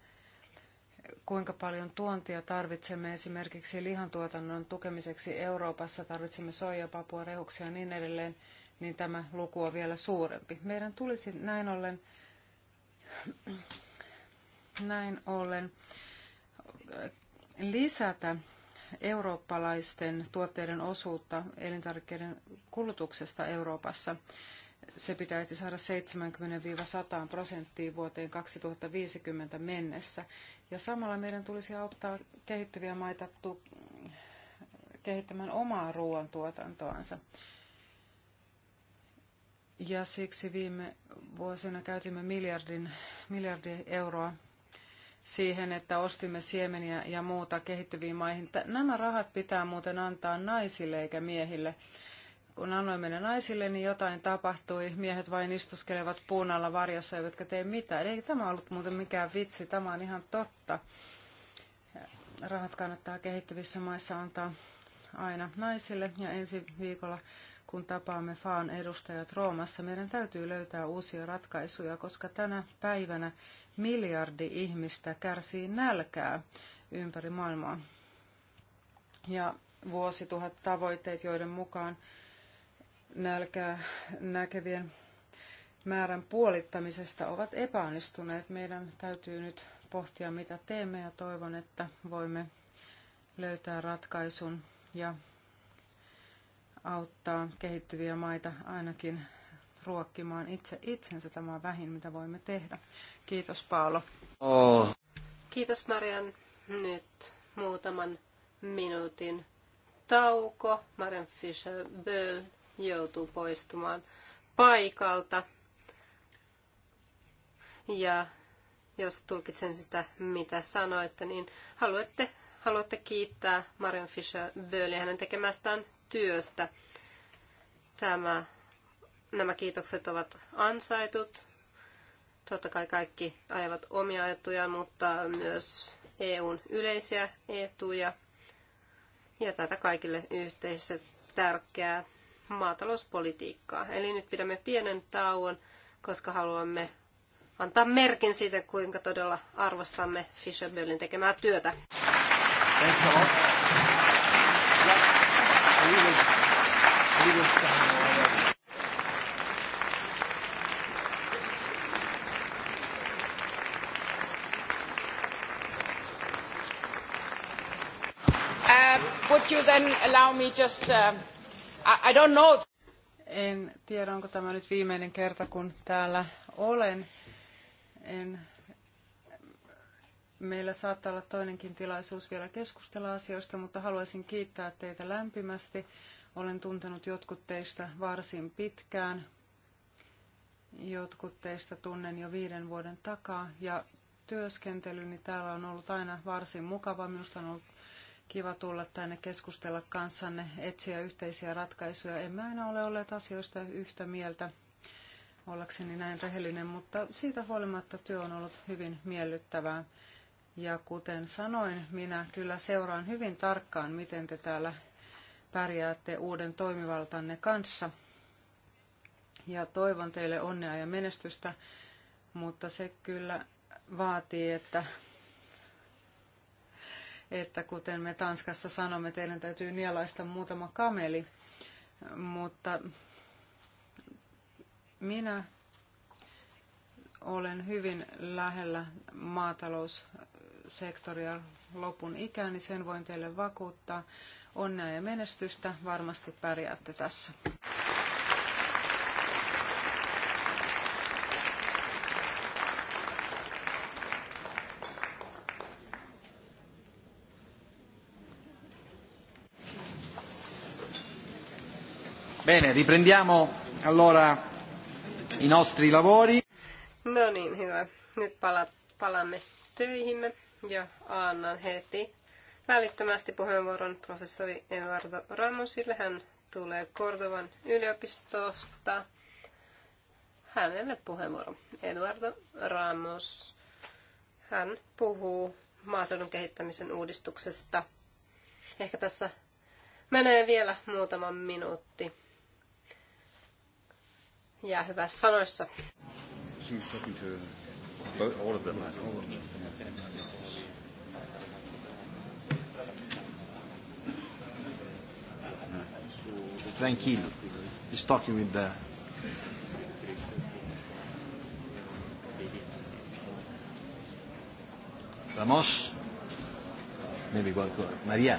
kuinka paljon tuontia tarvitsemme esimerkiksi lihantuotannon tukemiseksi Euroopassa, tarvitsemme soijapapua, rehuksia ja niin edelleen, niin tämä luku on vielä suurempi. Meidän tulisi näin ollen, näin ollen lisätä eurooppalaisten tuotteiden osuutta elintarvikkeiden kulutuksesta Euroopassa se pitäisi saada 70-100 prosenttiin vuoteen 2050 mennessä. Ja samalla meidän tulisi auttaa kehittyviä maita kehittämään omaa ruoantuotantoansa. Ja siksi viime vuosina käytimme miljardin, miljardi euroa siihen, että ostimme siemeniä ja muuta kehittyviin maihin. Nämä rahat pitää muuten antaa naisille eikä miehille kun annoin mennä naisille, niin jotain tapahtui. Miehet vain istuskelevat puun alla varjossa, eivätkä tee mitään. Ei tämä ollut muuten mikään vitsi, tämä on ihan totta. Rahat kannattaa kehittyvissä maissa antaa aina naisille. Ja ensi viikolla, kun tapaamme FAAN edustajat Roomassa, meidän täytyy löytää uusia ratkaisuja, koska tänä päivänä miljardi ihmistä kärsii nälkää ympäri maailmaa. Ja vuosituhat tavoitteet, joiden mukaan nälkää näkevien määrän puolittamisesta ovat epäonnistuneet. Meidän täytyy nyt pohtia, mitä teemme ja toivon, että voimme löytää ratkaisun ja auttaa kehittyviä maita ainakin ruokkimaan itse itsensä. Tämä on vähin, mitä voimme tehdä. Kiitos Paolo. Oh. Kiitos Marian. Nyt muutaman minuutin tauko. Marian Fischer-Böll joutuu poistumaan paikalta. Ja jos tulkitsen sitä, mitä sanoitte, niin haluatte, haluatte kiittää Marion Fisher Bööli hänen tekemästään työstä. Tämä, nämä kiitokset ovat ansaitut. Totta kai kaikki ajavat omia etuja, mutta myös EUn yleisiä etuja. Ja tätä kaikille yhteisesti tärkeää maatalouspolitiikkaa. Eli nyt pidämme pienen tauon, koska haluamme antaa merkin siitä, kuinka todella arvostamme Fisherböllin tekemää työtä. Uh, would you then allow me just uh, I, don't know. En tiedä, onko tämä nyt viimeinen kerta, kun täällä olen. En Meillä saattaa olla toinenkin tilaisuus vielä keskustella asioista, mutta haluaisin kiittää teitä lämpimästi. Olen tuntenut jotkut teistä varsin pitkään. Jotkut teistä tunnen jo viiden vuoden takaa ja työskentelyni täällä on ollut aina varsin mukava. Minusta on ollut kiva tulla tänne keskustella kanssanne, etsiä yhteisiä ratkaisuja. Emme aina ole olleet asioista yhtä mieltä, ollakseni näin rehellinen, mutta siitä huolimatta työ on ollut hyvin miellyttävää. Ja kuten sanoin, minä kyllä seuraan hyvin tarkkaan, miten te täällä pärjäätte uuden toimivaltanne kanssa. Ja toivon teille onnea ja menestystä, mutta se kyllä vaatii, että että kuten me Tanskassa sanomme, teidän täytyy nielaista muutama kameli. Mutta minä olen hyvin lähellä maataloussektoria lopun ikäni, niin sen voin teille vakuuttaa. Onnea ja menestystä, varmasti pärjäätte tässä. Bene, riprendiamo allora i nostri lavori. No niin, hyvä. Nyt pala- palaamme töihimme ja annan heti välittömästi puheenvuoron professori Eduardo Ramosille. Hän tulee Kordovan yliopistosta. Hänelle puheenvuoro. Eduardo Ramos. Hän puhuu maaseudun kehittämisen uudistuksesta. Ehkä tässä menee vielä muutama minuutti. Jää hyvä sanoissa. Tranquilo. He's talking with the Vamos, Maybe one Maria.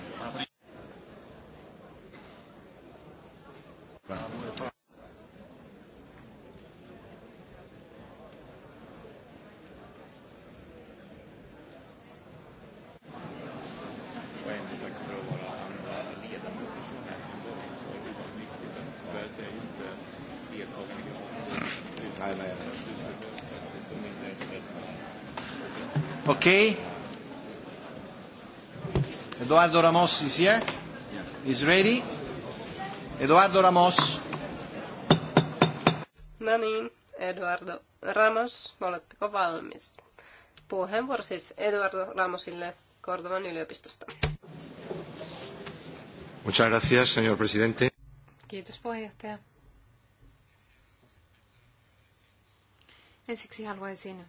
Okay. Eduardo Ramos is here. He's ready. Eduardo Ramos. No niin, Eduardo Ramos, oletteko valmis? Puheenvuoro siis Eduardo Ramosille Kordovan yliopistosta. Muchas gracias, señor presidente. Kiitos puheenjohtaja. Ensiksi haluaisin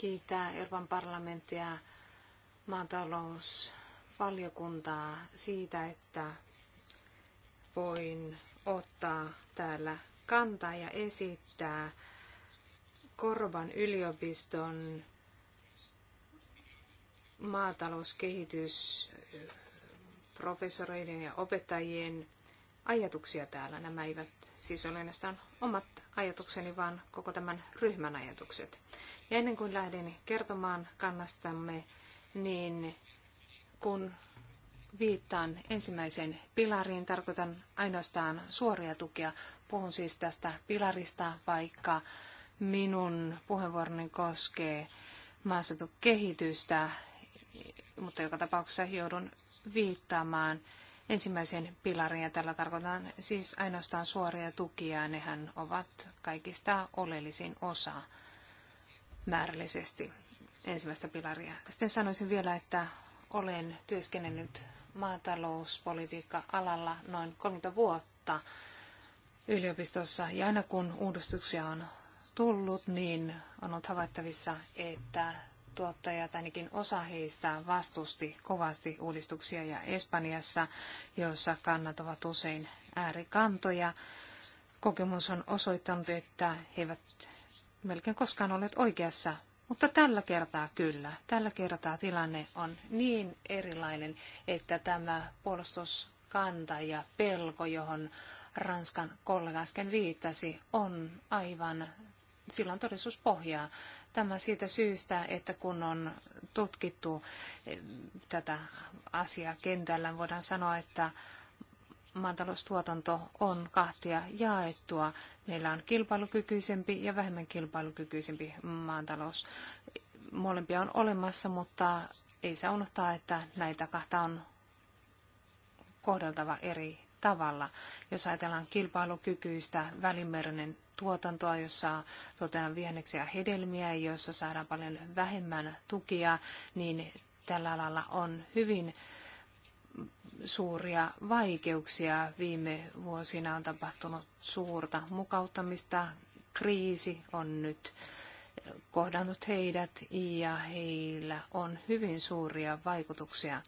kiittää Euroopan parlamenttia maatalousvaliokuntaa siitä, että voin ottaa täällä kantaa ja esittää Korvan yliopiston maatalouskehitysprofessoreiden ja opettajien ajatuksia täällä. Nämä eivät siis ole ainoastaan omat ajatukseni, vaan koko tämän ryhmän ajatukset. Ja ennen kuin lähden kertomaan kannastamme, niin kun viittaan ensimmäiseen pilariin, tarkoitan ainoastaan suoria tukea. Puhun siis tästä pilarista, vaikka minun puheenvuoroni koskee maaseutukehitystä, mutta joka tapauksessa joudun viittaamaan ensimmäisen pilarin ja tällä tarkoitan siis ainoastaan suoria tukia. Nehän ovat kaikista oleellisin osa määrällisesti ensimmäistä pilaria. Sitten sanoisin vielä, että olen työskennellyt maatalouspolitiikka-alalla noin 30 vuotta yliopistossa ja aina kun uudistuksia on tullut, niin on ollut havaittavissa, että tuottajat, ainakin osa heistä vastusti kovasti uudistuksia ja Espanjassa, joissa kannat ovat usein äärikantoja. Kokemus on osoittanut, että he eivät melkein koskaan olleet oikeassa, mutta tällä kertaa kyllä. Tällä kertaa tilanne on niin erilainen, että tämä puolustuskanta ja pelko, johon Ranskan kollega äsken viittasi, on aivan sillä on todellisuuspohjaa. Tämä siitä syystä, että kun on tutkittu eh, tätä asiaa kentällä, voidaan sanoa, että maataloustuotanto on kahtia jaettua. Meillä on kilpailukykyisempi ja vähemmän kilpailukykyisempi maatalous. Molempia on olemassa, mutta ei saa unohtaa, että näitä kahta on kohdeltava eri tavalla. Jos ajatellaan kilpailukykyistä välimerinen tuotantoa, jossa tuotetaan vihanneksia ja jossa saadaan paljon vähemmän tukia, niin tällä alalla on hyvin suuria vaikeuksia. Viime vuosina on tapahtunut suurta mukauttamista. Kriisi on nyt kohdannut heidät ja heillä on hyvin suuria vaikutuksia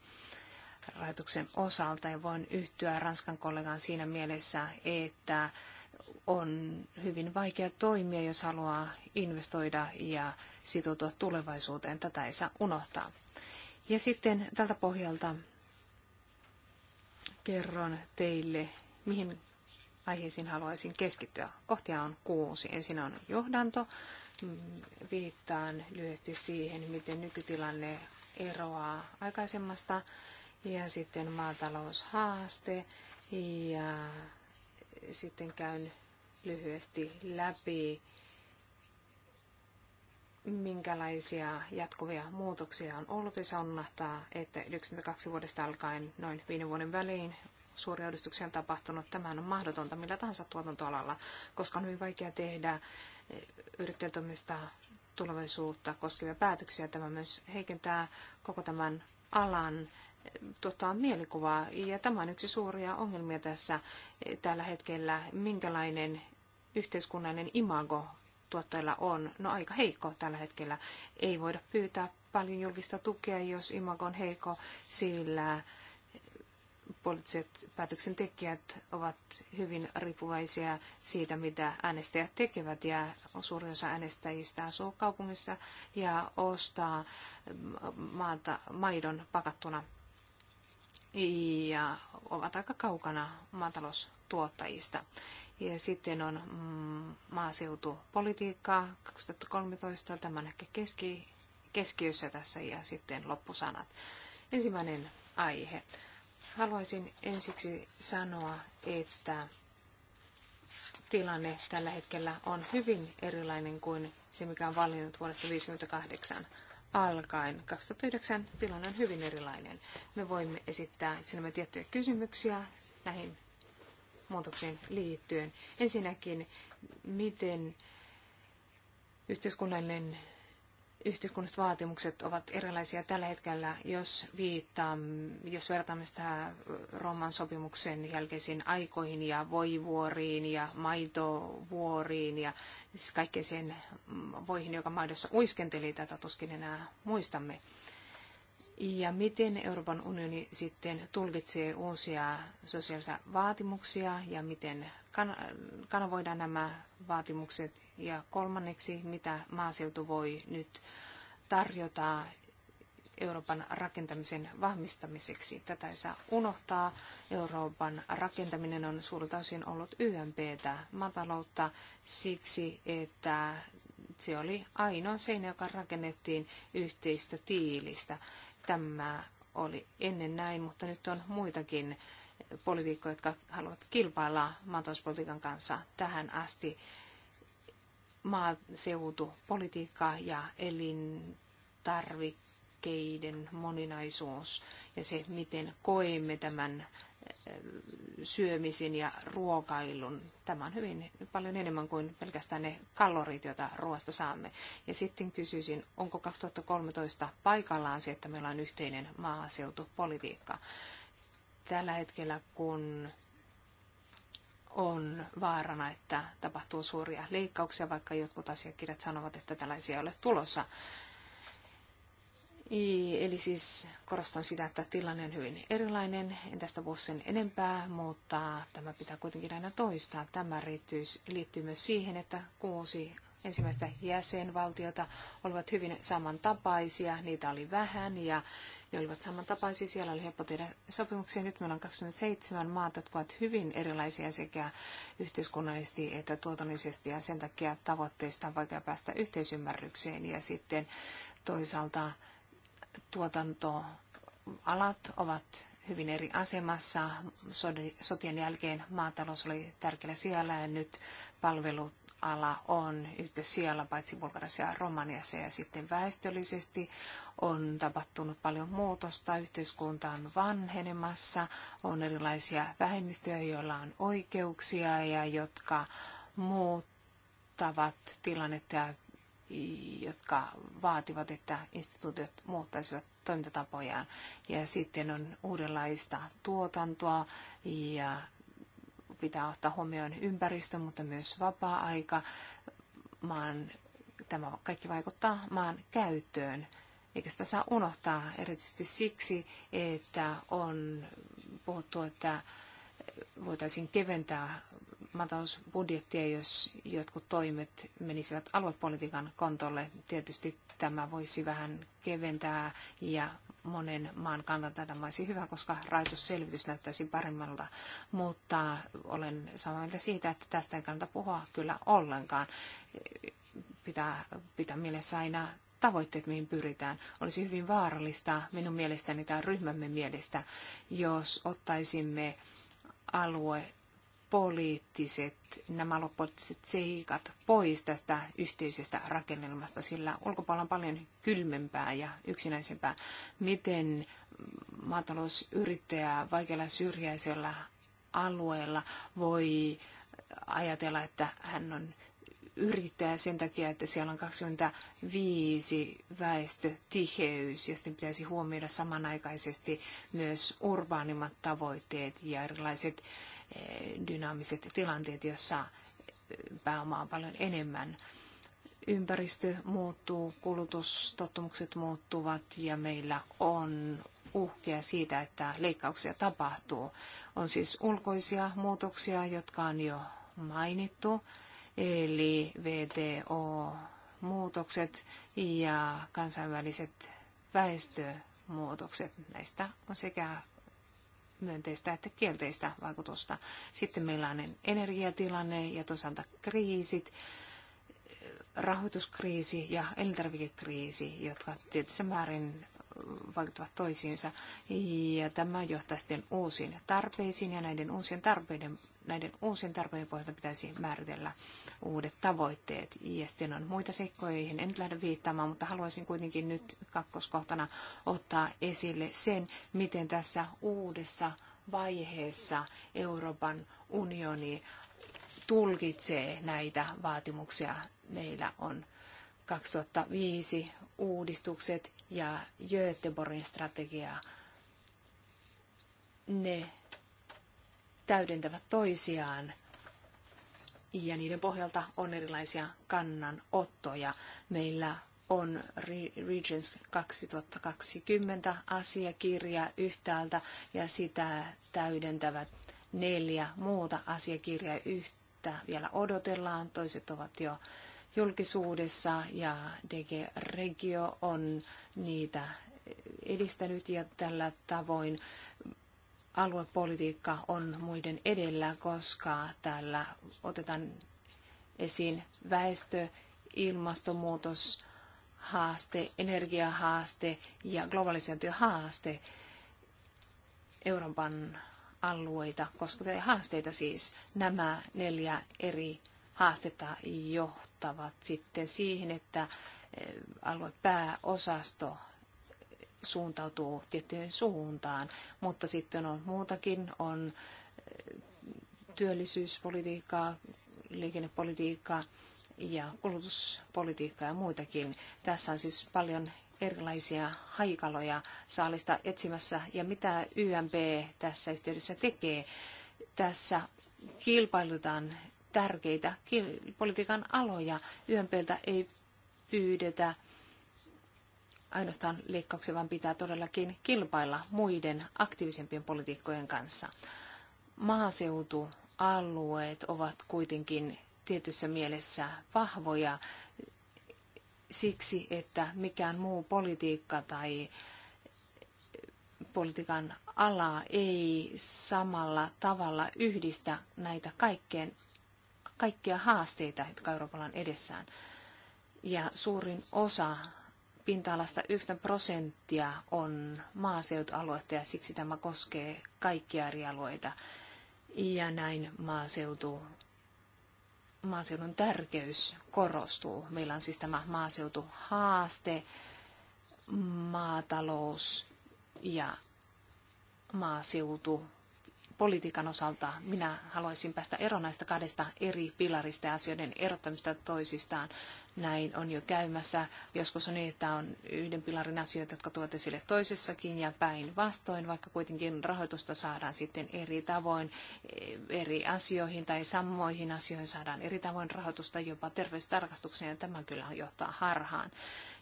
rahoituksen osalta ja voin yhtyä Ranskan kollegaan siinä mielessä, että on hyvin vaikea toimia, jos haluaa investoida ja sitoutua tulevaisuuteen. Tätä ei saa unohtaa. Ja sitten tältä pohjalta kerron teille, mihin aiheisiin haluaisin keskittyä. Kohtia on kuusi. Ensin on johdanto. Viittaan lyhyesti siihen, miten nykytilanne eroaa aikaisemmasta ja sitten maataloushaaste ja sitten käyn lyhyesti läpi, minkälaisia jatkuvia muutoksia on ollut. Ja nahtaa, että 92 vuodesta alkaen noin viiden vuoden väliin suuria uudistuksia on tapahtunut. Tämä on mahdotonta millä tahansa tuotantoalalla, koska on hyvin vaikea tehdä eh, yrittäjätoimista tulevaisuutta koskevia päätöksiä. Tämä myös heikentää koko tämän alan tota, mielikuvaa. Ja tämä on yksi suuria ongelmia tässä tällä hetkellä, minkälainen yhteiskunnallinen imago tuottajilla on. No aika heikko tällä hetkellä. Ei voida pyytää paljon julkista tukea, jos imago on heikko, sillä poliittiset päätöksentekijät ovat hyvin riippuvaisia siitä, mitä äänestäjät tekevät. Ja suuri osa äänestäjistä asuu kaupungissa ja ostaa maata, maidon pakattuna ja ovat aika kaukana maataloustuottajista. Ja sitten on mm, maaseutupolitiikkaa 2013, tämä on ehkä keski, keskiössä tässä ja sitten loppusanat. Ensimmäinen aihe. Haluaisin ensiksi sanoa, että tilanne tällä hetkellä on hyvin erilainen kuin se, mikä on valinnut vuodesta 1958 alkaen. 2009 tilanne on hyvin erilainen. Me voimme esittää sinne tiettyjä kysymyksiä näihin muutoksiin liittyen. Ensinnäkin, miten yhteiskunnallinen yhteiskunnalliset vaatimukset ovat erilaisia tällä hetkellä, jos, viittaa, jos vertaamme sitä Roman sopimuksen jälkeisiin aikoihin ja voivuoriin ja maitovuoriin ja siis kaikkeen sen voihin, joka maidossa uiskenteli, tätä tuskin enää muistamme. Ja miten Euroopan unioni sitten tulkitsee uusia sosiaalisia vaatimuksia ja miten kanavoidaan nämä vaatimukset ja kolmanneksi, mitä maaseutu voi nyt tarjota Euroopan rakentamisen vahvistamiseksi. Tätä ei saa unohtaa. Euroopan rakentaminen on suurelta osin ollut YMPtä mataloutta siksi, että se oli ainoa seinä, joka rakennettiin yhteistä tiilistä. Tämä oli ennen näin, mutta nyt on muitakin politiikkoja, jotka haluavat kilpailla maatalouspolitiikan kanssa tähän asti maaseutupolitiikka ja elintarvikkeiden moninaisuus ja se, miten koemme tämän äh, syömisen ja ruokailun. Tämä on hyvin paljon enemmän kuin pelkästään ne kalorit, joita ruoasta saamme. Ja sitten kysyisin, onko 2013 paikallaan se, että meillä on yhteinen maaseutupolitiikka. Tällä hetkellä, kun on vaarana, että tapahtuu suuria leikkauksia, vaikka jotkut asiakirjat sanovat, että tällaisia ei ole tulossa. Eli siis korostan sitä, että tilanne on hyvin erilainen, en tästä puhu sen enempää, mutta tämä pitää kuitenkin aina toistaa. Tämä liittyy myös siihen, että kuusi ensimmäistä jäsenvaltiota olivat hyvin samantapaisia, niitä oli vähän ja ne olivat samantapaisia, siellä oli helppo tehdä sopimuksia. Nyt meillä on 27 maata, jotka ovat hyvin erilaisia sekä yhteiskunnallisesti että tuotannollisesti ja sen takia tavoitteista on vaikea päästä yhteisymmärrykseen ja sitten toisaalta tuotantoalat ovat hyvin eri asemassa. Sotien jälkeen maatalous oli tärkeällä siellä ja nyt palvelut ala on siellä, paitsi Bulgariassa ja Romaniassa ja sitten väestöllisesti on tapahtunut paljon muutosta, yhteiskunta on vanhenemassa, on erilaisia vähemmistöjä, joilla on oikeuksia ja jotka muuttavat tilannetta ja jotka vaativat, että instituutiot muuttaisivat toimintatapojaan. Ja sitten on uudenlaista tuotantoa ja pitää ottaa huomioon ympäristö, mutta myös vapaa-aika. Maan, tämä kaikki vaikuttaa maan käyttöön. Eikä sitä saa unohtaa erityisesti siksi, että on puhuttu, että voitaisiin keventää maatalousbudjettia, jos jotkut toimet menisivät aluepolitiikan kontolle. Tietysti tämä voisi vähän keventää ja monen maan kannalta tämä olisi hyvä, koska rajoitusselvitys näyttäisi paremmalta, mutta olen samaa mieltä siitä, että tästä ei kannata puhua kyllä ollenkaan. Pitää, pitää mielessä aina tavoitteet, mihin pyritään. Olisi hyvin vaarallista minun mielestäni tai ryhmämme mielestä, jos ottaisimme alue poliittiset, nämä loppupoliittiset seikat pois tästä yhteisestä rakennelmasta, sillä ulkopuolella on paljon kylmempää ja yksinäisempää. Miten maatalousyrittäjä vaikealla syrjäisellä alueella voi ajatella, että hän on yrittäjä sen takia, että siellä on 25 väestötiheys ja sitten pitäisi huomioida samanaikaisesti myös urbaanimmat tavoitteet ja erilaiset dynaamiset tilanteet, jossa pääomaa on paljon enemmän. Ympäristö muuttuu, kulutustottumukset muuttuvat ja meillä on uhkea siitä, että leikkauksia tapahtuu. On siis ulkoisia muutoksia, jotka on jo mainittu, eli VTO-muutokset ja kansainväliset väestömuutokset. Näistä on sekä myönteistä että kielteistä vaikutusta. Sitten millainen energiatilanne ja toisaalta kriisit, rahoituskriisi ja elintarvikekriisi, jotka tietyssä määrin vaikuttavat toisiinsa. Ja tämä johtaa sitten uusiin tarpeisiin ja näiden uusien tarpeiden, näiden uusien tarpeiden pohjalta pitäisi määritellä uudet tavoitteet. Ja sitten on muita seikkoja, joihin en nyt lähde viittaamaan, mutta haluaisin kuitenkin nyt kakkoskohtana ottaa esille sen, miten tässä uudessa vaiheessa Euroopan unioni tulkitsee näitä vaatimuksia. Meillä on 2005 uudistukset ja Göteborgin strategiaa. Ne täydentävät toisiaan ja niiden pohjalta on erilaisia kannanottoja. Meillä on Regions 2020 asiakirja yhtäältä ja sitä täydentävät neljä muuta asiakirjaa yhtä vielä odotellaan. Toiset ovat jo julkisuudessa ja DG Regio on niitä edistänyt ja tällä tavoin aluepolitiikka on muiden edellä, koska täällä otetaan esiin väestö, ilmastonmuutos, haaste, energiahaaste ja globalisaatiohaaste Euroopan alueita koskevia haasteita siis. Nämä neljä eri haastetta johtavat sitten siihen, että eh, aluepääosasto suuntautuu tiettyyn suuntaan, mutta sitten on muutakin, on eh, työllisyyspolitiikkaa, liikennepolitiikkaa ja kulutuspolitiikkaa ja muitakin. Tässä on siis paljon erilaisia haikaloja saalista etsimässä ja mitä YMP tässä yhteydessä tekee. Tässä kilpailutaan tärkeitä politiikan aloja. YMPltä ei pyydetä ainoastaan leikkauksia, vaan pitää todellakin kilpailla muiden aktiivisempien politiikkojen kanssa. Maaseutualueet ovat kuitenkin tietyssä mielessä vahvoja siksi, että mikään muu politiikka tai politiikan ala ei samalla tavalla yhdistä näitä kaikkein kaikkia haasteita, jotka Euroopalla on edessään. Ja suurin osa pinta-alasta 9 prosenttia on maaseutualuetta ja siksi tämä koskee kaikkia eri alueita. Ja näin maaseutu, maaseudun tärkeys korostuu. Meillä on siis tämä maaseutuhaaste, maatalous ja maaseutu politiikan osalta minä haluaisin päästä eroon näistä kahdesta eri pilarista ja asioiden erottamista toisistaan. Näin on jo käymässä. Joskus on niin, että on yhden pilarin asioita, jotka tuot esille toisessakin ja päinvastoin, vaikka kuitenkin rahoitusta saadaan sitten eri tavoin e, eri asioihin tai samoihin asioihin saadaan eri tavoin rahoitusta jopa terveystarkastukseen ja tämä kyllä johtaa harhaan.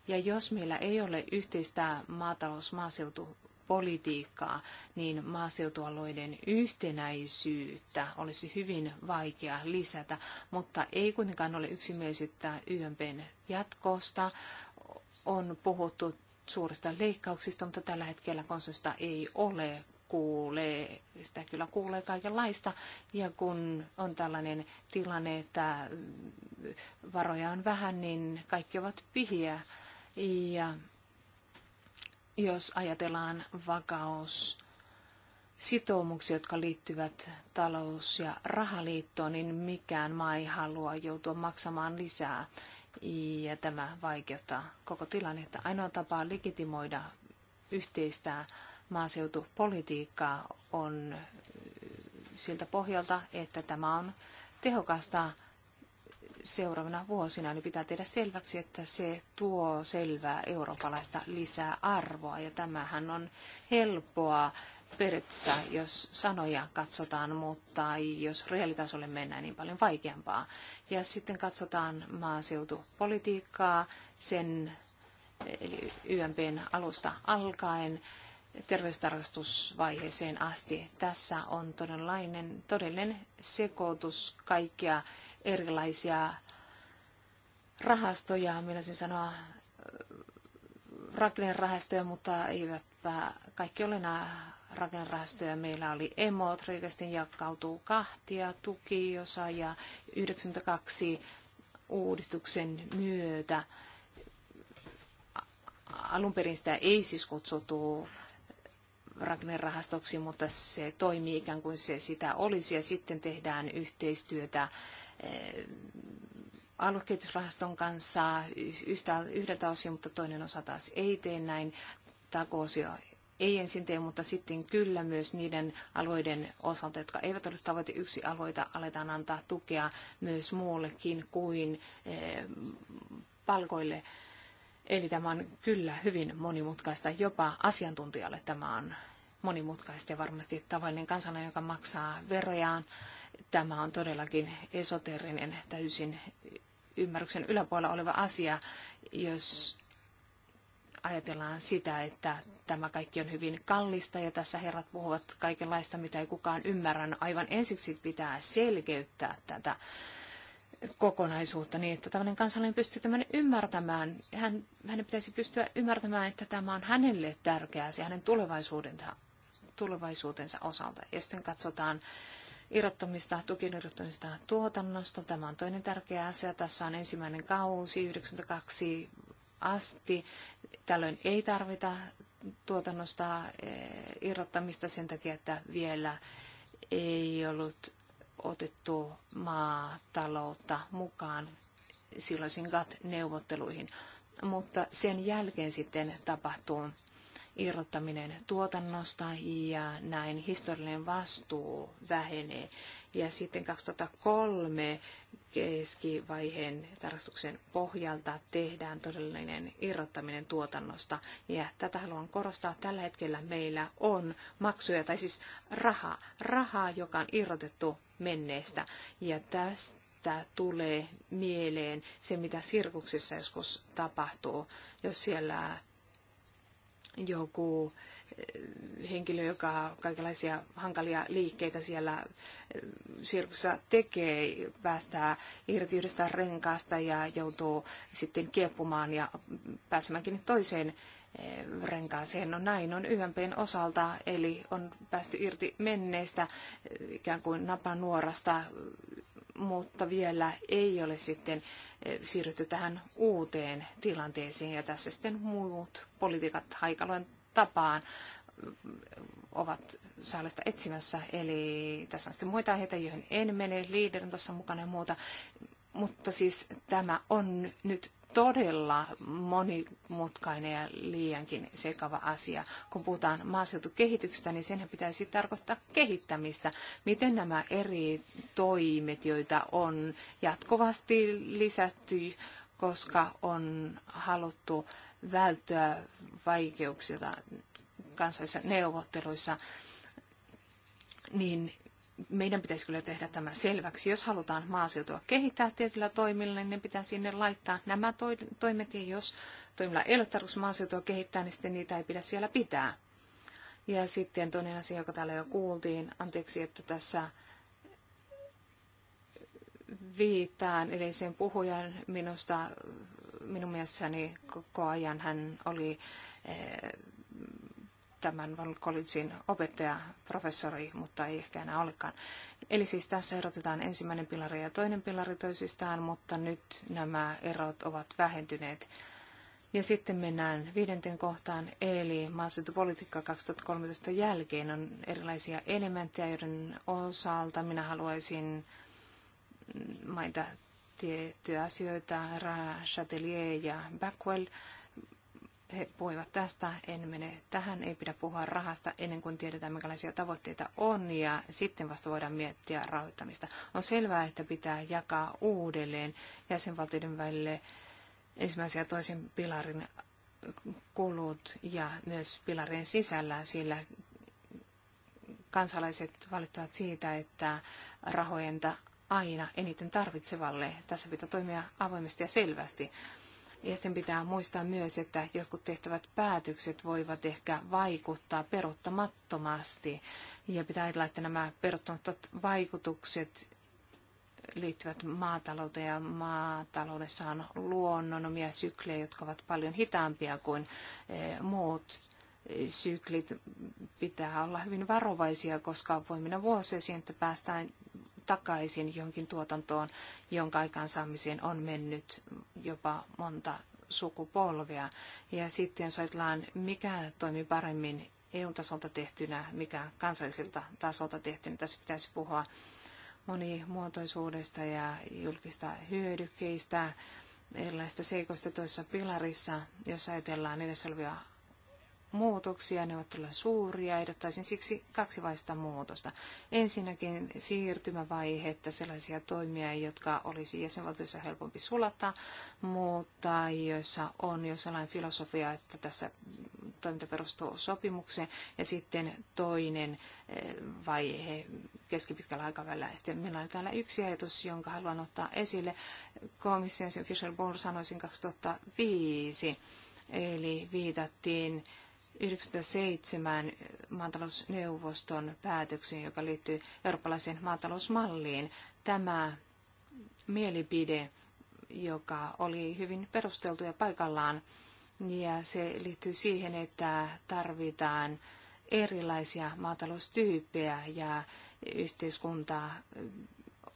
Ja jos meillä ei ole yhteistä maatalous, maaseutu, politiikkaa, niin maaseutualueiden yhtenäisyyttä olisi hyvin vaikea lisätä, mutta ei kuitenkaan ole yksimielisyyttä YMPn jatkosta. On puhuttu suurista leikkauksista, mutta tällä hetkellä konsensusta ei ole kuulee, sitä kyllä kuulee kaikenlaista. Ja kun on tällainen tilanne, että varoja on vähän, niin kaikki ovat pihiä. Ja jos ajatellaan vakaus sitoumuksia, jotka liittyvät talous- ja rahaliittoon, niin mikään maa ei halua joutua maksamaan lisää. Ja tämä vaikeuttaa koko tilannetta. Ainoa tapa legitimoida yhteistä maaseutupolitiikkaa on siltä pohjalta, että tämä on tehokasta seuraavina vuosina, niin pitää tehdä selväksi, että se tuo selvää eurooppalaista lisää arvoa. Ja tämähän on helppoa periaatteessa, jos sanoja katsotaan, mutta jos reaalitasolle mennään, niin paljon vaikeampaa. Ja sitten katsotaan maaseutupolitiikkaa sen eli YMPn alusta alkaen terveystarkastusvaiheeseen asti. Tässä on todellinen sekoitus kaikkia erilaisia rahastoja, minä sen sanoa, rakennerahastoja, mutta eivätpä kaikki ole nämä rakennerahastoja. Meillä oli emot, rikastin jakautuu kahtia, tukiosa ja 92 uudistuksen myötä. Alun perin sitä ei siis kutsutu rakennerahastoksi, mutta se toimii ikään kuin se sitä olisi ja sitten tehdään yhteistyötä Eh, aluekehitysrahaston kanssa yhtä, yhdeltä osin, mutta toinen osa taas ei tee näin. Takoosio ei ensin tee, mutta sitten kyllä myös niiden alueiden osalta, jotka eivät ole tavoite yksi alueita, aletaan antaa tukea myös muullekin kuin eh, palkoille. Eli tämä on kyllä hyvin monimutkaista, jopa asiantuntijalle tämä on monimutkaista ja varmasti tavallinen kansalainen, joka maksaa verojaan. Tämä on todellakin esoterinen, täysin ymmärryksen yläpuolella oleva asia, jos ajatellaan sitä, että tämä kaikki on hyvin kallista ja tässä herrat puhuvat kaikenlaista, mitä ei kukaan ymmärrä. No aivan ensiksi pitää selkeyttää tätä kokonaisuutta niin, että tämmöinen kansalainen pystyy tämän ymmärtämään. Hän, hänen pitäisi pystyä ymmärtämään, että tämä on hänelle tärkeää, se hänen tulevaisuudensa tulevaisuutensa osalta. Ja sitten katsotaan irrottamista, tukin irrottamista tuotannosta. Tämä on toinen tärkeä asia. Tässä on ensimmäinen kausi 92 asti. Tällöin ei tarvita tuotannosta eh, irrottamista sen takia, että vielä ei ollut otettu maataloutta mukaan silloisin GATT-neuvotteluihin. Mutta sen jälkeen sitten tapahtuu irrottaminen tuotannosta ja näin historiallinen vastuu vähenee. Ja sitten 2003 keskivaiheen tarkastuksen pohjalta tehdään todellinen irrottaminen tuotannosta. Ja tätä haluan korostaa. Tällä hetkellä meillä on maksuja, tai siis rahaa, rahaa joka on irrotettu menneestä. Ja tästä että tulee mieleen se, mitä sirkuksissa joskus tapahtuu, jos siellä joku eh, henkilö, joka kaikenlaisia hankalia liikkeitä siellä eh, sirkussa tekee, päästää irti yhdestä renkaasta ja joutuu sitten kieppumaan ja pääsemäänkin toiseen eh, renkaaseen. No näin on YMPn osalta, eli on päästy irti menneestä ikään kuin napanuorasta mutta vielä ei ole sitten eh, siirrytty tähän uuteen tilanteeseen ja tässä sitten muut politiikat haikalojen tapaan mm, ovat saalista etsimässä. Eli tässä on sitten muita aiheita, joihin en mene, liider on tässä mukana ja muuta. Mutta siis tämä on nyt todella monimutkainen ja liiankin sekava asia. Kun puhutaan maaseutukehityksestä, niin senhän pitäisi tarkoittaa kehittämistä. Miten nämä eri toimet, joita on jatkuvasti lisätty, koska on haluttu välttyä vaikeuksilta kansallisissa neuvotteluissa, niin meidän pitäisi kyllä tehdä tämä selväksi. Jos halutaan maaseutua kehittää tietyllä toimilla, niin pitää sinne laittaa nämä toimet. Ja jos toimilla ei ole tarkoitus maaseutua kehittää, niin sitten niitä ei pidä siellä pitää. Ja sitten toinen asia, joka täällä jo kuultiin, anteeksi, että tässä viittaan edelliseen puhujan minusta, minun mielestäni koko ajan hän oli eh, tämän Val Collegein opettaja, professori, mutta ei ehkä enää olekaan. Eli siis tässä erotetaan ensimmäinen pilari ja toinen pilari toisistaan, mutta nyt nämä erot ovat vähentyneet. Ja sitten mennään viidenten kohtaan, eli maaseutupolitiikka 2013 jälkeen on erilaisia elementtejä, joiden osalta minä haluaisin mainita tiettyjä asioita, Ra, Chatelier ja Backwell – he puhuivat tästä, en mene tähän, ei pidä puhua rahasta ennen kuin tiedetään, minkälaisia tavoitteita on ja sitten vasta voidaan miettiä rahoittamista. On selvää, että pitää jakaa uudelleen jäsenvaltioiden välille ensimmäisen ja toisen pilarin kulut ja myös pilarien sisällä, sillä kansalaiset valittavat siitä, että rahojenta aina eniten tarvitsevalle. Tässä pitää toimia avoimesti ja selvästi. Ja sitten pitää muistaa myös, että jotkut tehtävät päätökset voivat ehkä vaikuttaa peruttamattomasti. Ja pitää ajatella, että nämä peruttamattomat vaikutukset liittyvät maatalouteen ja maataloudessa on luonnonomia syklejä, jotka ovat paljon hitaampia kuin e, muut syklit. Pitää olla hyvin varovaisia, koska voi mennä vuosia siihen, että päästään takaisin johonkin tuotantoon, jonka aikaansaamiseen on mennyt jopa monta sukupolvea. Ja sitten jos ajatellaan, mikä toimii paremmin EU-tasolta tehtynä, mikä kansallisilta tasolta tehtynä, tässä pitäisi puhua monimuotoisuudesta ja julkista hyödykkeistä, erilaisista seikoista toisessa pilarissa, jos ajatellaan niissä olevia muutoksia, ne ovat todella suuria. Ehdottaisin siksi kaksi vaista muutosta. Ensinnäkin siirtymävaihetta, sellaisia toimia, jotka olisi jäsenvaltioissa helpompi sulattaa, mutta joissa on jo sellainen filosofia, että tässä toiminta perustuu sopimukseen. Ja sitten toinen eh, vaihe keskipitkällä aikavälillä. Ja sitten meillä on täällä yksi ajatus, jonka haluan ottaa esille. Komission Fisher Bull sanoisin 2005 eli viitattiin 97 maatalousneuvoston päätöksiin, joka liittyy eurooppalaiseen maatalousmalliin. Tämä mielipide, joka oli hyvin perusteltu ja paikallaan, ja se liittyy siihen, että tarvitaan erilaisia maataloustyyppejä ja yhteiskuntaa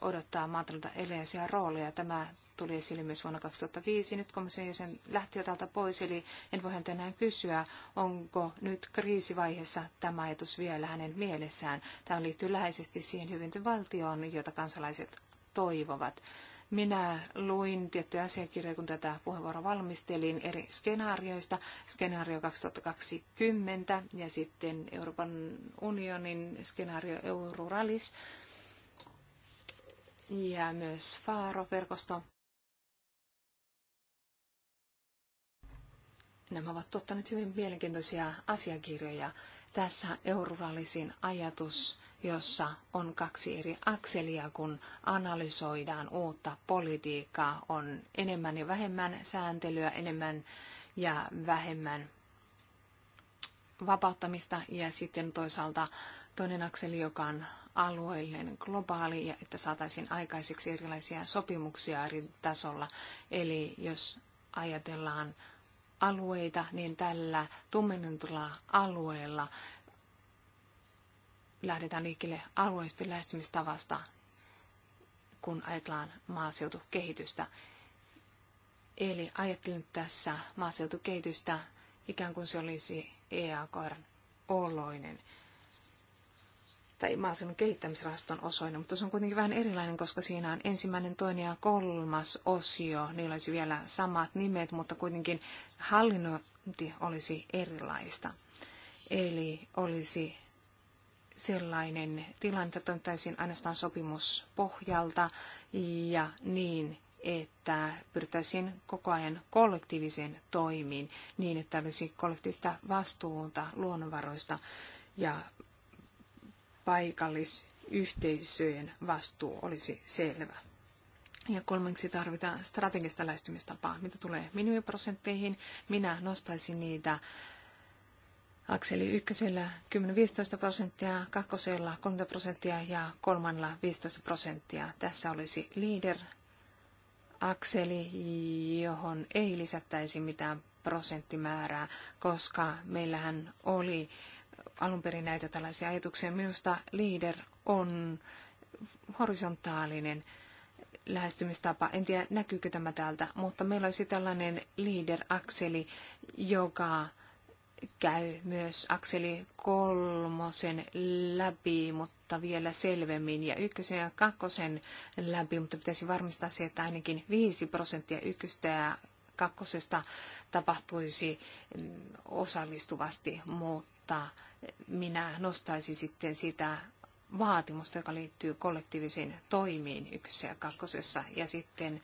odottaa maataloutta eleisiä rooleja. Tämä tuli esille myös vuonna 2005. Nyt komission jäsen lähti jo täältä pois, eli en voi häntä enää kysyä, onko nyt kriisivaiheessa tämä ajatus vielä hänen mielessään. Tämä liittyy läheisesti siihen hyvinvointivaltioon, jota kansalaiset toivovat. Minä luin tiettyjä asiakirjoja, kun tätä puheenvuoroa valmistelin eri skenaarioista. Skenaario 2020 ja sitten Euroopan unionin skenaario Euroralis ja myös Faaro-verkosto. Nämä ovat tuottaneet hyvin mielenkiintoisia asiakirjoja. Tässä eururallisin ajatus, jossa on kaksi eri akselia, kun analysoidaan uutta politiikkaa. On enemmän ja vähemmän sääntelyä, enemmän ja vähemmän vapauttamista ja sitten toisaalta toinen akseli, joka on alueilleen globaali ja että saataisiin aikaiseksi erilaisia sopimuksia eri tasolla. Eli jos ajatellaan alueita, niin tällä tummennetulla alueella lähdetään liikkeelle alueellisesti lähestymistavasta, kun ajatellaan maaseutukehitystä. Eli ajattelin tässä maaseutukehitystä ikään kuin se olisi EAKR oloinen tai maaseudun kehittämisrahaston osoinen, mutta se on kuitenkin vähän erilainen, koska siinä on ensimmäinen, toinen ja kolmas osio. Niillä olisi vielä samat nimet, mutta kuitenkin hallinnointi olisi erilaista. Eli olisi sellainen tilanne, että toimittaisiin ainoastaan sopimuspohjalta ja niin, että pyrittäisiin koko ajan kollektiivisiin toimiin niin, että olisi kollektiivista vastuuta luonnonvaroista ja paikallisyhteisöjen vastuu olisi selvä. Ja kolmeksi tarvitaan strategista lähestymistapaa. Mitä tulee minimiprosentteihin, minä nostaisin niitä akseli ykkösellä 10-15 prosenttia, kakkosella 30 prosenttia ja kolmannella 15 prosenttia. Tässä olisi leader akseli, johon ei lisättäisi mitään prosenttimäärää, koska meillähän oli alun perin näitä tällaisia ajatuksia. Minusta leader on horisontaalinen lähestymistapa. En tiedä, näkyykö tämä täältä, mutta meillä olisi tällainen leader-akseli, joka käy myös akseli kolmosen läpi, mutta vielä selvemmin, ja ykkösen ja kakkosen läpi, mutta pitäisi varmistaa se, että ainakin 5 prosenttia ykköstä ja kakkosesta tapahtuisi mm, osallistuvasti, mutta minä nostaisin sitten sitä vaatimusta, joka liittyy kollektiivisiin toimiin yksi ja kakkosessa. Ja sitten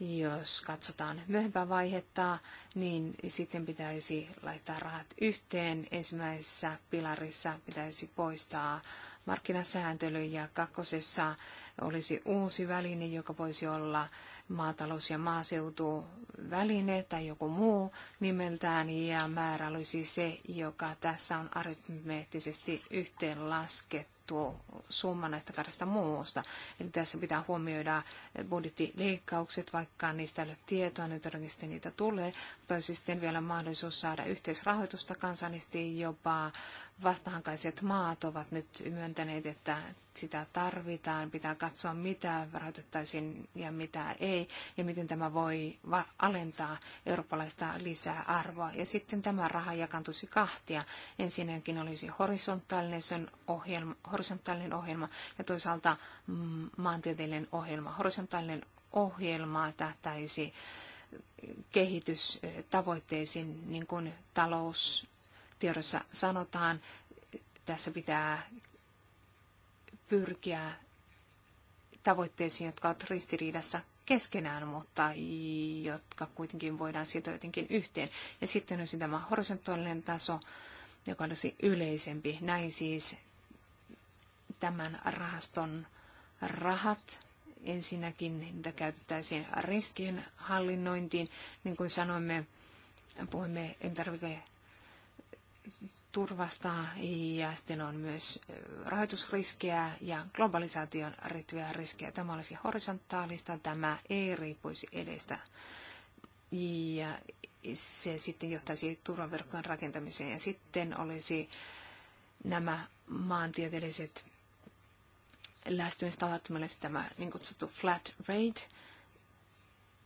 jos katsotaan myöhempää vaihetta, niin sitten pitäisi laittaa rahat yhteen. Ensimmäisessä pilarissa pitäisi poistaa markkinasääntely ja kakkosessa olisi uusi väline, joka voisi olla maatalous- ja maaseutuväline tai joku muu nimeltään ja määrä olisi se, joka tässä on aritmeettisesti yhteenlaskettu tuo summa näistä kahdesta muusta. Eli tässä pitää huomioida budjettileikkaukset, vaikka niistä ei ole tietoa, niin todennäköisesti niitä tulee. Mutta siis sitten vielä mahdollisuus saada yhteisrahoitusta kansallisesti, jopa vastahankaiset maat ovat nyt myöntäneet, että sitä tarvitaan, pitää katsoa mitä rahoitettaisiin ja mitä ei, ja miten tämä voi alentaa eurooppalaista lisäarvoa. Ja sitten tämä raha jakantuisi kahtia. Ensinnäkin olisi horisontaalinen, sen ohjelma, horisontaalinen ohjelma ja toisaalta mm, maantieteellinen ohjelma. Horisontaalinen ohjelma tähtäisi kehitystavoitteisiin, niin kuin taloustiedossa sanotaan, tässä pitää pyrkiä tavoitteisiin, jotka ovat ristiriidassa keskenään, mutta jotka kuitenkin voidaan sitoa jotenkin yhteen. Ja sitten olisi tämä horisontaalinen taso, joka olisi yleisempi. Näin siis tämän rahaston rahat ensinnäkin niitä käytettäisiin riskien hallinnointiin. Niin kuin sanoimme, puhumme elintarvike turvasta ja sitten on myös rahoitusriskejä ja globalisaation riittyviä riskejä. Tämä olisi horisontaalista, tämä ei riippuisi edestä ja se sitten johtaisi turvaverkkojen rakentamiseen ja sitten olisi nämä maantieteelliset lähestymistavat, tämä niin kutsuttu flat rate,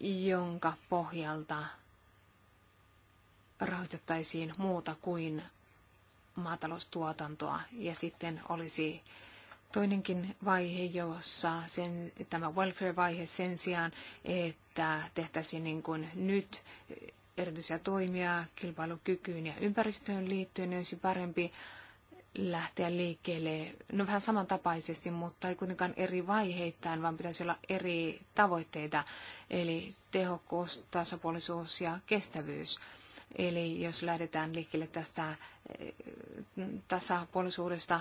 jonka pohjalta rahoitettaisiin muuta kuin maataloustuotantoa. Ja sitten olisi toinenkin vaihe, jossa sen, tämä welfare-vaihe sen sijaan, että tehtäisiin niin kuin nyt erityisiä toimia kilpailukykyyn ja ympäristöön liittyen, niin olisi parempi lähteä liikkeelle, no vähän samantapaisesti, mutta ei kuitenkaan eri vaiheittain, vaan pitäisi olla eri tavoitteita, eli tehokkuus, tasapuolisuus ja kestävyys. Eli jos lähdetään liikkeelle tästä eh, tasapuolisuudesta,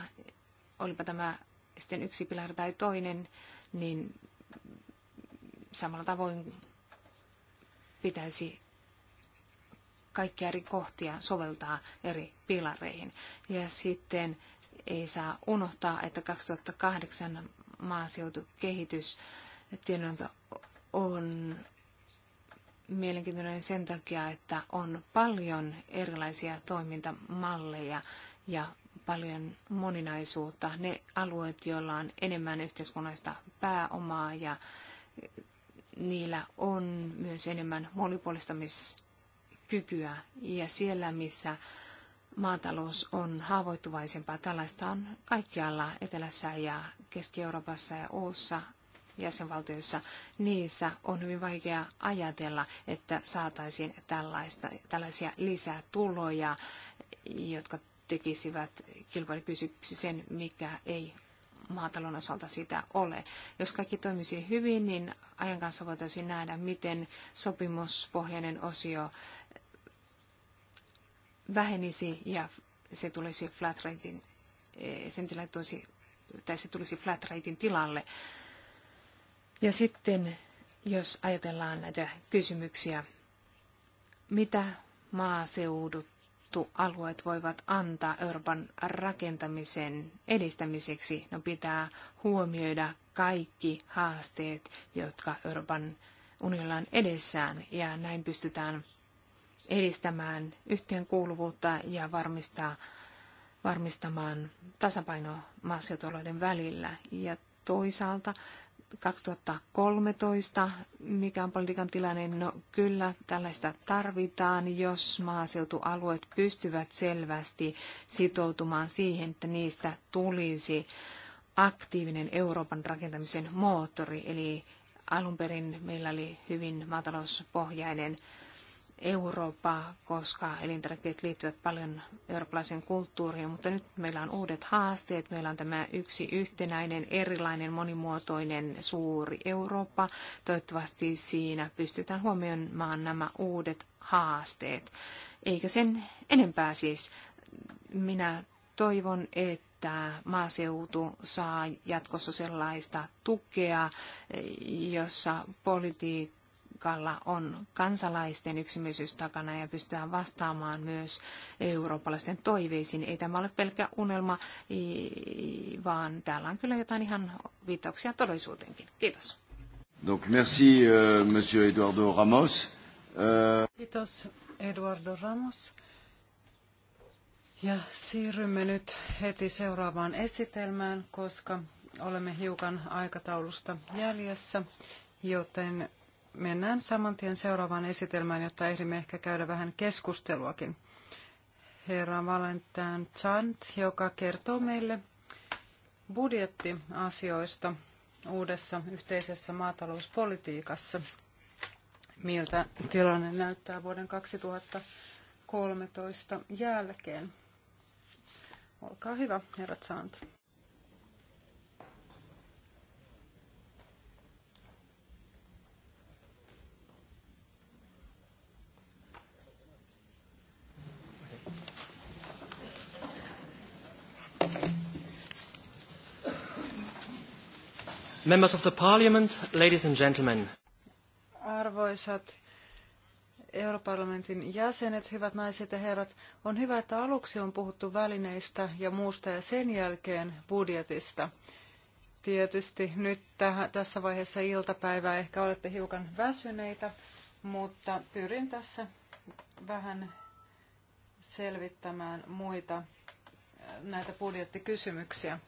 olipa tämä sitten yksi pilari tai toinen, niin samalla tavoin pitäisi kaikkia eri kohtia soveltaa eri pilareihin. Ja sitten ei saa unohtaa, että 2008 maaseutukehitys tiedonanto on mielenkiintoinen sen takia, että on paljon erilaisia toimintamalleja ja paljon moninaisuutta. Ne alueet, joilla on enemmän yhteiskunnallista pääomaa ja niillä on myös enemmän monipuolistamiskykyä. Ja siellä, missä maatalous on haavoittuvaisempaa, tällaista on kaikkialla Etelässä ja Keski-Euroopassa ja Uussa jäsenvaltioissa, niissä on hyvin vaikea ajatella, että saataisiin tällaista, tällaisia lisätuloja, jotka tekisivät kilpailukysyksi sen, mikä ei maatalon osalta sitä ole. Jos kaikki toimisi hyvin, niin ajan kanssa voitaisiin nähdä, miten sopimuspohjainen osio vähenisi ja se tulisi flat ratein, eh, sen tulisi, tai se tulisi flat ratein tilalle. Ja sitten, jos ajatellaan näitä kysymyksiä, mitä maaseuduttu alueet voivat antaa Euroopan rakentamisen edistämiseksi? No pitää huomioida kaikki haasteet, jotka Euroopan unionilla on edessään, ja näin pystytään edistämään yhteenkuuluvuutta ja varmistaa, varmistamaan tasapaino maaseutualueiden välillä. Ja toisaalta 2013, mikä on politiikan tilanne, niin no kyllä tällaista tarvitaan, jos maaseutualueet pystyvät selvästi sitoutumaan siihen, että niistä tulisi aktiivinen Euroopan rakentamisen moottori. Eli alun perin meillä oli hyvin maatalouspohjainen Eurooppaa, koska elintarvikkeet liittyvät paljon eurooppalaiseen kulttuuriin, mutta nyt meillä on uudet haasteet. Meillä on tämä yksi yhtenäinen, erilainen, monimuotoinen, suuri Eurooppa. Toivottavasti siinä pystytään huomioimaan nämä uudet haasteet. Eikä sen enempää siis. Minä toivon, että että maaseutu saa jatkossa sellaista tukea, jossa politiikka paikalla on kansalaisten yksimielisyys takana ja pystytään vastaamaan myös eurooppalaisten toiveisiin. Ei tämä ole pelkkä unelma, vaan täällä on kyllä jotain ihan viittauksia todellisuuteenkin. Kiitos. Donc merci, uh, monsieur Eduardo Ramos. Uh... Kiitos, Eduardo Ramos. Ja siirrymme nyt heti seuraavaan esitelmään, koska olemme hiukan aikataulusta jäljessä, joten mennään saman tien seuraavaan esitelmään, jotta ehdimme ehkä käydä vähän keskusteluakin. Herra Valentin Chant, joka kertoo meille budjettiasioista uudessa yhteisessä maatalouspolitiikassa. Miltä tilanne näyttää vuoden 2013 jälkeen? Olkaa hyvä, herra chant. Members of the Parliament, ladies and gentlemen. Arvoisat Europarlamentin jäsenet, hyvät naiset ja herrat, on hyvä, että aluksi on puhuttu välineistä ja muusta ja sen jälkeen budjetista. Tietysti nyt täh- tässä vaiheessa iltapäivää ehkä olette hiukan väsyneitä, mutta pyrin tässä vähän selvittämään muita näitä budjettikysymyksiä.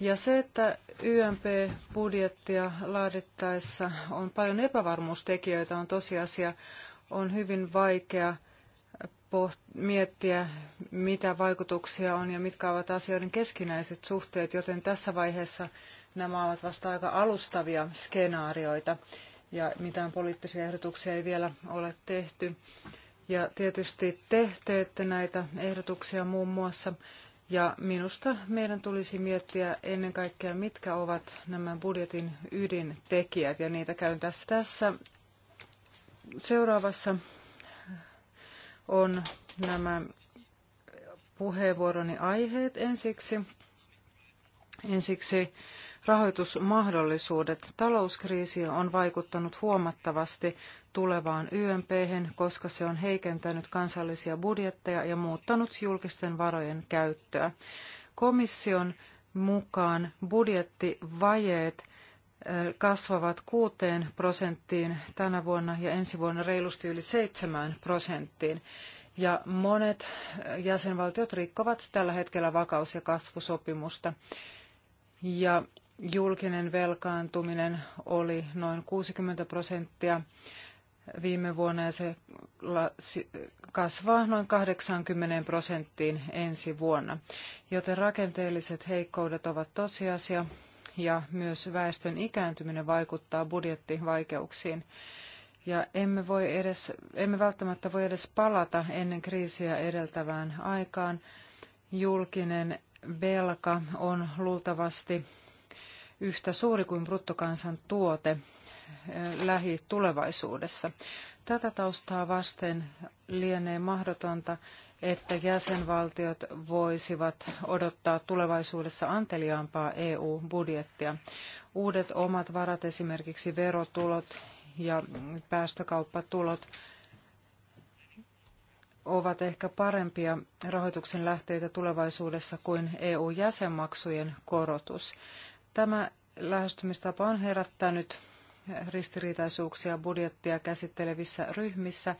Ja se, että YMP-budjettia laadittaessa on paljon epävarmuustekijöitä, on tosiasia, on hyvin vaikea miettiä, mitä vaikutuksia on ja mitkä ovat asioiden keskinäiset suhteet, joten tässä vaiheessa nämä ovat vasta aika alustavia skenaarioita ja mitään poliittisia ehdotuksia ei vielä ole tehty. Ja tietysti te teette näitä ehdotuksia muun muassa ja minusta meidän tulisi miettiä ennen kaikkea, mitkä ovat nämä budjetin ydintekijät, ja niitä käyn tässä. Tässä seuraavassa on nämä puheenvuoroni aiheet ensiksi. Ensiksi rahoitusmahdollisuudet. Talouskriisi on vaikuttanut huomattavasti tulevaan YMPhen, koska se on heikentänyt kansallisia budjetteja ja muuttanut julkisten varojen käyttöä. Komission mukaan budjettivajeet eh, kasvavat kuuteen prosenttiin tänä vuonna ja ensi vuonna reilusti yli seitsemään prosenttiin. Ja monet eh, jäsenvaltiot rikkovat tällä hetkellä vakaus- ja kasvusopimusta. Ja julkinen velkaantuminen oli noin 60 prosenttia viime vuonna ja se kasvaa noin 80 prosenttiin ensi vuonna. Joten rakenteelliset heikkoudet ovat tosiasia ja myös väestön ikääntyminen vaikuttaa budjettivaikeuksiin. Ja emme, voi edes, emme välttämättä voi edes palata ennen kriisiä edeltävään aikaan. Julkinen velka on luultavasti yhtä suuri kuin bruttokansantuote lähitulevaisuudessa. Tätä taustaa vasten lienee mahdotonta, että jäsenvaltiot voisivat odottaa tulevaisuudessa anteliaampaa EU-budjettia. Uudet omat varat, esimerkiksi verotulot ja päästökauppatulot, ovat ehkä parempia rahoituksen lähteitä tulevaisuudessa kuin EU-jäsenmaksujen korotus. Tämä lähestymistapa on herättänyt ristiriitaisuuksia budjettia käsittelevissä ryhmissä,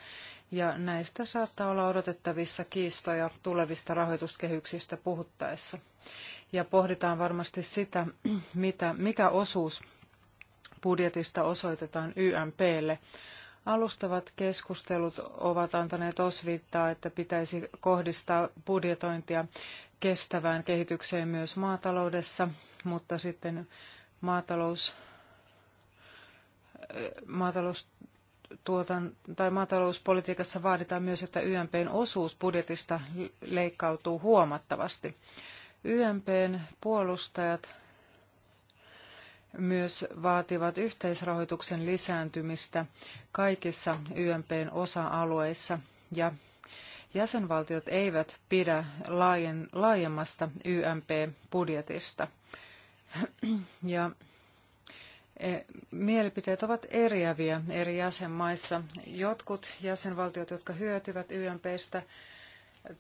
ja näistä saattaa olla odotettavissa kiistoja tulevista rahoituskehyksistä puhuttaessa. Ja pohditaan varmasti sitä, mitä, mikä osuus budjetista osoitetaan YMPlle. Alustavat keskustelut ovat antaneet osviittaa, että pitäisi kohdistaa budjetointia kestävään kehitykseen myös maataloudessa, mutta sitten maatalous maatalous tuotan, tai maatalouspolitiikassa vaaditaan myös, että YMPn osuus budjetista leikkautuu huomattavasti. YMPn puolustajat myös vaativat yhteisrahoituksen lisääntymistä kaikissa YMPn osa-alueissa ja jäsenvaltiot eivät pidä laajemmasta YMP-budjetista. Ja E, mielipiteet ovat eriäviä eri jäsenmaissa. Jotkut jäsenvaltiot, jotka hyötyvät YMPstä,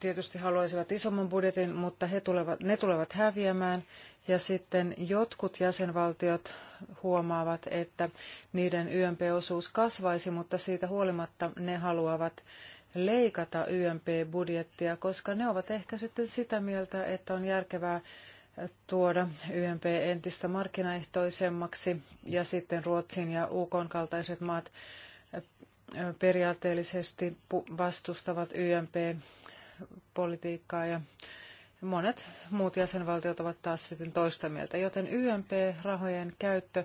tietysti haluaisivat isomman budjetin, mutta he tulevat, ne tulevat häviämään. Ja sitten jotkut jäsenvaltiot huomaavat, että niiden YMP-osuus kasvaisi, mutta siitä huolimatta ne haluavat leikata YMP-budjettia, koska ne ovat ehkä sitten sitä mieltä, että on järkevää tuoda YMP entistä markkinaehtoisemmaksi ja sitten Ruotsin ja UK kaltaiset maat eh, periaatteellisesti vastustavat YMP-politiikkaa ja monet muut jäsenvaltiot ovat taas sitten toista mieltä, joten YMP-rahojen käyttö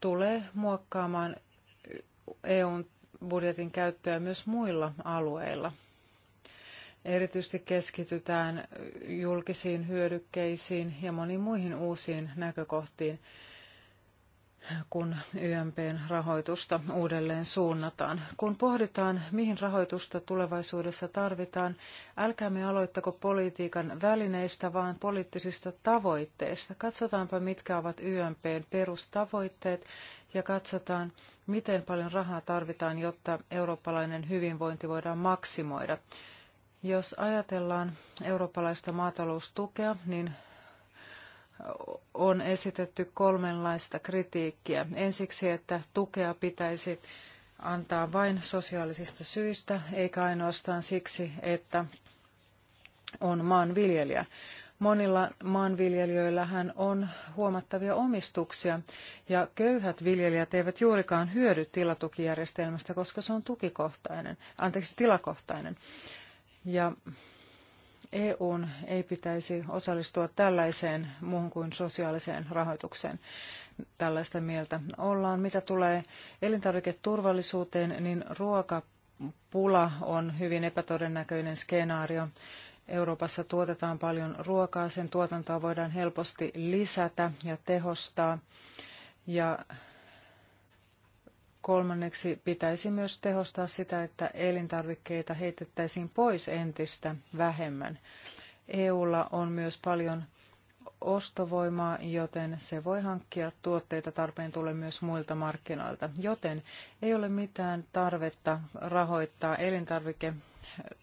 tulee muokkaamaan EUn budjetin käyttöä myös muilla alueilla. Erityisesti keskitytään julkisiin hyödykkeisiin ja moniin muihin uusiin näkökohtiin, kun YMPn rahoitusta uudelleen suunnataan. Kun pohditaan, mihin rahoitusta tulevaisuudessa tarvitaan, älkäämme aloittako politiikan välineistä, vaan poliittisista tavoitteista. Katsotaanpa, mitkä ovat YMPn perustavoitteet ja katsotaan, miten paljon rahaa tarvitaan, jotta eurooppalainen hyvinvointi voidaan maksimoida. Jos ajatellaan eurooppalaista maataloustukea, niin on esitetty kolmenlaista kritiikkiä. Ensiksi, että tukea pitäisi antaa vain sosiaalisista syistä, eikä ainoastaan siksi, että on maanviljelijä. Monilla maanviljelijöillähän on huomattavia omistuksia ja köyhät viljelijät eivät juurikaan hyödy tilatukijärjestelmästä, koska se on tukikohtainen, anteeksi, tilakohtainen. Ja EUn ei pitäisi osallistua tällaiseen muuhun kuin sosiaaliseen rahoitukseen. Tällaista mieltä ollaan. Mitä tulee elintarviketurvallisuuteen, niin ruokapula on hyvin epätodennäköinen skenaario. Euroopassa tuotetaan paljon ruokaa, sen tuotantoa voidaan helposti lisätä ja tehostaa. Ja Kolmanneksi pitäisi myös tehostaa sitä, että elintarvikkeita heitettäisiin pois entistä vähemmän. EUlla on myös paljon ostovoimaa, joten se voi hankkia tuotteita tarpeen tulee myös muilta markkinoilta. Joten ei ole mitään tarvetta rahoittaa elintarvike,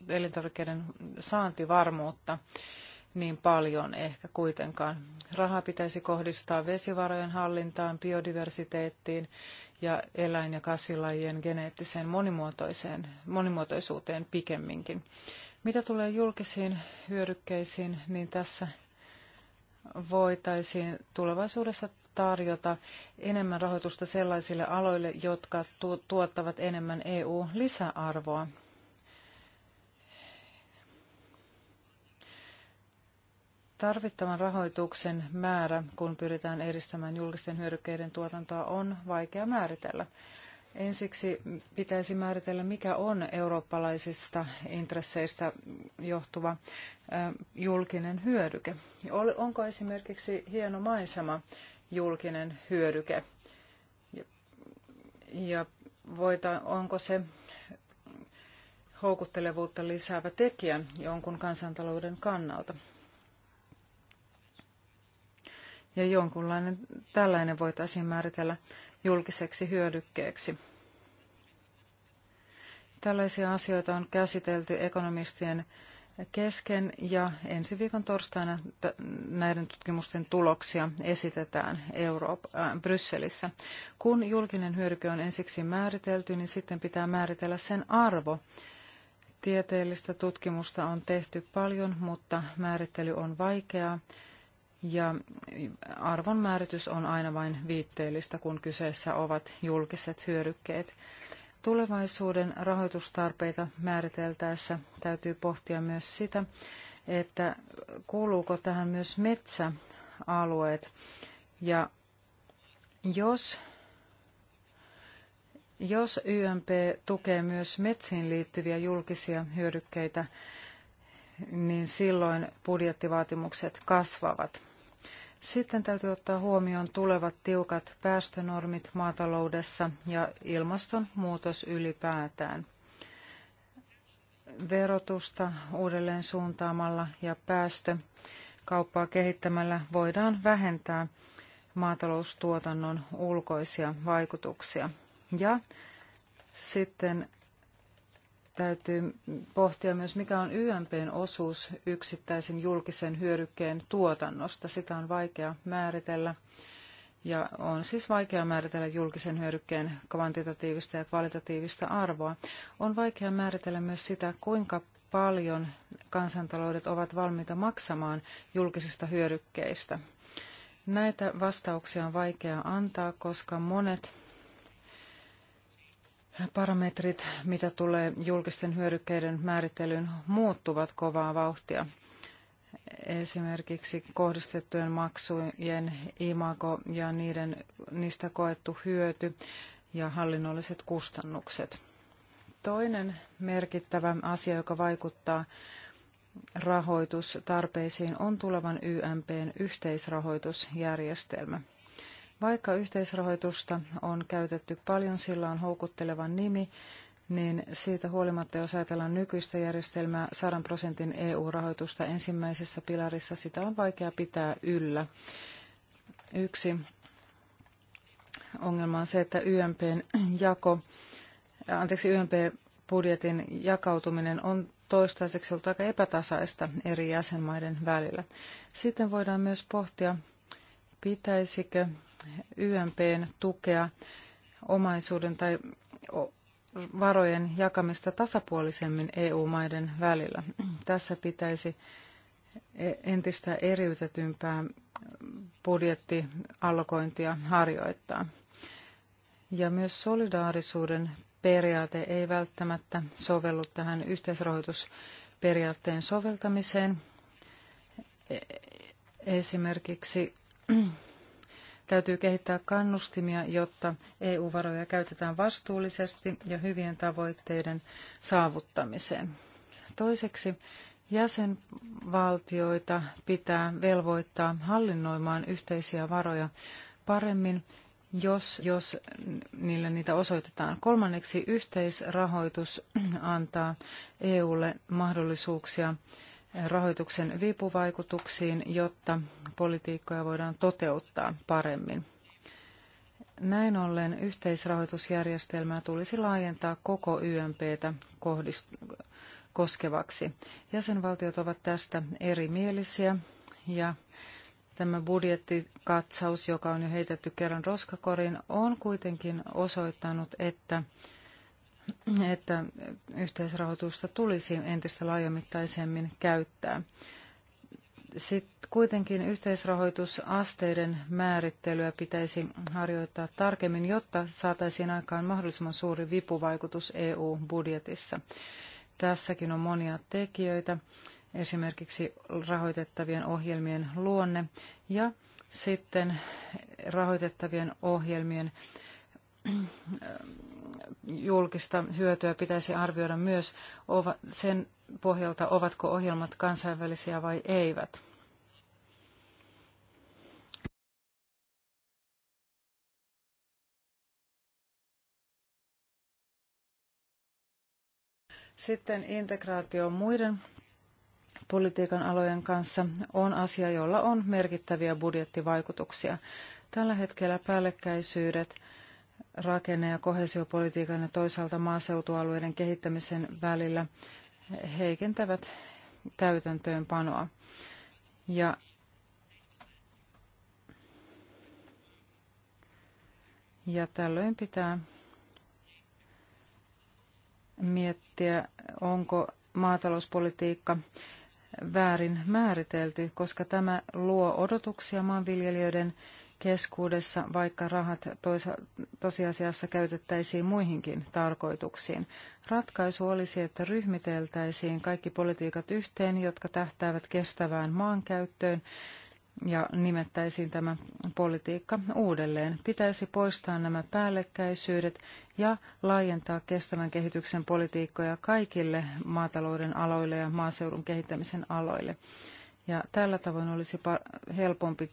elintarvikkeiden saantivarmuutta niin paljon ehkä kuitenkaan. Rahaa pitäisi kohdistaa vesivarojen hallintaan, biodiversiteettiin ja eläin- ja kasvilajien geneettiseen monimuotoiseen, monimuotoisuuteen pikemminkin. Mitä tulee julkisiin hyödykkeisiin, niin tässä voitaisiin tulevaisuudessa tarjota enemmän rahoitusta sellaisille aloille, jotka tuottavat enemmän EU-lisäarvoa. Tarvittavan rahoituksen määrä, kun pyritään edistämään julkisten hyödykkeiden tuotantoa, on vaikea määritellä. Ensiksi pitäisi määritellä, mikä on eurooppalaisista intresseistä johtuva julkinen hyödyke. Onko esimerkiksi hieno maisema julkinen hyödyke? Ja voita, onko se houkuttelevuutta lisäävä tekijä jonkun kansantalouden kannalta? ja jonkunlainen tällainen voitaisiin määritellä julkiseksi hyödykkeeksi. Tällaisia asioita on käsitelty ekonomistien kesken ja ensi viikon torstaina näiden tutkimusten tuloksia esitetään Euroop- äh, Brysselissä. Kun julkinen hyödyke on ensiksi määritelty, niin sitten pitää määritellä sen arvo. Tieteellistä tutkimusta on tehty paljon, mutta määrittely on vaikeaa ja arvonmääritys on aina vain viitteellistä, kun kyseessä ovat julkiset hyödykkeet. Tulevaisuuden rahoitustarpeita määriteltäessä täytyy pohtia myös sitä, että kuuluuko tähän myös metsäalueet. Ja jos, jos YMP tukee myös metsiin liittyviä julkisia hyödykkeitä, niin silloin budjettivaatimukset kasvavat. Sitten täytyy ottaa huomioon tulevat tiukat päästönormit maataloudessa ja ilmastonmuutos ylipäätään. Verotusta uudelleen suuntaamalla ja päästökauppaa kehittämällä voidaan vähentää maataloustuotannon ulkoisia vaikutuksia. Ja sitten täytyy pohtia myös, mikä on YMPn osuus yksittäisen julkisen hyödykkeen tuotannosta. Sitä on vaikea määritellä. Ja on siis vaikea määritellä julkisen hyödykkeen kvantitatiivista ja kvalitatiivista arvoa. On vaikea määritellä myös sitä, kuinka paljon kansantaloudet ovat valmiita maksamaan julkisista hyödykkeistä. Näitä vastauksia on vaikea antaa, koska monet parametrit, mitä tulee julkisten hyödykkeiden määrittelyyn, muuttuvat kovaa vauhtia. Esimerkiksi kohdistettujen maksujen imago ja niiden, niistä koettu hyöty ja hallinnolliset kustannukset. Toinen merkittävä asia, joka vaikuttaa rahoitustarpeisiin, on tulevan YMPn yhteisrahoitusjärjestelmä. Vaikka yhteisrahoitusta on käytetty paljon, sillä on houkutteleva nimi, niin siitä huolimatta, jos ajatellaan nykyistä järjestelmää, 100 prosentin EU-rahoitusta ensimmäisessä pilarissa, sitä on vaikea pitää yllä. Yksi ongelma on se, että YMPn jako, anteeksi, YMP-budjetin jakautuminen on toistaiseksi ollut aika epätasaista eri jäsenmaiden välillä. Sitten voidaan myös pohtia, pitäisikö YMPn tukea omaisuuden tai varojen jakamista tasapuolisemmin EU-maiden välillä. Tässä pitäisi e, entistä eriytetympää budjettiallokointia harjoittaa. Ja myös solidaarisuuden periaate ei välttämättä sovellu tähän yhteisrahoitusperiaatteen soveltamiseen. E, esimerkiksi Täytyy kehittää kannustimia, jotta EU-varoja käytetään vastuullisesti ja hyvien tavoitteiden saavuttamiseen. Toiseksi jäsenvaltioita pitää velvoittaa hallinnoimaan yhteisiä varoja paremmin, jos, jos niille niitä osoitetaan. Kolmanneksi yhteisrahoitus antaa EUlle mahdollisuuksia rahoituksen vipuvaikutuksiin, jotta politiikkoja voidaan toteuttaa paremmin. Näin ollen yhteisrahoitusjärjestelmää tulisi laajentaa koko YMPtä kohdist- koskevaksi. Jäsenvaltiot ovat tästä erimielisiä ja tämä budjettikatsaus, joka on jo heitetty kerran roskakoriin, on kuitenkin osoittanut, että että yhteisrahoitusta tulisi entistä laajamittaisemmin käyttää. Sitten kuitenkin yhteisrahoitusasteiden määrittelyä pitäisi harjoittaa tarkemmin, jotta saataisiin aikaan mahdollisimman suuri vipuvaikutus EU-budjetissa. Tässäkin on monia tekijöitä, esimerkiksi rahoitettavien ohjelmien luonne ja sitten rahoitettavien ohjelmien julkista hyötyä pitäisi arvioida myös sen pohjalta, ovatko ohjelmat kansainvälisiä vai eivät. Sitten integraatio muiden politiikan alojen kanssa on asia, jolla on merkittäviä budjettivaikutuksia. Tällä hetkellä päällekkäisyydet rakenne- ja kohesiopolitiikan ja toisaalta maaseutualueiden kehittämisen välillä heikentävät täytäntöönpanoa. Ja Ja tällöin pitää miettiä, onko maatalouspolitiikka väärin määritelty, koska tämä luo odotuksia maanviljelijöiden keskuudessa, vaikka rahat toisa, tosiasiassa käytettäisiin muihinkin tarkoituksiin. Ratkaisu olisi, että ryhmiteltäisiin kaikki politiikat yhteen, jotka tähtäävät kestävään maankäyttöön, ja nimettäisiin tämä politiikka uudelleen. Pitäisi poistaa nämä päällekkäisyydet ja laajentaa kestävän kehityksen politiikkoja kaikille maatalouden aloille ja maaseudun kehittämisen aloille. Ja tällä tavoin olisi helpompi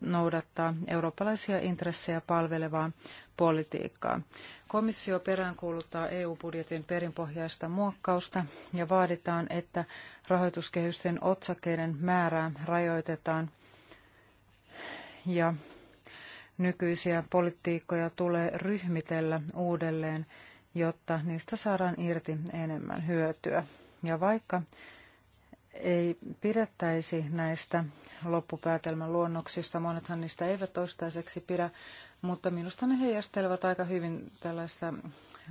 noudattaa eurooppalaisia intressejä palvelevaa politiikkaa. Komissio peräänkuuluttaa EU-budjetin perinpohjaista muokkausta ja vaaditaan, että rahoituskehysten otsakkeiden määrää rajoitetaan ja nykyisiä politiikkoja tulee ryhmitellä uudelleen, jotta niistä saadaan irti enemmän hyötyä. Ja vaikka ei pidettäisi näistä loppupäätelmän luonnoksista. Monethan niistä eivät toistaiseksi pidä, mutta minusta ne heijastelevat aika hyvin tällaista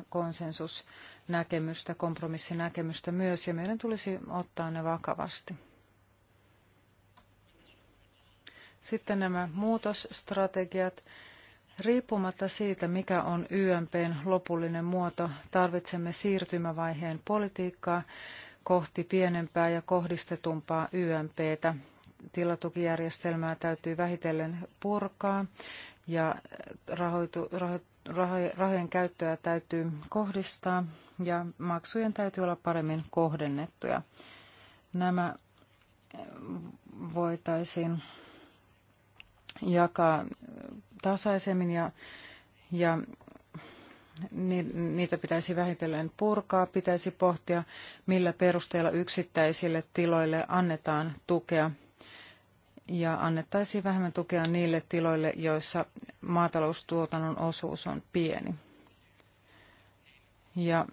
konsensusnäkemystä, kompromissinäkemystä myös, ja meidän tulisi ottaa ne vakavasti. Sitten nämä muutosstrategiat. Riippumatta siitä, mikä on YMPn lopullinen muoto, tarvitsemme siirtymävaiheen politiikkaa, kohti pienempää ja kohdistetumpaa YMPtä. Tilatukijärjestelmää täytyy vähitellen purkaa ja rahoitu, raho, rahojen käyttöä täytyy kohdistaa ja maksujen täytyy olla paremmin kohdennettuja. Nämä voitaisiin jakaa tasaisemmin ja, ja niitä pitäisi vähitellen purkaa, pitäisi pohtia, millä perusteella yksittäisille tiloille annetaan tukea ja annettaisiin vähemmän tukea niille tiloille, joissa maataloustuotannon osuus on pieni. Ja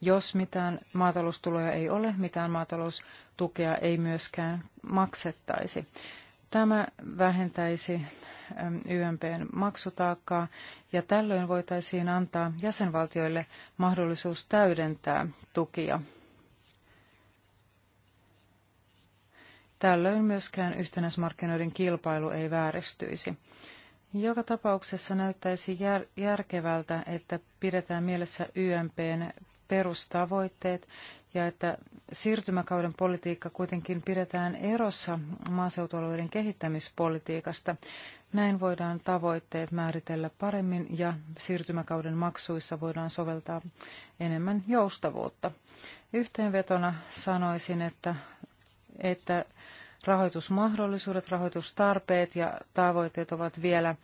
jos mitään maataloustuloja ei ole, mitään maataloustukea ei myöskään maksettaisi. Tämä vähentäisi YMPn maksutaakkaa, ja tällöin voitaisiin antaa jäsenvaltioille mahdollisuus täydentää tukia. Tällöin myöskään yhtenäismarkkinoiden kilpailu ei vääristyisi. Joka tapauksessa näyttäisi järkevältä, että pidetään mielessä YMPn perustavoitteet ja että siirtymäkauden politiikka kuitenkin pidetään erossa maaseutualueiden kehittämispolitiikasta, näin voidaan tavoitteet määritellä paremmin ja siirtymäkauden maksuissa voidaan soveltaa enemmän joustavuutta. Yhteenvetona sanoisin, että, että rahoitusmahdollisuudet, rahoitustarpeet ja tavoitteet ovat vielä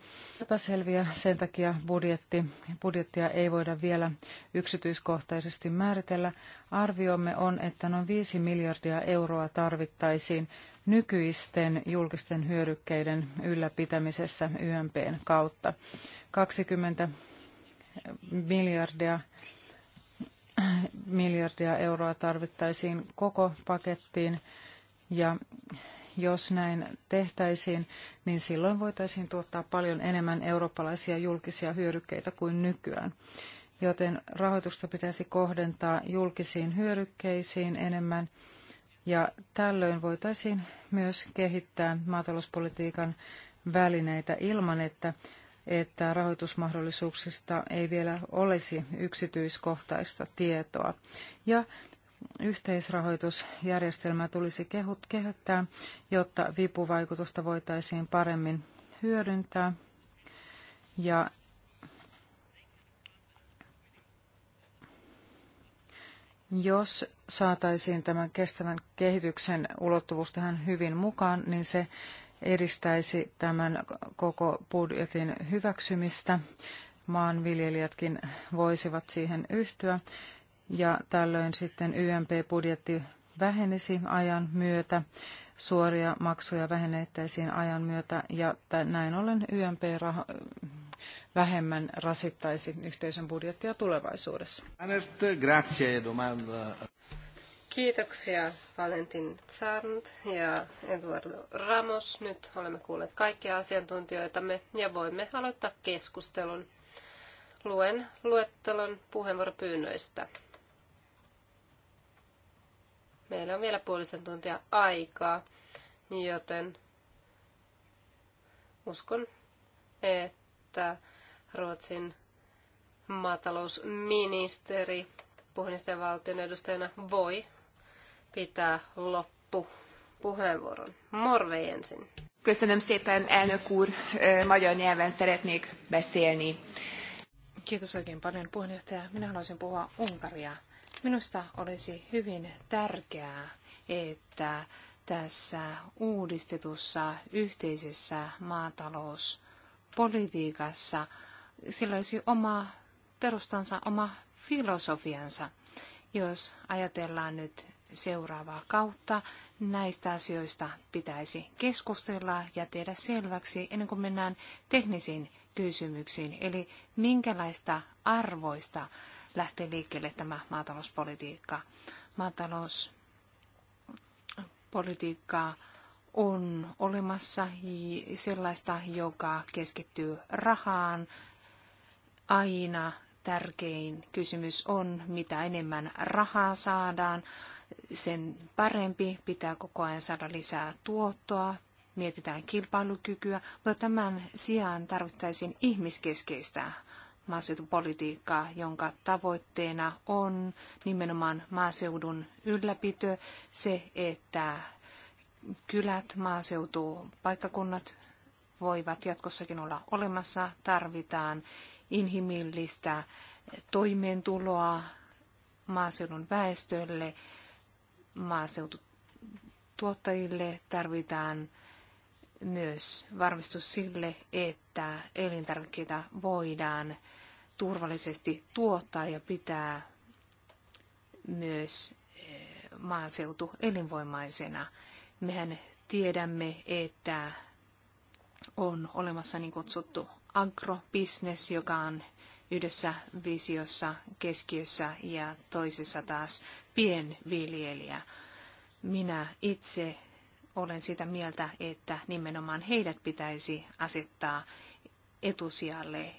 epäselviä. Sen takia budjetti, budjettia ei voida vielä yksityiskohtaisesti määritellä. Arviomme on, että noin 5 miljardia euroa tarvittaisiin nykyisten julkisten hyödykkeiden ylläpitämisessä YMPn kautta. 20 miljardia, miljardia euroa tarvittaisiin koko pakettiin ja jos näin tehtäisiin, niin silloin voitaisiin tuottaa paljon enemmän eurooppalaisia julkisia hyödykkeitä kuin nykyään. Joten rahoitusta pitäisi kohdentaa julkisiin hyödykkeisiin enemmän ja tällöin voitaisiin myös kehittää maatalouspolitiikan välineitä ilman, että, että rahoitusmahdollisuuksista ei vielä olisi yksityiskohtaista tietoa. Ja yhteisrahoitusjärjestelmää tulisi kehittää, jotta vipuvaikutusta voitaisiin paremmin hyödyntää. Ja jos saataisiin tämän kestävän kehityksen ulottuvuus tähän hyvin mukaan, niin se edistäisi tämän koko budjetin hyväksymistä. Maanviljelijätkin voisivat siihen yhtyä ja tällöin sitten YMP-budjetti vähenisi ajan myötä, suoria maksuja vähennettäisiin ajan myötä ja näin ollen ymp raha vähemmän rasittaisi yhteisön budjettia tulevaisuudessa. Kiitoksia Valentin Zarnt ja Eduardo Ramos. Nyt olemme kuulleet kaikkia asiantuntijoitamme ja voimme aloittaa keskustelun. Luen luettelon puheenvuoropyynnöistä. Meillä on vielä puolisen tuntia aikaa, joten uskon, että että Ruotsin maatalousministeri puheenjohtajavaltion edustajana voi pitää loppu puheenvuoron. Morve ensin. Köszönöm szépen, elnök úr. Magyar nyelven szeretnék beszélni. Kiitos oikein paljon puheenjohtaja. Minä haluaisin puhua Unkaria. Minusta olisi hyvin tärkeää, että tässä uudistetussa yhteisessä maatalous- politiikassa, sillä olisi oma perustansa, oma filosofiansa. Jos ajatellaan nyt seuraavaa kautta, näistä asioista pitäisi keskustella ja tehdä selväksi ennen kuin mennään teknisiin kysymyksiin. Eli minkälaista arvoista lähtee liikkeelle tämä maatalouspolitiikka. Maatalouspolitiikkaa on olemassa sellaista, joka keskittyy rahaan. Aina tärkein kysymys on, mitä enemmän rahaa saadaan, sen parempi. Pitää koko ajan saada lisää tuottoa, mietitään kilpailukykyä, mutta tämän sijaan tarvittaisiin ihmiskeskeistä maaseutupolitiikkaa, jonka tavoitteena on nimenomaan maaseudun ylläpito, se, että kylät, maaseutu, paikkakunnat voivat jatkossakin olla olemassa. Tarvitaan inhimillistä toimeentuloa maaseudun väestölle, maaseututuottajille tarvitaan myös varmistus sille, että elintarvikkeita voidaan turvallisesti tuottaa ja pitää myös eh, maaseutu elinvoimaisena. Mehän tiedämme, että on olemassa niin kutsuttu agrobisnes, joka on yhdessä visiossa, keskiössä ja toisessa taas pienviljelijä. Minä itse olen sitä mieltä, että nimenomaan heidät pitäisi asettaa etusijalle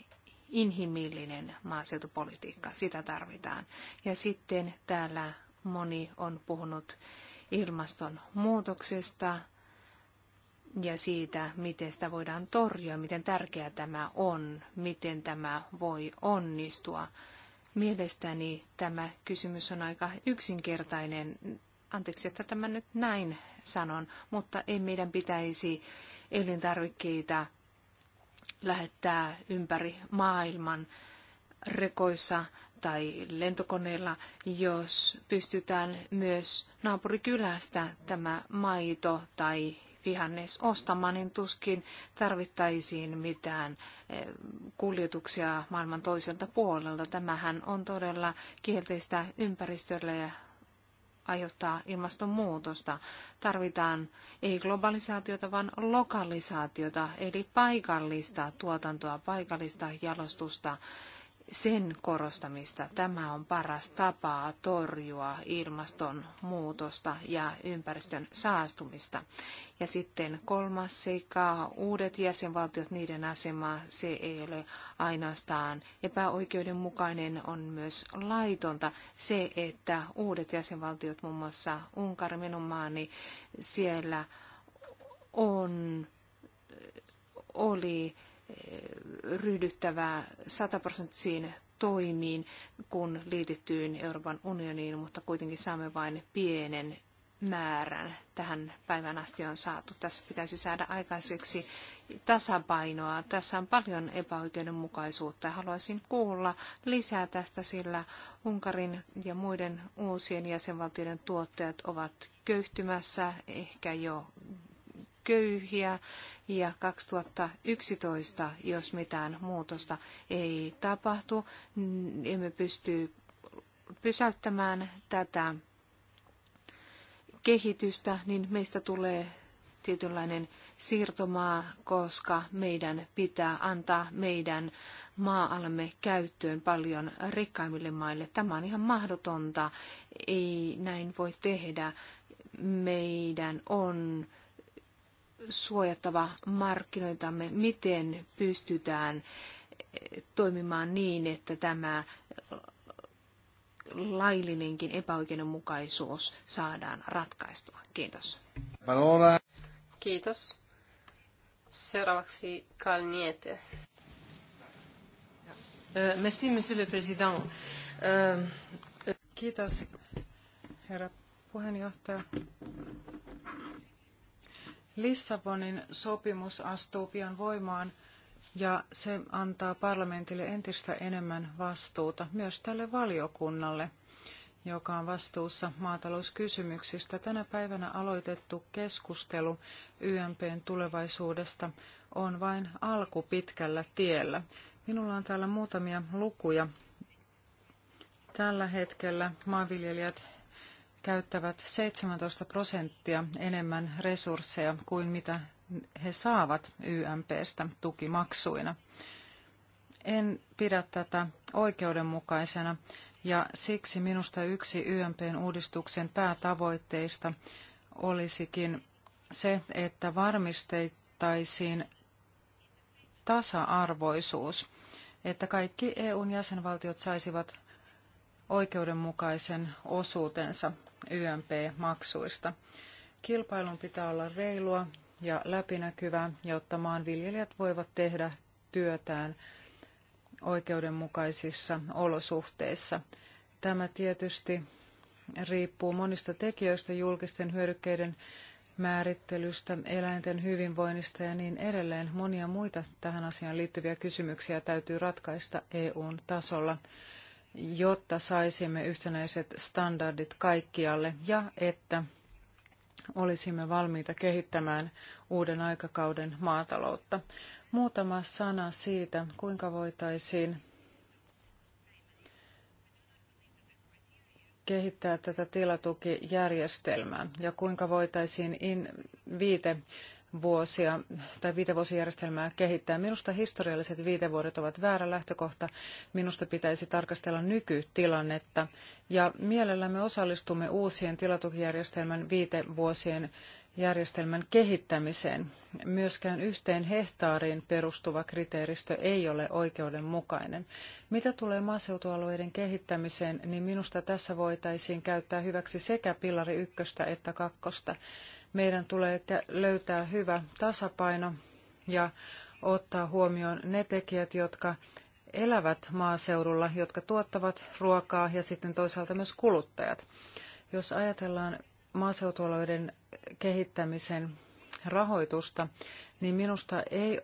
inhimillinen maaseutupolitiikka. Sitä tarvitaan. Ja sitten täällä moni on puhunut ilmastonmuutoksesta ja siitä, miten sitä voidaan torjua, miten tärkeää tämä on, miten tämä voi onnistua. Mielestäni tämä kysymys on aika yksinkertainen. Anteeksi, että tämä nyt näin sanon, mutta ei meidän pitäisi elintarvikkeita lähettää ympäri maailman rekoissa tai lentokoneella, jos pystytään myös naapurikylästä tämä maito tai vihannes ostamaan, niin tuskin tarvittaisiin mitään eh, kuljetuksia maailman toiselta puolelta. Tämähän on todella kielteistä ympäristölle ja aiheuttaa ilmastonmuutosta. Tarvitaan ei globalisaatiota, vaan lokalisaatiota, eli paikallista tuotantoa, paikallista jalostusta sen korostamista. Tämä on paras tapa torjua ilmastonmuutosta ja ympäristön saastumista. Ja sitten kolmas seikka, uudet jäsenvaltiot, niiden asema, se ei ole ainoastaan epäoikeudenmukainen, on myös laitonta. Se, että uudet jäsenvaltiot, muun muassa Unkari, minun maani, siellä on, oli ryhdyttävä sataprosenttisiin toimiin, kun liityttyyn Euroopan unioniin, mutta kuitenkin saamme vain pienen määrän tähän päivän asti on saatu. Tässä pitäisi saada aikaiseksi tasapainoa. Tässä on paljon epäoikeudenmukaisuutta. ja Haluaisin kuulla lisää tästä, sillä Unkarin ja muiden uusien jäsenvaltioiden tuottajat ovat köyhtymässä, ehkä jo köyhiä ja 2011, jos mitään muutosta ei tapahtu, niin emme pysty pysäyttämään tätä kehitystä, niin meistä tulee tietynlainen siirtomaa, koska meidän pitää antaa meidän maa-alamme käyttöön paljon rikkaimmille maille. Tämä on ihan mahdotonta. Ei näin voi tehdä. Meidän on suojattava markkinoitamme, miten pystytään toimimaan niin, että tämä laillinenkin epäoikeudenmukaisuus saadaan ratkaistua. Kiitos. Valora. Kiitos. Seuraavaksi Kalniete. Euh, merci, monsieur le président. Euh, euh, Kiitos, herra puheenjohtaja. Lissabonin sopimus astuu pian voimaan ja se antaa parlamentille entistä enemmän vastuuta myös tälle valiokunnalle, joka on vastuussa maatalouskysymyksistä. Tänä päivänä aloitettu keskustelu YMPn tulevaisuudesta on vain alku pitkällä tiellä. Minulla on täällä muutamia lukuja. Tällä hetkellä maanviljelijät käyttävät 17 prosenttia enemmän resursseja kuin mitä he saavat YMPstä tukimaksuina. En pidä tätä oikeudenmukaisena ja siksi minusta yksi YMPn uudistuksen päätavoitteista olisikin se, että varmistettaisiin tasa-arvoisuus, että kaikki EUn jäsenvaltiot saisivat oikeudenmukaisen osuutensa. YMP-maksuista. Kilpailun pitää olla reilua ja läpinäkyvää, jotta maanviljelijät voivat tehdä työtään oikeudenmukaisissa olosuhteissa. Tämä tietysti riippuu monista tekijöistä, julkisten hyödykkeiden määrittelystä, eläinten hyvinvoinnista ja niin edelleen. Monia muita tähän asiaan liittyviä kysymyksiä täytyy ratkaista EUn tasolla jotta saisimme yhtenäiset standardit kaikkialle ja että olisimme valmiita kehittämään uuden aikakauden maataloutta. Muutama sana siitä, kuinka voitaisiin kehittää tätä tilatukijärjestelmää ja kuinka voitaisiin in, viite vuosia tai viitevuosijärjestelmää kehittää. Minusta historialliset viitevuodet ovat väärä lähtökohta. Minusta pitäisi tarkastella nykytilannetta ja mielellämme osallistumme uusien tilatukijärjestelmän viitevuosien järjestelmän kehittämiseen. Myöskään yhteen hehtaariin perustuva kriteeristö ei ole oikeudenmukainen. Mitä tulee maaseutualueiden kehittämiseen, niin minusta tässä voitaisiin käyttää hyväksi sekä pilari ykköstä että kakkosta. Meidän tulee löytää hyvä tasapaino ja ottaa huomioon ne tekijät, jotka elävät maaseudulla, jotka tuottavat ruokaa ja sitten toisaalta myös kuluttajat. Jos ajatellaan maaseutualueiden kehittämisen rahoitusta, niin minusta ei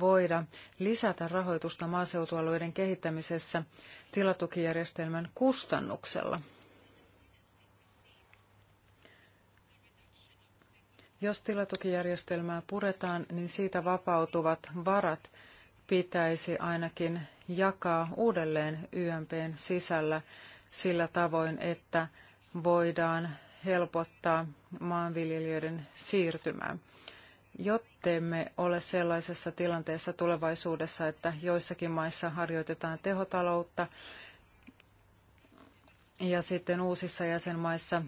voida lisätä rahoitusta maaseutualueiden kehittämisessä tilatukijärjestelmän kustannuksella. Jos tilatukijärjestelmää puretaan, niin siitä vapautuvat varat pitäisi ainakin jakaa uudelleen YMPn sisällä sillä tavoin, että voidaan helpottaa maanviljelijöiden siirtymää. Jottemme ole sellaisessa tilanteessa tulevaisuudessa, että joissakin maissa harjoitetaan tehotaloutta ja sitten uusissa jäsenmaissa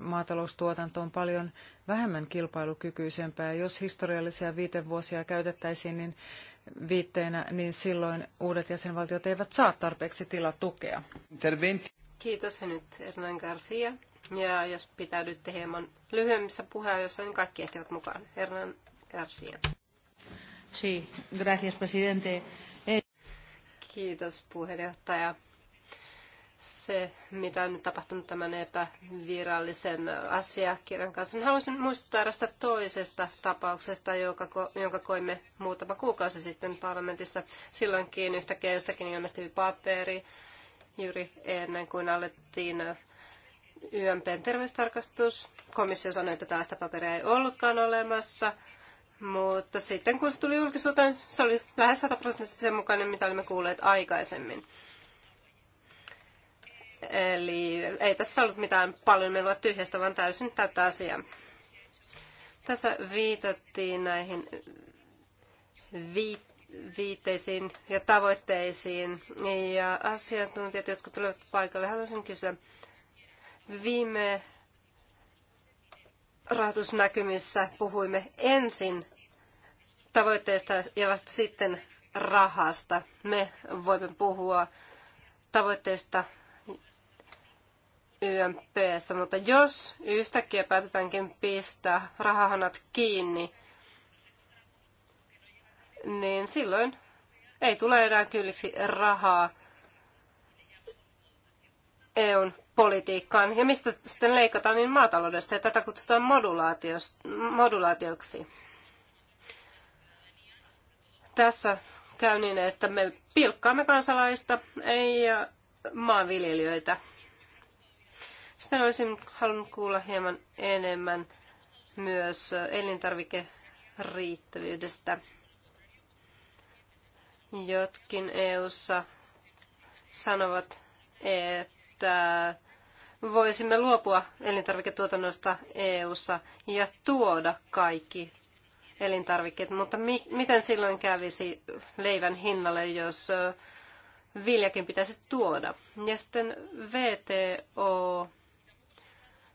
maataloustuotanto on paljon vähemmän kilpailukykyisempää. Jos historiallisia viitevuosia käytettäisiin niin viitteenä, niin silloin uudet jäsenvaltiot eivät saa tarpeeksi tilatukea. Interventi. Kiitos ja nyt Hernan Garcia. Ja jos pitäydytte hieman lyhyemmissä puheenjohtajissa, niin kaikki ehtivät mukaan. Hernan Garcia. Sí, gracias, presidente. Eh, Kiitos puheenjohtaja se, mitä on nyt tapahtunut tämän epävirallisen asiakirjan kanssa. haluaisin muistuttaa tästä toisesta tapauksesta, joka, jonka koimme muutama kuukausi sitten parlamentissa. Silloinkin yhtäkkiä jostakin ilmestyi paperi juuri ennen kuin alettiin YMPn terveystarkastus. Komissio sanoi, että tällaista paperia ei ollutkaan olemassa. Mutta sitten kun se tuli julkisuuteen, se oli lähes 100 sen mukainen, mitä olimme kuulleet aikaisemmin. Eli ei tässä ollut mitään paljon menoa tyhjästä, vaan täysin täyttä asiaa. Tässä viitattiin näihin viitteisiin ja tavoitteisiin. Ja asiantuntijat, jotka tulevat paikalle, haluaisin kysyä. Viime rahoitusnäkymissä puhuimme ensin tavoitteista ja vasta sitten rahasta. Me voimme puhua tavoitteista YMPssä, mutta jos yhtäkkiä päätetäänkin pistää rahahanat kiinni, niin silloin ei tule enää kylliksi rahaa EUn politiikkaan. Ja mistä sitten leikataan, niin maataloudesta. Ja tätä kutsutaan modulaatioksi. Tässä käy niin, että me pilkkaamme kansalaista ei maanviljelijöitä. Sitten olisin halunnut kuulla hieman enemmän myös elintarvikeriittävyydestä. Jotkin EU:ssa sanovat, että voisimme luopua elintarviketuotannosta EU:ssa ja tuoda kaikki elintarvikkeet, mutta mi- miten silloin kävisi leivän hinnalle, jos viljakin pitäisi tuoda? Ja sitten VTO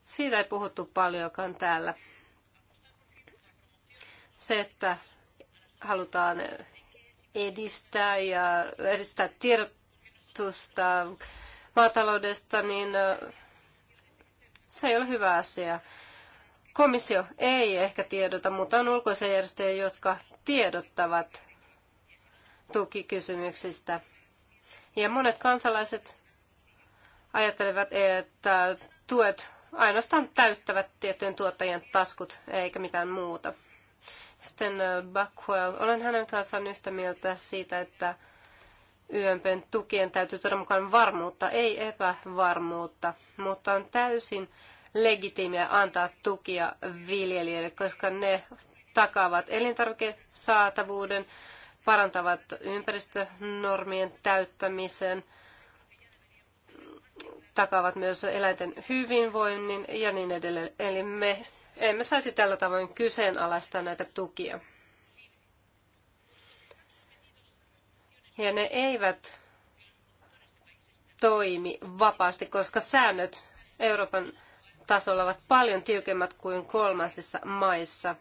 siitä ei puhuttu paljonkaan täällä. Se, että halutaan edistää ja edistää tiedotusta maataloudesta, niin se ei ole hyvä asia. Komissio ei ehkä tiedota, mutta on ulkoisia järjestöjä, jotka tiedottavat tukikysymyksistä. Ja monet kansalaiset ajattelevat, että tuet ainoastaan täyttävät tiettyjen tuottajien taskut eikä mitään muuta. Sitten Buckwell. Olen hänen kanssaan yhtä mieltä siitä, että YMPn tukien täytyy tuoda mukaan varmuutta, ei epävarmuutta, mutta on täysin legitiimiä antaa tukia viljelijöille, koska ne takaavat elintarvikesaatavuuden, parantavat ympäristönormien täyttämisen – takaavat myös eläinten hyvinvoinnin ja niin edelleen. Eli me emme saisi tällä tavoin kyseenalaistaa näitä tukia. Ja ne eivät toimi vapaasti, koska säännöt Euroopan tasolla ovat paljon tiukemmat kuin kolmansissa maissa.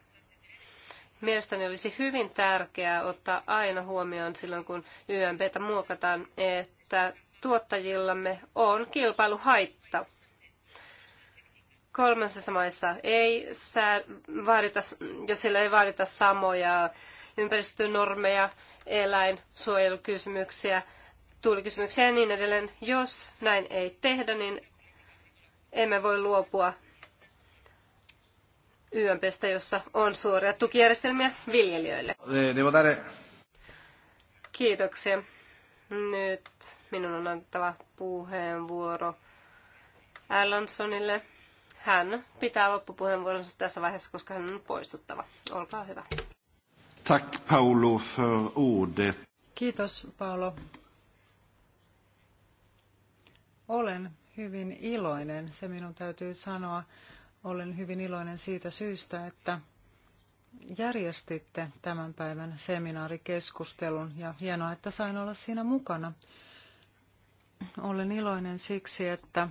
Mielestäni olisi hyvin tärkeää ottaa aina huomioon silloin, kun YMPtä muokataan, että tuottajillamme on kilpailuhaitta. Kolmansissa maissa ei sää, vaadita, ja sillä ei vaadita samoja ympäristönormeja, eläinsuojelukysymyksiä, tuulikysymyksiä ja niin edelleen. Jos näin ei tehdä, niin emme voi luopua YMPstä, jossa on suoria tukijärjestelmiä viljelijöille. Kiitoksia. Nyt minun on antava puheenvuoro Allansonille. Hän pitää loppupuheenvuoronsa tässä vaiheessa, koska hän on poistuttava. Olkaa hyvä. Tack Paolo för ordet. Kiitos Paolo. Olen hyvin iloinen, se minun täytyy sanoa. Olen hyvin iloinen siitä syystä, että järjestitte tämän päivän seminaarikeskustelun ja hienoa, että sain olla siinä mukana. Olen iloinen siksi, että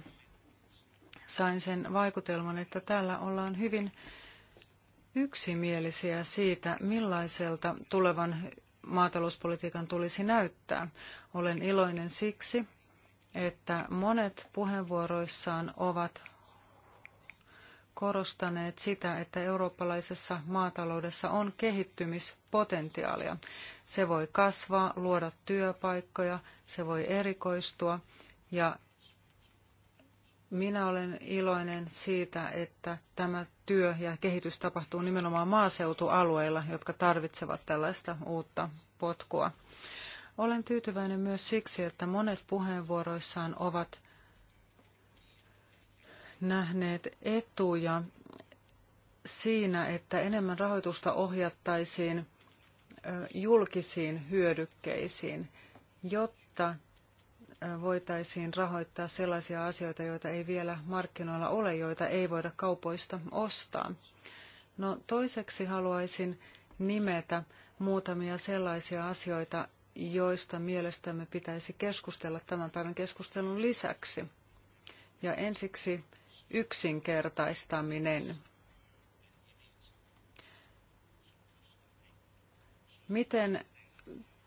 sain sen vaikutelman, että täällä ollaan hyvin yksimielisiä siitä, millaiselta tulevan maatalouspolitiikan tulisi näyttää. Olen iloinen siksi, että monet puheenvuoroissaan ovat korostaneet sitä, että eurooppalaisessa maataloudessa on kehittymispotentiaalia. Se voi kasvaa, luoda työpaikkoja, se voi erikoistua ja minä olen iloinen siitä, että tämä työ ja kehitys tapahtuu nimenomaan maaseutualueilla, jotka tarvitsevat tällaista uutta potkua. Olen tyytyväinen myös siksi, että monet puheenvuoroissaan ovat nähneet etuja siinä, että enemmän rahoitusta ohjattaisiin julkisiin hyödykkeisiin, jotta voitaisiin rahoittaa sellaisia asioita, joita ei vielä markkinoilla ole, joita ei voida kaupoista ostaa. No toiseksi haluaisin nimetä muutamia sellaisia asioita, joista mielestämme pitäisi keskustella tämän päivän keskustelun lisäksi. Ja ensiksi yksinkertaistaminen. Miten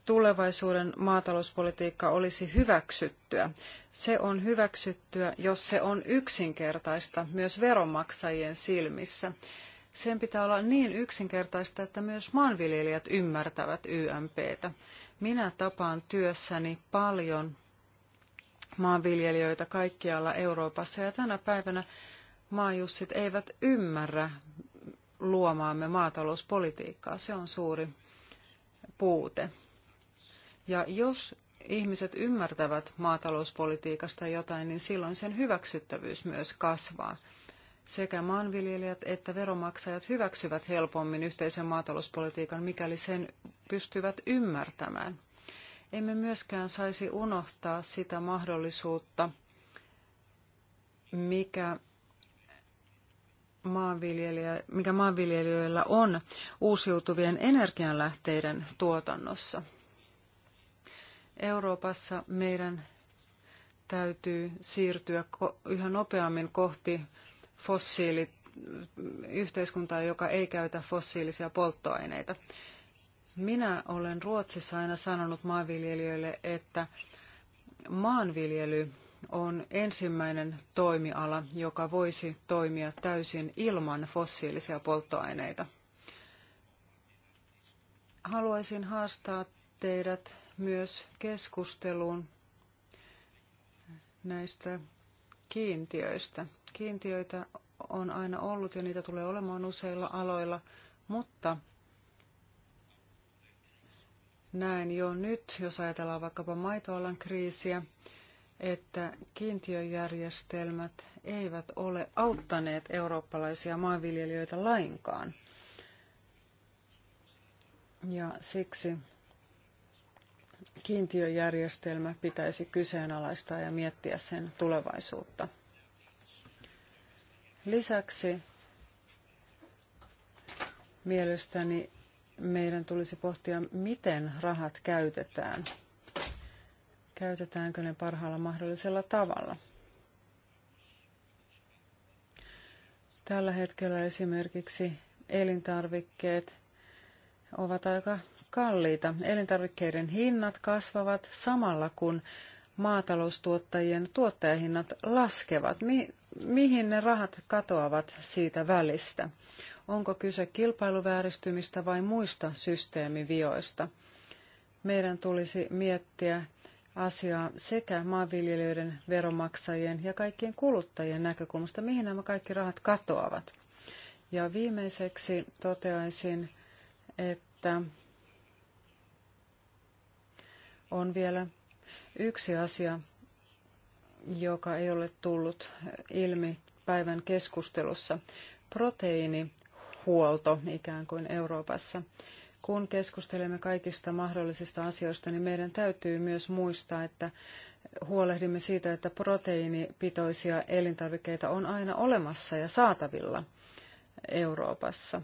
tulevaisuuden maatalouspolitiikka olisi hyväksyttyä. Se on hyväksyttyä, jos se on yksinkertaista myös veronmaksajien silmissä. Sen pitää olla niin yksinkertaista, että myös maanviljelijät ymmärtävät YMPtä. Minä tapaan työssäni paljon maanviljelijöitä kaikkialla Euroopassa ja tänä päivänä maajussit eivät ymmärrä luomaamme maatalouspolitiikkaa. Se on suuri puute. Ja jos ihmiset ymmärtävät maatalouspolitiikasta jotain, niin silloin sen hyväksyttävyys myös kasvaa. Sekä maanviljelijät että veromaksajat hyväksyvät helpommin yhteisen maatalouspolitiikan, mikäli sen pystyvät ymmärtämään. Emme myöskään saisi unohtaa sitä mahdollisuutta, mikä maanviljelijä, mikä maanviljelijöillä on uusiutuvien energianlähteiden tuotannossa. Euroopassa meidän täytyy siirtyä yhä nopeammin kohti fossiili, yhteiskuntaa, joka ei käytä fossiilisia polttoaineita. Minä olen Ruotsissa aina sanonut maanviljelijöille, että maanviljely on ensimmäinen toimiala, joka voisi toimia täysin ilman fossiilisia polttoaineita. Haluaisin haastaa teidät myös keskusteluun näistä kiintiöistä. Kiintiöitä on aina ollut ja niitä tulee olemaan useilla aloilla, mutta näen jo nyt, jos ajatellaan vaikkapa maitoalan kriisiä, että kiintiöjärjestelmät eivät ole auttaneet eurooppalaisia maanviljelijöitä lainkaan. Ja siksi kiintiöjärjestelmä pitäisi kyseenalaistaa ja miettiä sen tulevaisuutta. Lisäksi mielestäni meidän tulisi pohtia, miten rahat käytetään. Käytetäänkö ne parhaalla mahdollisella tavalla? Tällä hetkellä esimerkiksi elintarvikkeet ovat aika kalliita. Elintarvikkeiden hinnat kasvavat samalla, kun maataloustuottajien tuottajahinnat laskevat. Mi- mihin ne rahat katoavat siitä välistä? onko kyse kilpailuvääristymistä vai muista systeemivioista. Meidän tulisi miettiä asiaa sekä maanviljelijöiden, veromaksajien ja kaikkien kuluttajien näkökulmasta, mihin nämä kaikki rahat katoavat. Ja viimeiseksi toteaisin, että on vielä yksi asia, joka ei ole tullut ilmi päivän keskustelussa. Proteiini huolto ikään kuin Euroopassa. Kun keskustelemme kaikista mahdollisista asioista, niin meidän täytyy myös muistaa, että huolehdimme siitä, että proteiinipitoisia elintarvikkeita on aina olemassa ja saatavilla Euroopassa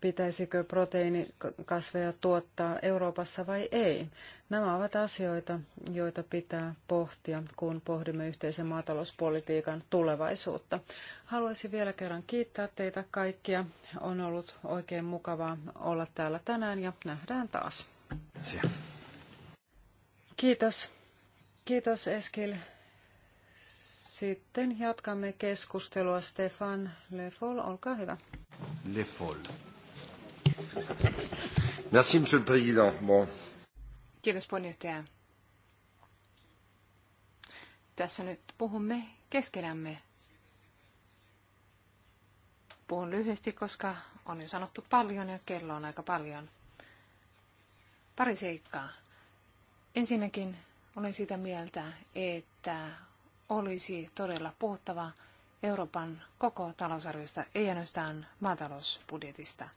pitäisikö proteiinikasveja tuottaa Euroopassa vai ei. Nämä ovat asioita, joita pitää pohtia, kun pohdimme yhteisen maatalouspolitiikan tulevaisuutta. Haluaisin vielä kerran kiittää teitä kaikkia. On ollut oikein mukavaa olla täällä tänään ja nähdään taas. Kiitos. Kiitos Eskil. Sitten jatkamme keskustelua. Stefan Lefol, olkaa hyvä. Lefol. Merci, monsieur le président. Bon. Kiitos puheenjohtaja. Tässä nyt puhumme keskenämme. Puhun lyhyesti, koska on jo sanottu paljon ja kello on aika paljon. Pari seikkaa. Ensinnäkin olen sitä mieltä, että olisi todella puhuttava Euroopan koko talousarviosta, ei ainoastaan maatalousbudjetista –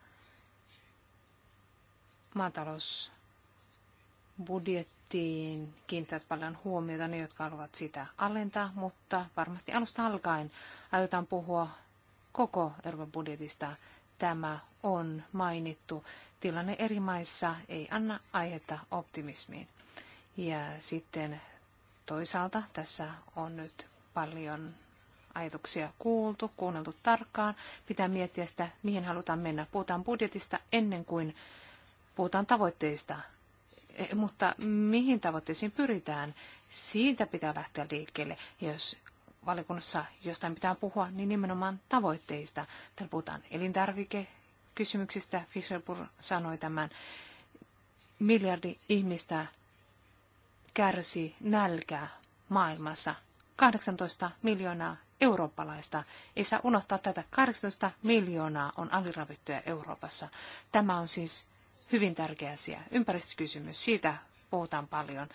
maatalousbudjettiin kiinnittävät paljon huomiota ne, jotka haluavat sitä alentaa, mutta varmasti alusta alkaen aiotaan puhua koko Euroopan budjetista. Tämä on mainittu. Tilanne eri maissa ei anna aihetta optimismiin. Ja sitten toisaalta tässä on nyt paljon ajatuksia kuultu, kuunneltu tarkkaan. Pitää miettiä sitä, mihin halutaan mennä. Puhutaan budjetista ennen kuin puhutaan tavoitteista, e, mutta mihin tavoitteisiin pyritään, siitä pitää lähteä liikkeelle. Jos valiokunnassa jostain pitää puhua, niin nimenomaan tavoitteista. Täällä puhutaan elintarvikekysymyksistä. Fischerpur sanoi tämän. Miljardi ihmistä kärsi nälkää maailmassa. 18 miljoonaa eurooppalaista. Ei saa unohtaa tätä. 18 miljoonaa on aliravittuja Euroopassa. Tämä on siis hyvin tärkeä asia. Ympäristökysymys, siitä puhutaan paljon.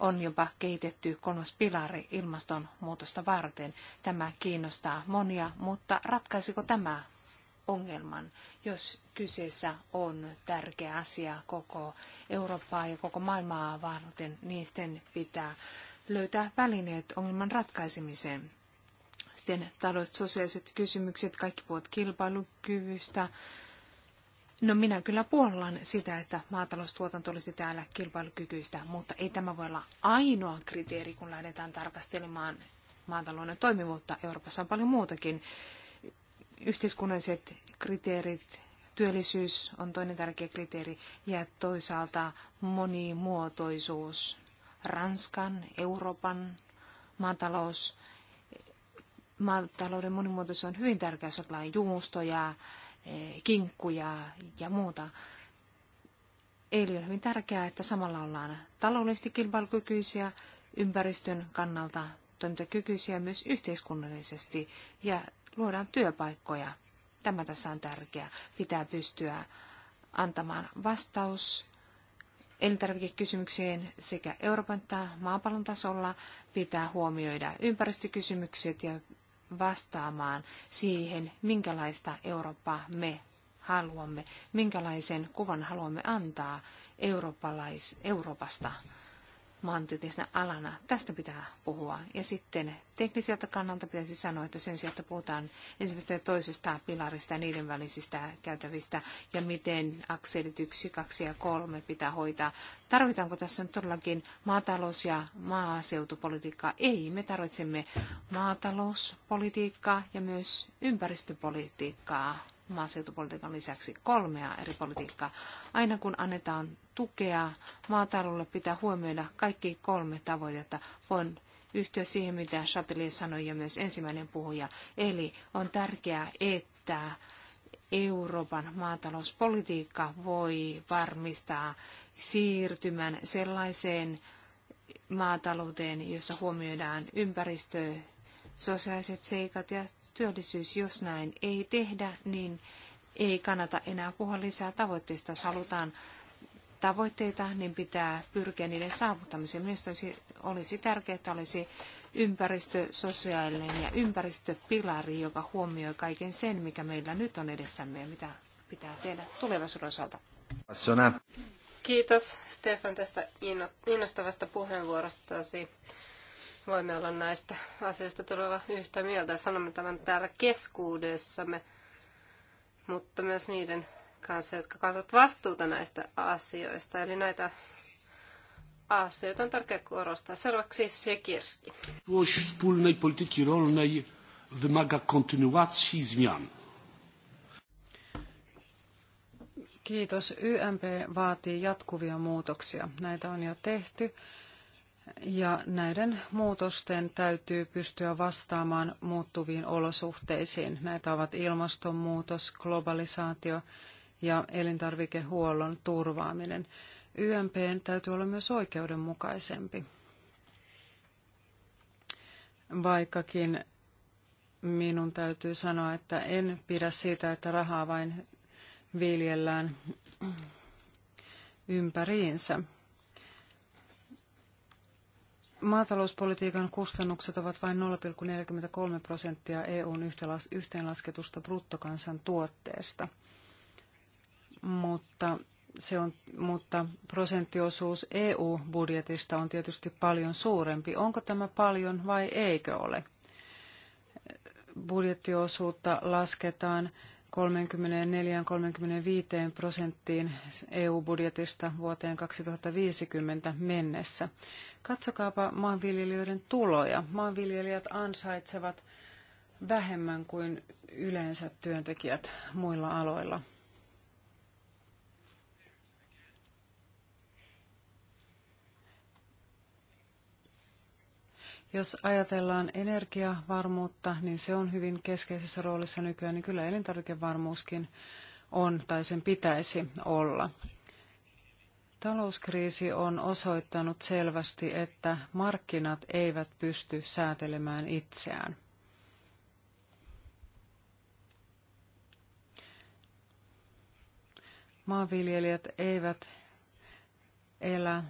On jopa kehitetty kolmas pilari ilmastonmuutosta varten. Tämä kiinnostaa monia, mutta ratkaisiko tämä ongelman, jos kyseessä on tärkeä asia koko Eurooppaa ja koko maailmaa varten, niin sitten pitää löytää välineet ongelman ratkaisemiseen. Sitten taloudelliset, sosiaaliset kysymykset, kaikki puhuvat kilpailukyvystä, No minä kyllä puollan sitä, että maataloustuotanto olisi täällä kilpailukykyistä, mutta ei tämä voi olla ainoa kriteeri, kun lähdetään tarkastelemaan maatalouden toimivuutta. Euroopassa on paljon muutakin. Yhteiskunnalliset kriteerit, työllisyys on toinen tärkeä kriteeri ja toisaalta monimuotoisuus. Ranskan, Euroopan maatalous, maatalouden monimuotoisuus on hyvin tärkeä, jos juustoja, Eh, kinkkuja ja muuta. Eli on hyvin tärkeää, että samalla ollaan taloudellisesti kilpailukykyisiä, ympäristön kannalta toimintakykyisiä myös yhteiskunnallisesti ja luodaan työpaikkoja. Tämä tässä on tärkeää. Pitää pystyä antamaan vastaus elintarvikekysymykseen sekä Euroopan että maapallon tasolla. Pitää huomioida ympäristökysymykset ja vastaamaan siihen, minkälaista Eurooppaa me haluamme, minkälaisen kuvan haluamme antaa eurooppalais, Euroopasta maantieteellisenä alana. Tästä pitää puhua. Ja sitten tekniseltä kannalta pitäisi sanoa, että sen sijaan, että puhutaan ensimmäisestä ja toisesta pilarista ja niiden välisistä käytävistä ja miten akselit 1, 2 ja 3 pitää hoitaa. Tarvitaanko tässä nyt todellakin maatalous- ja maaseutupolitiikkaa? Ei, me tarvitsemme maatalouspolitiikkaa ja myös ympäristöpolitiikkaa maaseutupolitiikan lisäksi kolmea eri politiikkaa. Aina kun annetaan tukea maataloudelle pitää huomioida kaikki kolme tavoitetta. Voin yhtyä siihen, mitä Chatelier sanoi ja myös ensimmäinen puhuja. Eli on tärkeää, että Euroopan maatalouspolitiikka voi varmistaa siirtymän sellaiseen maatalouteen, jossa huomioidaan ympäristö, sosiaaliset seikat ja työllisyys. Jos näin ei tehdä, niin ei kannata enää puhua lisää tavoitteista, jos halutaan tavoitteita, niin pitää pyrkiä niiden saavuttamiseen. Minusta olisi tärkeää, että olisi ympäristö, sosiaalinen ja ympäristöpilari, joka huomioi kaiken sen, mikä meillä nyt on edessämme ja mitä pitää tehdä tulevaisuuden osalta. Kiitos Stefan tästä innostavasta puheenvuorostasi. Voimme olla näistä asioista todella yhtä mieltä. Sanomme tämän täällä keskuudessamme, mutta myös niiden kanssa, jotka kantavat vastuuta näistä asioista. Eli näitä asioita on tärkeää korostaa. Seuraavaksi Sekirski. Przyszłość wspólnej polityki rolnej wymaga kontynuacji zmian. Kiitos. YMP vaatii jatkuvia muutoksia. Näitä on jo tehty. Ja näiden muutosten täytyy pystyä vastaamaan muuttuviin olosuhteisiin. Näitä ovat ilmastonmuutos, globalisaatio ja elintarvikehuollon turvaaminen. YMPn täytyy olla myös oikeudenmukaisempi. Vaikkakin minun täytyy sanoa, että en pidä siitä, että rahaa vain viljellään ympäriinsä. Maatalouspolitiikan kustannukset ovat vain 0,43 prosenttia EUn yhteenlasketusta bruttokansantuotteesta mutta, se on, mutta prosenttiosuus EU-budjetista on tietysti paljon suurempi. Onko tämä paljon vai eikö ole? Budjettiosuutta lasketaan 34-35 prosenttiin EU-budjetista vuoteen 2050 mennessä. Katsokaapa maanviljelijöiden tuloja. Maanviljelijät ansaitsevat vähemmän kuin yleensä työntekijät muilla aloilla. Jos ajatellaan energiavarmuutta, niin se on hyvin keskeisessä roolissa nykyään, niin kyllä elintarvikevarmuuskin on tai sen pitäisi olla. Talouskriisi on osoittanut selvästi, että markkinat eivät pysty säätelemään itseään. Maanviljelijät eivät elä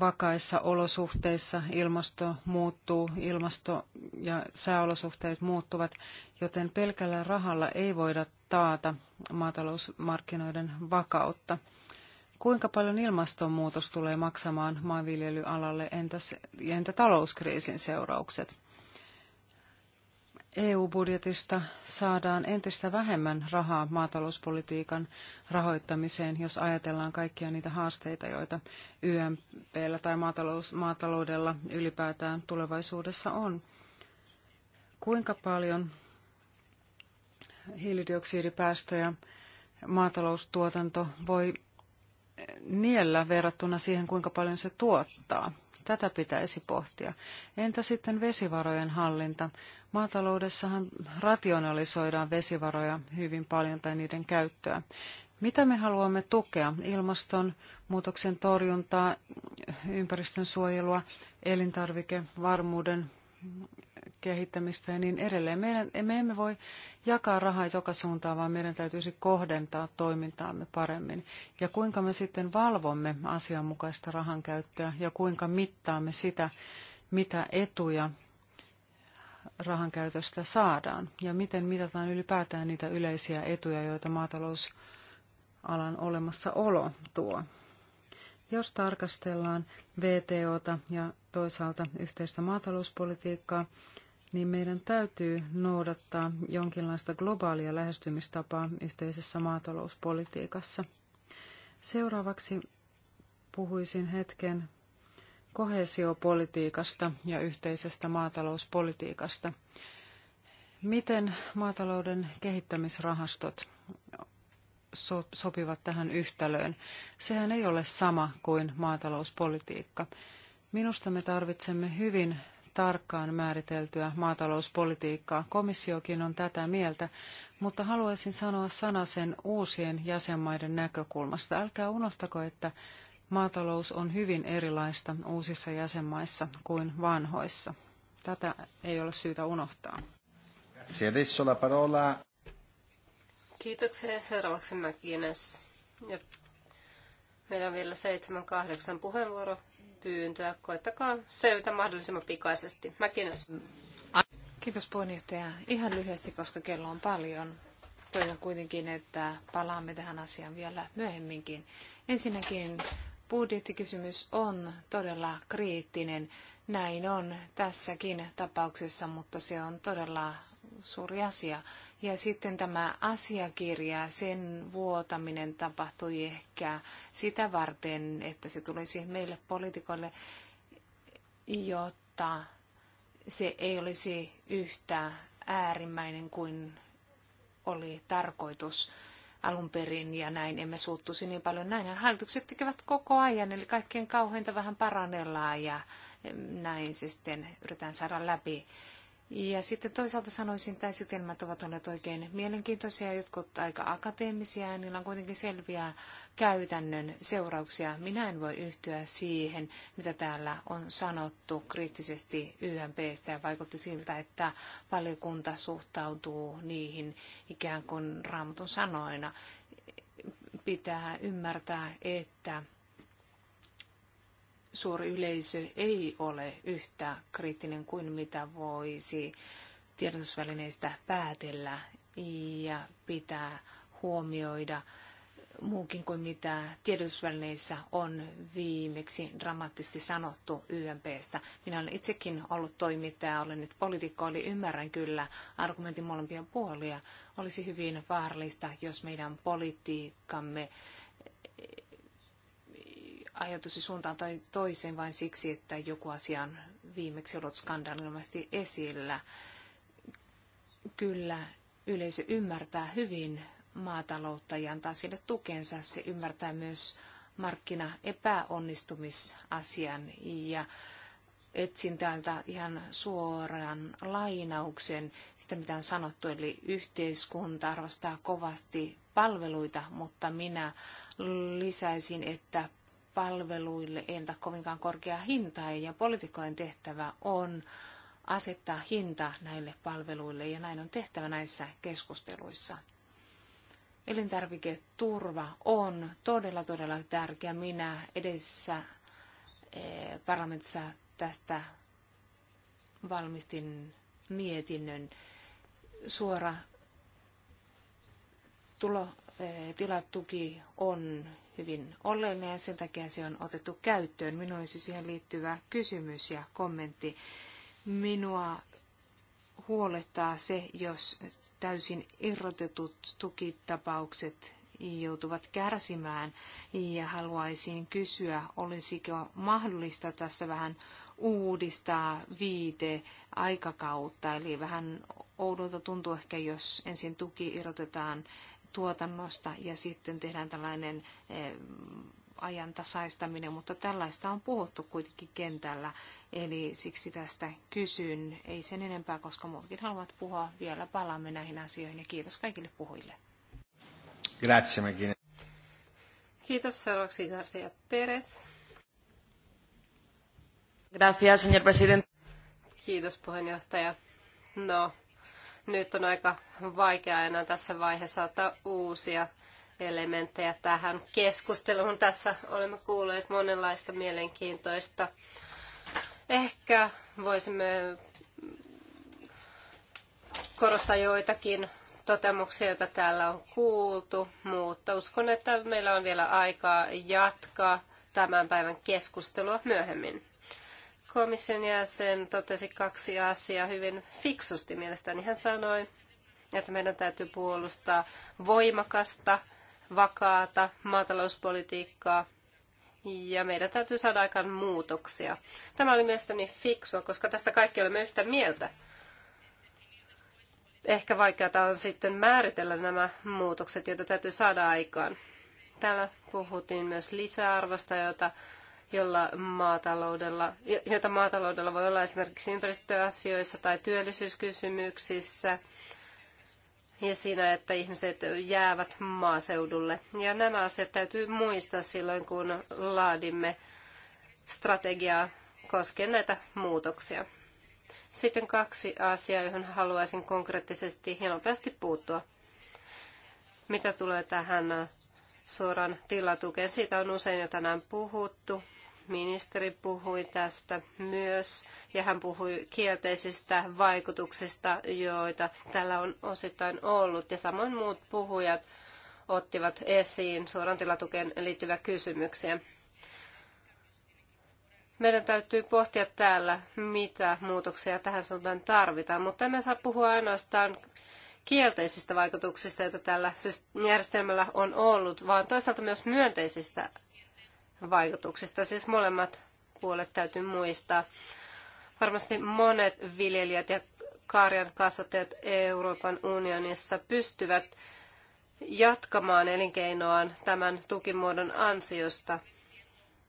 vakaissa olosuhteissa ilmasto muuttuu, ilmasto ja sääolosuhteet muuttuvat, joten pelkällä rahalla ei voida taata maatalousmarkkinoiden vakautta. Kuinka paljon ilmastonmuutos tulee maksamaan maanviljelyalalle, entäs, entä talouskriisin seuraukset? EU-budjetista saadaan entistä vähemmän rahaa maatalouspolitiikan rahoittamiseen, jos ajatellaan kaikkia niitä haasteita, joita YMPllä tai maatalous, maataloudella ylipäätään tulevaisuudessa on. Kuinka paljon hiilidioksidipäästöjä maataloustuotanto voi niellä verrattuna siihen, kuinka paljon se tuottaa? Tätä pitäisi pohtia. Entä sitten vesivarojen hallinta? Maataloudessahan rationalisoidaan vesivaroja hyvin paljon tai niiden käyttöä. Mitä me haluamme tukea? Ilmastonmuutoksen torjuntaa, ympäristön suojelua, elintarvikevarmuuden kehittämistä ja niin edelleen. Meidän, me emme voi jakaa rahaa joka suuntaan, vaan meidän täytyisi kohdentaa toimintaamme paremmin. Ja kuinka me sitten valvomme asianmukaista käyttöä ja kuinka mittaamme sitä, mitä etuja rahankäytöstä saadaan ja miten mitataan ylipäätään niitä yleisiä etuja, joita maatalousalan olemassaolo tuo. Jos tarkastellaan VTOta ja toisaalta yhteistä maatalouspolitiikkaa, niin meidän täytyy noudattaa jonkinlaista globaalia lähestymistapaa yhteisessä maatalouspolitiikassa. Seuraavaksi puhuisin hetken kohesiopolitiikasta ja yhteisestä maatalouspolitiikasta. Miten maatalouden kehittämisrahastot so- sopivat tähän yhtälöön? Sehän ei ole sama kuin maatalouspolitiikka. Minusta me tarvitsemme hyvin tarkkaan määriteltyä maatalouspolitiikkaa. Komissiokin on tätä mieltä, mutta haluaisin sanoa sana sen uusien jäsenmaiden näkökulmasta. Älkää unohtako, että maatalous on hyvin erilaista uusissa jäsenmaissa kuin vanhoissa. Tätä ei ole syytä unohtaa. Kiitoksia. Seuraavaksi Mäkines. meillä on vielä seitsemän kahdeksan pyyntöä. Koittakaa selvitä mahdollisimman pikaisesti. Mäkinäs. Kiitos puheenjohtaja. Ihan lyhyesti, koska kello on paljon. Toivon kuitenkin, että palaamme tähän asiaan vielä myöhemminkin. Ensinnäkin budjettikysymys on todella kriittinen. Näin on tässäkin tapauksessa, mutta se on todella suuri asia. Ja sitten tämä asiakirja, sen vuotaminen tapahtui ehkä sitä varten, että se tulisi meille poliitikoille, jotta se ei olisi yhtä äärimmäinen kuin oli tarkoitus alun perin ja näin emme suuttuisi niin paljon. Näinhän hallitukset tekevät koko ajan, eli kaikkien kauheinta vähän parannellaan ja näin se sitten yritetään saada läpi. Ja sitten toisaalta sanoisin, että esitelmät ovat olleet oikein mielenkiintoisia, jotkut aika akateemisia, ja niillä on kuitenkin selviä käytännön seurauksia. Minä en voi yhtyä siihen, mitä täällä on sanottu kriittisesti YMPstä, ja vaikutti siltä, että valiokunta suhtautuu niihin ikään kuin raamatun sanoina. Pitää ymmärtää, että suuri yleisö ei ole yhtä kriittinen kuin mitä voisi tiedotusvälineistä päätellä ja pitää huomioida muukin kuin mitä tiedotusvälineissä on viimeksi dramaattisesti sanottu YMPstä. Minä olen itsekin ollut toimittaja, olen nyt poliitikko, eli ymmärrän kyllä argumentin molempia puolia. Olisi hyvin vaarallista, jos meidän politiikkamme ajatusi suuntaan tai toiseen vain siksi, että joku asia on viimeksi ollut skandaalinomaisesti esillä. Kyllä yleisö ymmärtää hyvin maataloutta ja antaa sille tukensa. Se ymmärtää myös markkinaepäonnistumisasian ja etsin täältä ihan suoran lainauksen sitä, mitä on sanottu, eli yhteiskunta arvostaa kovasti palveluita, mutta minä lisäisin, että palveluille ei anta kovinkaan korkeaa hintaa ja poliitikkojen tehtävä on asettaa hinta näille palveluille ja näin on tehtävä näissä keskusteluissa. Elintarviketurva on todella todella tärkeä. Minä edessä eh, parlamentissa tästä valmistin mietinnön suora tulo tilatuki on hyvin oleellinen ja sen takia se on otettu käyttöön. Minulla olisi siihen liittyvä kysymys ja kommentti. Minua huolettaa se, jos täysin irrotetut tukitapaukset joutuvat kärsimään ja haluaisin kysyä, olisiko mahdollista tässä vähän uudistaa viite aikakautta. Eli vähän oudolta tuntuu ehkä, jos ensin tuki irrotetaan tuotannosta ja sitten tehdään tällainen eh, ajantasaistaminen, mutta tällaista on puhuttu kuitenkin kentällä, eli siksi tästä kysyn, ei sen enempää, koska muutkin haluavat puhua. Vielä palaamme näihin asioihin ja kiitos kaikille puhujille. Mäkinen. Kiitos, seuraavaksi Garcia Pérez. Gracias, señor presidente. Kiitos, puheenjohtaja. No, nyt on aika vaikea enää tässä vaiheessa ottaa uusia elementtejä tähän keskusteluun. Tässä olemme kuulleet monenlaista mielenkiintoista. Ehkä voisimme korostaa joitakin totemuksia, joita täällä on kuultu, mutta uskon, että meillä on vielä aikaa jatkaa tämän päivän keskustelua myöhemmin. Komission jäsen totesi kaksi asiaa hyvin fiksusti mielestäni. Hän sanoi, että meidän täytyy puolustaa voimakasta, vakaata maatalouspolitiikkaa ja meidän täytyy saada aikaan muutoksia. Tämä oli mielestäni fiksua, koska tästä kaikki olemme yhtä mieltä. Ehkä vaikeata on sitten määritellä nämä muutokset, joita täytyy saada aikaan. Täällä puhuttiin myös lisäarvosta, jota jolla maataloudella, jota maataloudella voi olla esimerkiksi ympäristöasioissa tai työllisyyskysymyksissä ja siinä, että ihmiset jäävät maaseudulle. Ja nämä asiat täytyy muistaa silloin, kun laadimme strategiaa koskien näitä muutoksia. Sitten kaksi asiaa, johon haluaisin konkreettisesti ja nopeasti puuttua. Mitä tulee tähän suoraan tilatukeen, siitä on usein jo tänään puhuttu. Ministeri puhui tästä myös ja hän puhui kielteisistä vaikutuksista, joita tällä on osittain ollut. Ja samoin muut puhujat ottivat esiin suoran tilatukeen liittyviä kysymyksiä. Meidän täytyy pohtia täällä, mitä muutoksia tähän suuntaan tarvitaan, mutta emme saa puhua ainoastaan kielteisistä vaikutuksista, joita tällä järjestelmällä on ollut, vaan toisaalta myös myönteisistä vaikutuksista. Siis molemmat puolet täytyy muistaa. Varmasti monet viljelijät ja karjan kasvattajat Euroopan unionissa pystyvät jatkamaan elinkeinoaan tämän tukimuodon ansiosta.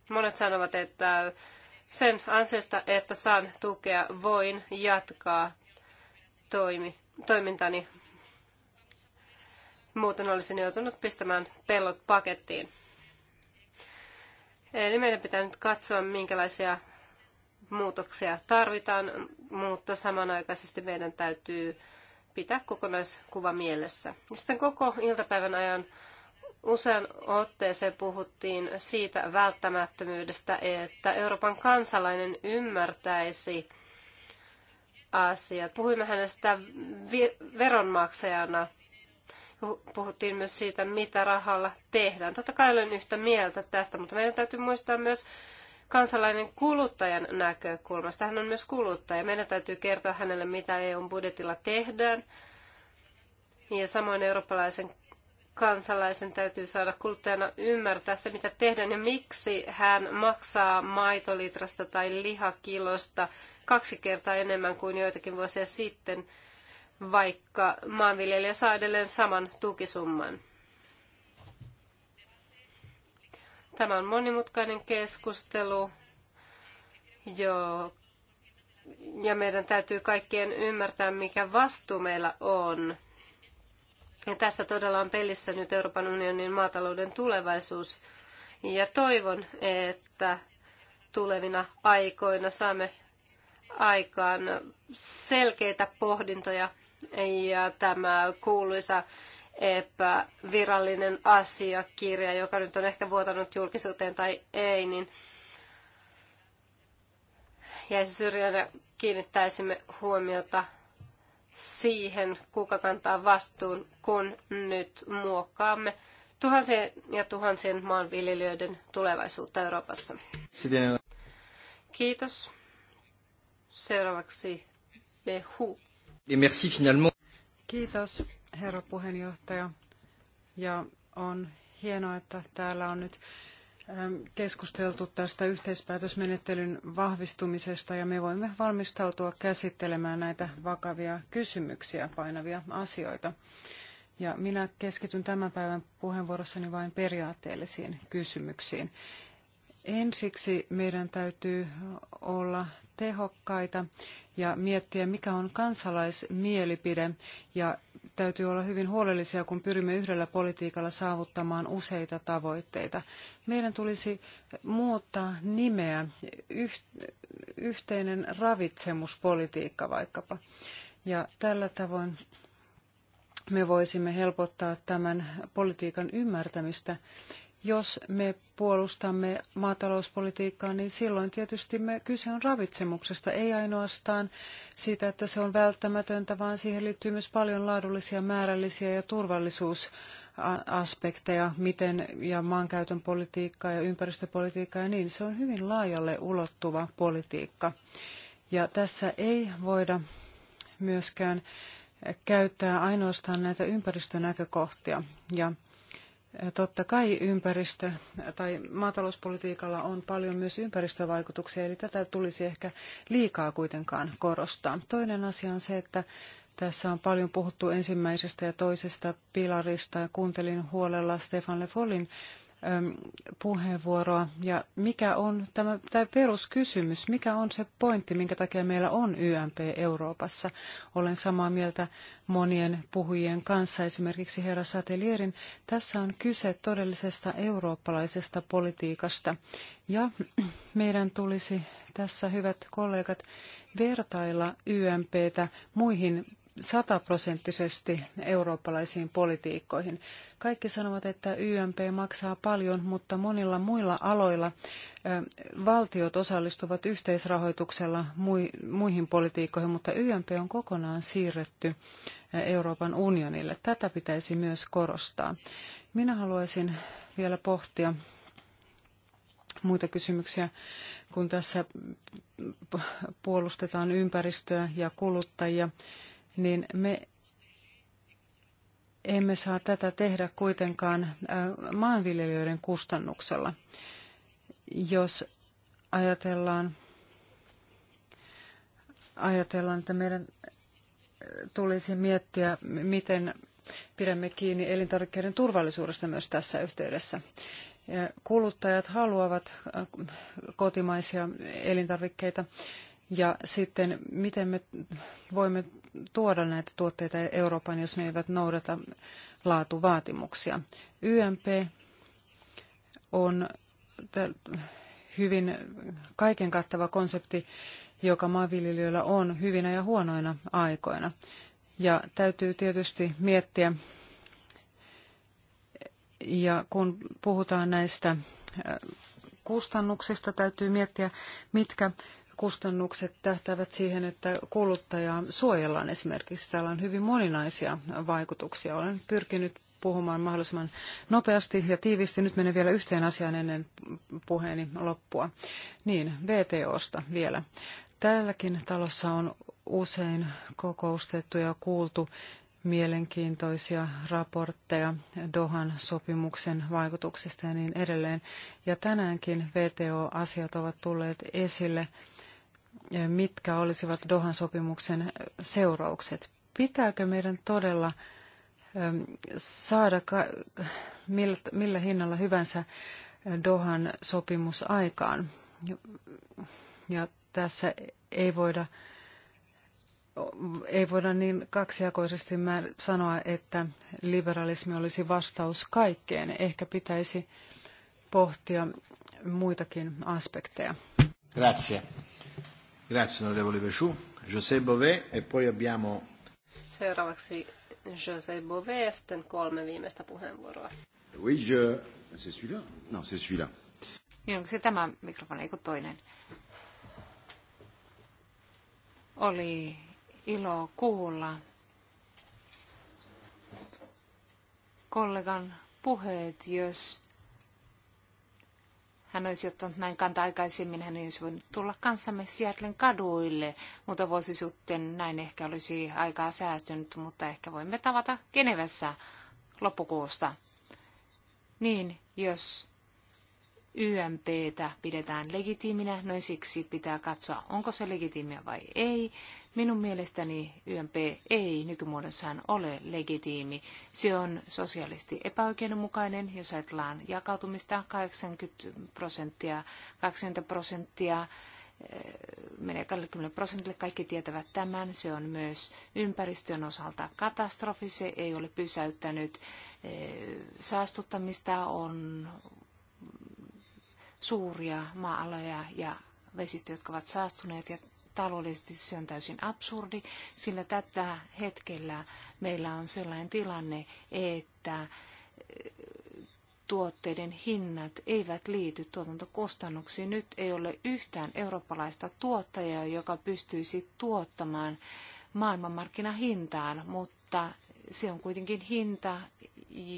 Monet sanovat, että sen ansiosta, että saan tukea, voin jatkaa toimi, toimintani. Muuten olisin joutunut pistämään pellot pakettiin. Eli meidän pitää nyt katsoa, minkälaisia muutoksia tarvitaan, mutta samanaikaisesti meidän täytyy pitää kokonaiskuva mielessä. Sitten koko iltapäivän ajan usean otteeseen puhuttiin siitä välttämättömyydestä, että Euroopan kansalainen ymmärtäisi asiat. Puhuimme hänestä veronmaksajana – puhuttiin myös siitä, mitä rahalla tehdään. Totta kai olen yhtä mieltä tästä, mutta meidän täytyy muistaa myös kansalainen kuluttajan näkökulmasta. Hän on myös kuluttaja. Meidän täytyy kertoa hänelle, mitä eu budjetilla tehdään. Ja samoin eurooppalaisen kansalaisen täytyy saada kuluttajana ymmärtää se, mitä tehdään ja miksi hän maksaa maitolitrasta tai lihakilosta kaksi kertaa enemmän kuin joitakin vuosia sitten – vaikka maanviljelijä saa edelleen saman tukisumman. Tämä on monimutkainen keskustelu, jo, ja meidän täytyy kaikkien ymmärtää, mikä vastuu meillä on. Ja tässä todella on pelissä nyt Euroopan unionin maatalouden tulevaisuus. Ja toivon, että tulevina aikoina saamme aikaan selkeitä pohdintoja ja tämä kuuluisa epävirallinen asiakirja, joka nyt on ehkä vuotanut julkisuuteen tai ei, niin jäisi syrjään ja kiinnittäisimme huomiota siihen, kuka kantaa vastuun, kun nyt muokkaamme tuhansien ja tuhansien maanviljelijöiden tulevaisuutta Euroopassa. Kiitos. Seuraavaksi Behu. Kiitos, herra puheenjohtaja. Ja on hienoa, että täällä on nyt ähm, keskusteltu tästä yhteispäätösmenettelyn vahvistumisesta ja me voimme valmistautua käsittelemään näitä vakavia kysymyksiä, painavia asioita. Ja minä keskityn tämän päivän puheenvuorossani vain periaatteellisiin kysymyksiin. Ensiksi meidän täytyy olla tehokkaita ja miettiä, mikä on kansalaismielipide. Ja täytyy olla hyvin huolellisia, kun pyrimme yhdellä politiikalla saavuttamaan useita tavoitteita. Meidän tulisi muuttaa nimeä, yhteinen ravitsemuspolitiikka vaikkapa. Ja tällä tavoin me voisimme helpottaa tämän politiikan ymmärtämistä jos me puolustamme maatalouspolitiikkaa, niin silloin tietysti me, kyse on ravitsemuksesta, ei ainoastaan siitä, että se on välttämätöntä, vaan siihen liittyy myös paljon laadullisia, määrällisiä ja turvallisuusaspekteja, miten ja maankäytön politiikkaa ja ympäristöpolitiikkaa ja niin. Se on hyvin laajalle ulottuva politiikka. Ja tässä ei voida myöskään käyttää ainoastaan näitä ympäristönäkökohtia. Ja Totta kai ympäristö tai maatalouspolitiikalla on paljon myös ympäristövaikutuksia, eli tätä tulisi ehkä liikaa kuitenkaan korostaa. Toinen asia on se, että tässä on paljon puhuttu ensimmäisestä ja toisesta pilarista ja kuuntelin huolella Stefan Le Follin puheenvuoroa. Ja mikä on tämä, tämä peruskysymys, mikä on se pointti, minkä takia meillä on YMP Euroopassa? Olen samaa mieltä monien puhujien kanssa, esimerkiksi herra Satelierin. Tässä on kyse todellisesta eurooppalaisesta politiikasta. Ja meidän tulisi tässä, hyvät kollegat, vertailla YMPtä muihin sataprosenttisesti eurooppalaisiin politiikkoihin. Kaikki sanovat, että YMP maksaa paljon, mutta monilla muilla aloilla valtiot osallistuvat yhteisrahoituksella muihin politiikkoihin, mutta YMP on kokonaan siirretty Euroopan unionille. Tätä pitäisi myös korostaa. Minä haluaisin vielä pohtia muita kysymyksiä, kun tässä puolustetaan ympäristöä ja kuluttajia niin me emme saa tätä tehdä kuitenkaan äh, maanviljelijöiden kustannuksella. Jos ajatellaan, ajatellaan että meidän tulisi miettiä, miten pidämme kiinni elintarvikkeiden turvallisuudesta myös tässä yhteydessä. Kuluttajat haluavat äh, kotimaisia elintarvikkeita ja sitten miten me voimme tuoda näitä tuotteita Euroopan, jos ne eivät noudata laatuvaatimuksia. YMP on hyvin kaiken kattava konsepti, joka maanviljelijöillä on hyvinä ja huonoina aikoina. Ja täytyy tietysti miettiä, ja kun puhutaan näistä äh, kustannuksista, täytyy miettiä, mitkä kustannukset tähtävät siihen, että kuluttajaa suojellaan esimerkiksi. Täällä on hyvin moninaisia vaikutuksia. Olen pyrkinyt puhumaan mahdollisimman nopeasti ja tiiviisti. Nyt menen vielä yhteen asiaan ennen puheeni loppua. Niin, VTOsta vielä. Täälläkin talossa on usein kokoustettu ja kuultu mielenkiintoisia raportteja Dohan sopimuksen vaikutuksista ja niin edelleen. Ja tänäänkin VTO-asiat ovat tulleet esille mitkä olisivat Dohan sopimuksen seuraukset. Pitääkö meidän todella ähm, saada millä, millä hinnalla hyvänsä Dohan sopimus aikaan? Ja tässä ei voida, ei voida niin kaksijakoisesti sanoa, että liberalismi olisi vastaus kaikkeen. Ehkä pitäisi pohtia muitakin aspekteja. Grazie. Grazie onorevole José Bové e poi abbiamo... Seuraavaksi José Bové ja sitten kolme viimeistä puheenvuoroa. Oui, je... C'est celui-là? Non, c'est celui-là. Niin, onko se tämä mikrofoni, eikö toinen? Oli ilo kuulla kollegan puheet, jos hän olisi ottanut näin kantaa aikaisemmin, hän olisi voinut tulla kanssamme Seattlein kaduille. Mutta vuosi sitten näin ehkä olisi aikaa säästynyt, mutta ehkä voimme tavata Genevessä loppukuusta. Niin, jos YMPtä pidetään legitiiminä, noin siksi pitää katsoa, onko se legitiimiä vai ei. Minun mielestäni YMP ei nykymuodossaan ole legitiimi. Se on sosiaalisesti epäoikeudenmukainen, jos ajatellaan jakautumista 80 prosenttia, 20 prosenttia eh, menee 20 prosentille, kaikki tietävät tämän. Se on myös ympäristön osalta katastrofi, se ei ole pysäyttänyt eh, saastuttamista, on suuria maa-aloja ja vesistöjä, jotka ovat saastuneet ja taloudellisesti se on täysin absurdi, sillä tätä hetkellä meillä on sellainen tilanne, että eh, tuotteiden hinnat eivät liity tuotantokustannuksiin. Nyt ei ole yhtään eurooppalaista tuottajaa, joka pystyisi tuottamaan maailmanmarkkinahintaan, mutta se on kuitenkin hinta,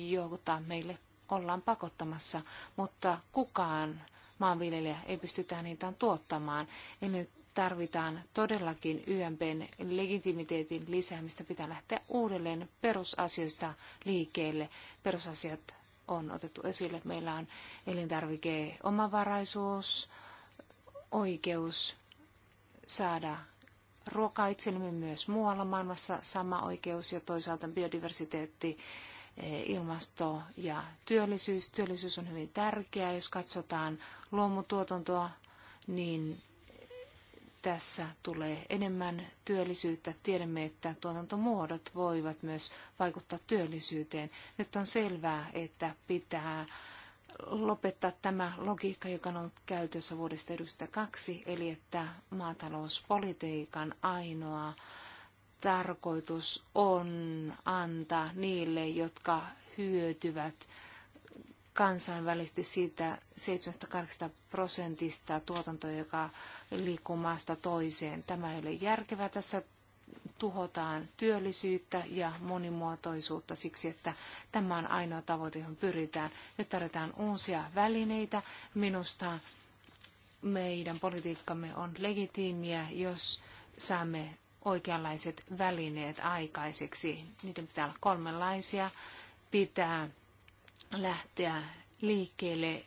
jota meille ollaan pakottamassa, mutta kukaan maanviljelijä ei pysty tähän hintaan tuottamaan. Ja nyt tarvitaan todellakin YMPn legitimiteetin lisäämistä. Pitää lähteä uudelleen perusasioista liikkeelle. Perusasiat on otettu esille. Meillä on elintarvike omavaraisuus, oikeus saada ruokaa itsellemme myös muualla maailmassa sama oikeus ja toisaalta biodiversiteetti ilmasto ja työllisyys. Työllisyys on hyvin tärkeää. Jos katsotaan luomutuotantoa, niin tässä tulee enemmän työllisyyttä. Tiedämme, että tuotantomuodot voivat myös vaikuttaa työllisyyteen. Nyt on selvää, että pitää lopettaa tämä logiikka, joka on ollut käytössä vuodesta 2002, eli että maatalouspolitiikan ainoa tarkoitus on antaa niille, jotka hyötyvät kansainvälisesti siitä 700 prosentista tuotantoa, joka liikkuu maasta toiseen. Tämä ei ole järkevää. Tässä tuhotaan työllisyyttä ja monimuotoisuutta siksi, että tämä on ainoa tavoite, johon pyritään. Nyt tarvitaan uusia välineitä. Minusta meidän politiikkamme on legitiimiä, jos saamme oikeanlaiset välineet aikaiseksi. Niiden pitää olla kolmenlaisia. Pitää lähteä liikkeelle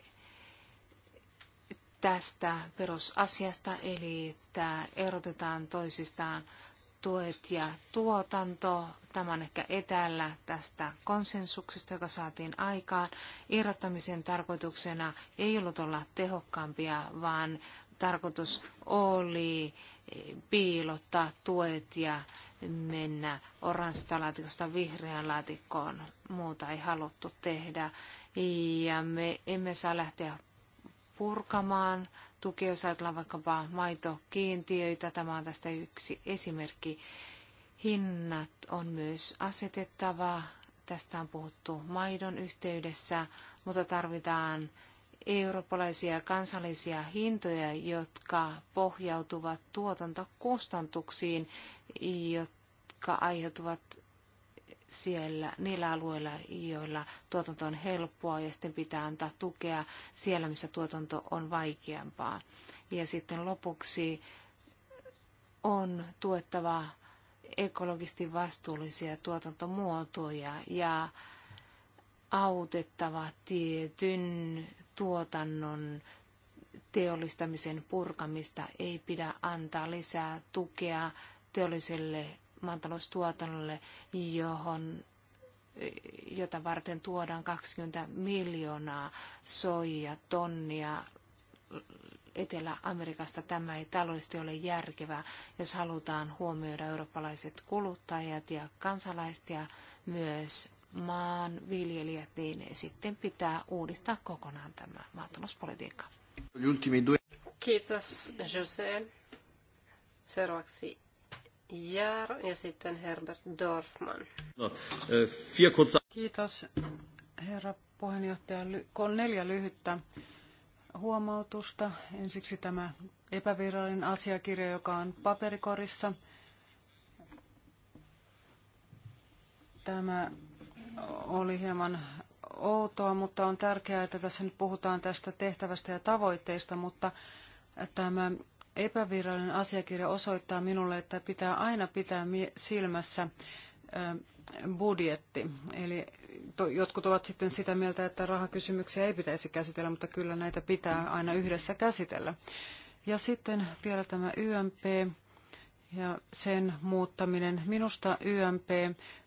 tästä perusasiasta, eli että erotetaan toisistaan tuet ja tuotanto. Tämä on ehkä etäällä tästä konsensuksesta, joka saatiin aikaan. Irrottamisen tarkoituksena ei ollut olla tehokkaampia, vaan tarkoitus oli piilottaa tuet ja mennä oranssista laatikosta vihreään laatikkoon. Muuta ei haluttu tehdä. Ja me emme saa lähteä purkamaan tukea, jos ajatellaan vaikkapa maitokiintiöitä. Tämä on tästä yksi esimerkki. Hinnat on myös asetettava. Tästä on puhuttu maidon yhteydessä, mutta tarvitaan eurooppalaisia kansallisia hintoja, jotka pohjautuvat tuotantokustantuksiin, jotka aiheutuvat siellä niillä alueilla, joilla tuotanto on helppoa ja sitten pitää antaa tukea siellä, missä tuotanto on vaikeampaa. Ja sitten lopuksi on tuettava ekologisesti vastuullisia tuotantomuotoja ja autettava tietyn tuotannon teollistamisen purkamista, ei pidä antaa lisää tukea teolliselle maataloustuotannolle, johon, jota varten tuodaan 20 miljoonaa soija tonnia Etelä-Amerikasta. Tämä ei taloudellisesti ole järkevää, jos halutaan huomioida eurooppalaiset kuluttajat ja kansalaiset ja myös maanviljelijät, niin sitten pitää uudistaa kokonaan tämä maatalouspolitiikka. Kiitos Jose. Seuraavaksi Jär ja sitten Herbert Dorfman. No, eh, Kiitos herra puheenjohtaja. On neljä lyhyttä huomautusta. Ensiksi tämä epävirallinen asiakirja, joka on paperikorissa. Tämä oli hieman outoa, mutta on tärkeää, että tässä nyt puhutaan tästä tehtävästä ja tavoitteista, mutta tämä epävirallinen asiakirja osoittaa minulle, että pitää aina pitää silmässä budjetti. Eli jotkut ovat sitten sitä mieltä, että rahakysymyksiä ei pitäisi käsitellä, mutta kyllä näitä pitää aina yhdessä käsitellä. Ja sitten vielä tämä YMP ja sen muuttaminen. Minusta YMP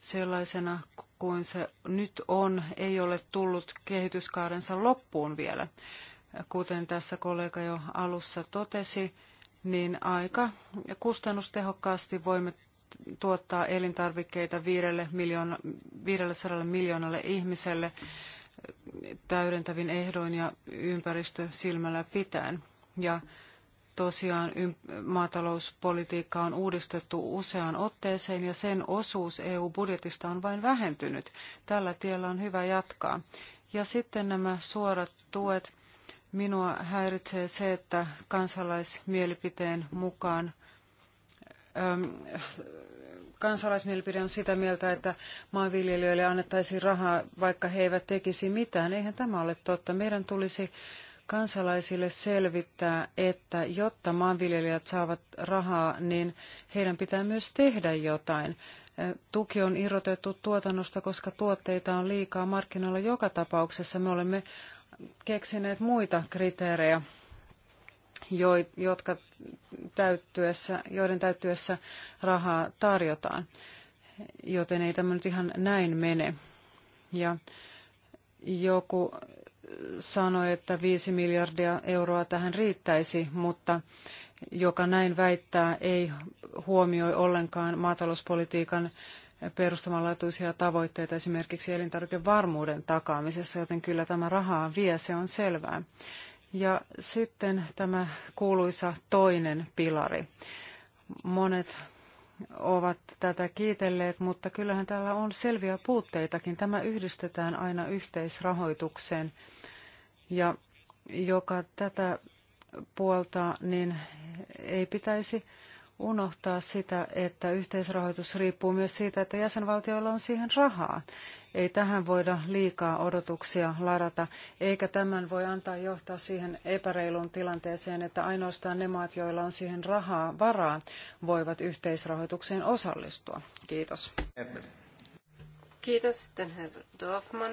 sellaisena kuin se nyt on, ei ole tullut kehityskaarensa loppuun vielä. Kuten tässä kollega jo alussa totesi, niin aika kustannustehokkaasti voimme tuottaa elintarvikkeita 500 miljoonalle ihmiselle täydentävin ehdoin ja ympäristö silmällä pitäen. Ja tosiaan maatalouspolitiikka on uudistettu useaan otteeseen ja sen osuus EU-budjetista on vain vähentynyt. Tällä tiellä on hyvä jatkaa. Ja sitten nämä suorat tuet. Minua häiritsee se, että kansalaismielipiteen mukaan kansalaismielipide on sitä mieltä, että maanviljelijöille annettaisiin rahaa, vaikka he eivät tekisi mitään. Eihän tämä ole totta. Meidän tulisi kansalaisille selvittää, että jotta maanviljelijät saavat rahaa, niin heidän pitää myös tehdä jotain. Tuki on irrotettu tuotannosta, koska tuotteita on liikaa markkinoilla joka tapauksessa. Me olemme keksineet muita kriteerejä, jotka täyttyessä, joiden täyttyessä rahaa tarjotaan. Joten ei tämä nyt ihan näin mene. Ja joku sanoi, että 5 miljardia euroa tähän riittäisi, mutta joka näin väittää, ei huomioi ollenkaan maatalouspolitiikan perustavanlaatuisia tavoitteita esimerkiksi elintarvikevarmuuden takaamisessa, joten kyllä tämä rahaa vie, se on selvää. Ja sitten tämä kuuluisa toinen pilari. Monet ovat tätä kiitelleet, mutta kyllähän täällä on selviä puutteitakin. Tämä yhdistetään aina yhteisrahoitukseen. Ja joka tätä puolta, niin ei pitäisi unohtaa sitä, että yhteisrahoitus riippuu myös siitä, että jäsenvaltioilla on siihen rahaa. Ei tähän voida liikaa odotuksia ladata, eikä tämän voi antaa johtaa siihen epäreiluun tilanteeseen, että ainoastaan ne maat, joilla on siihen rahaa varaa, voivat yhteisrahoitukseen osallistua. Kiitos. Kiitos, sitten herra Dorfman.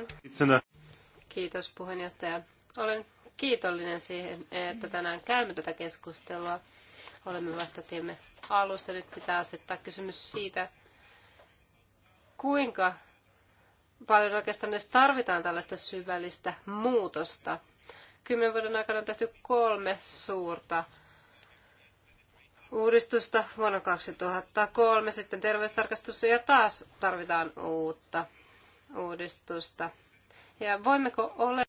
Kiitos, puheenjohtaja. Olen kiitollinen siihen, että tänään käymme tätä keskustelua Olemme vasta tiemme alussa. Nyt pitää asettaa kysymys siitä, kuinka paljon oikeastaan edes tarvitaan tällaista syvällistä muutosta. Kymmenen vuoden aikana on tehty kolme suurta uudistusta vuonna 2003, sitten terveystarkastus ja taas tarvitaan uutta uudistusta. Ja voimmeko ole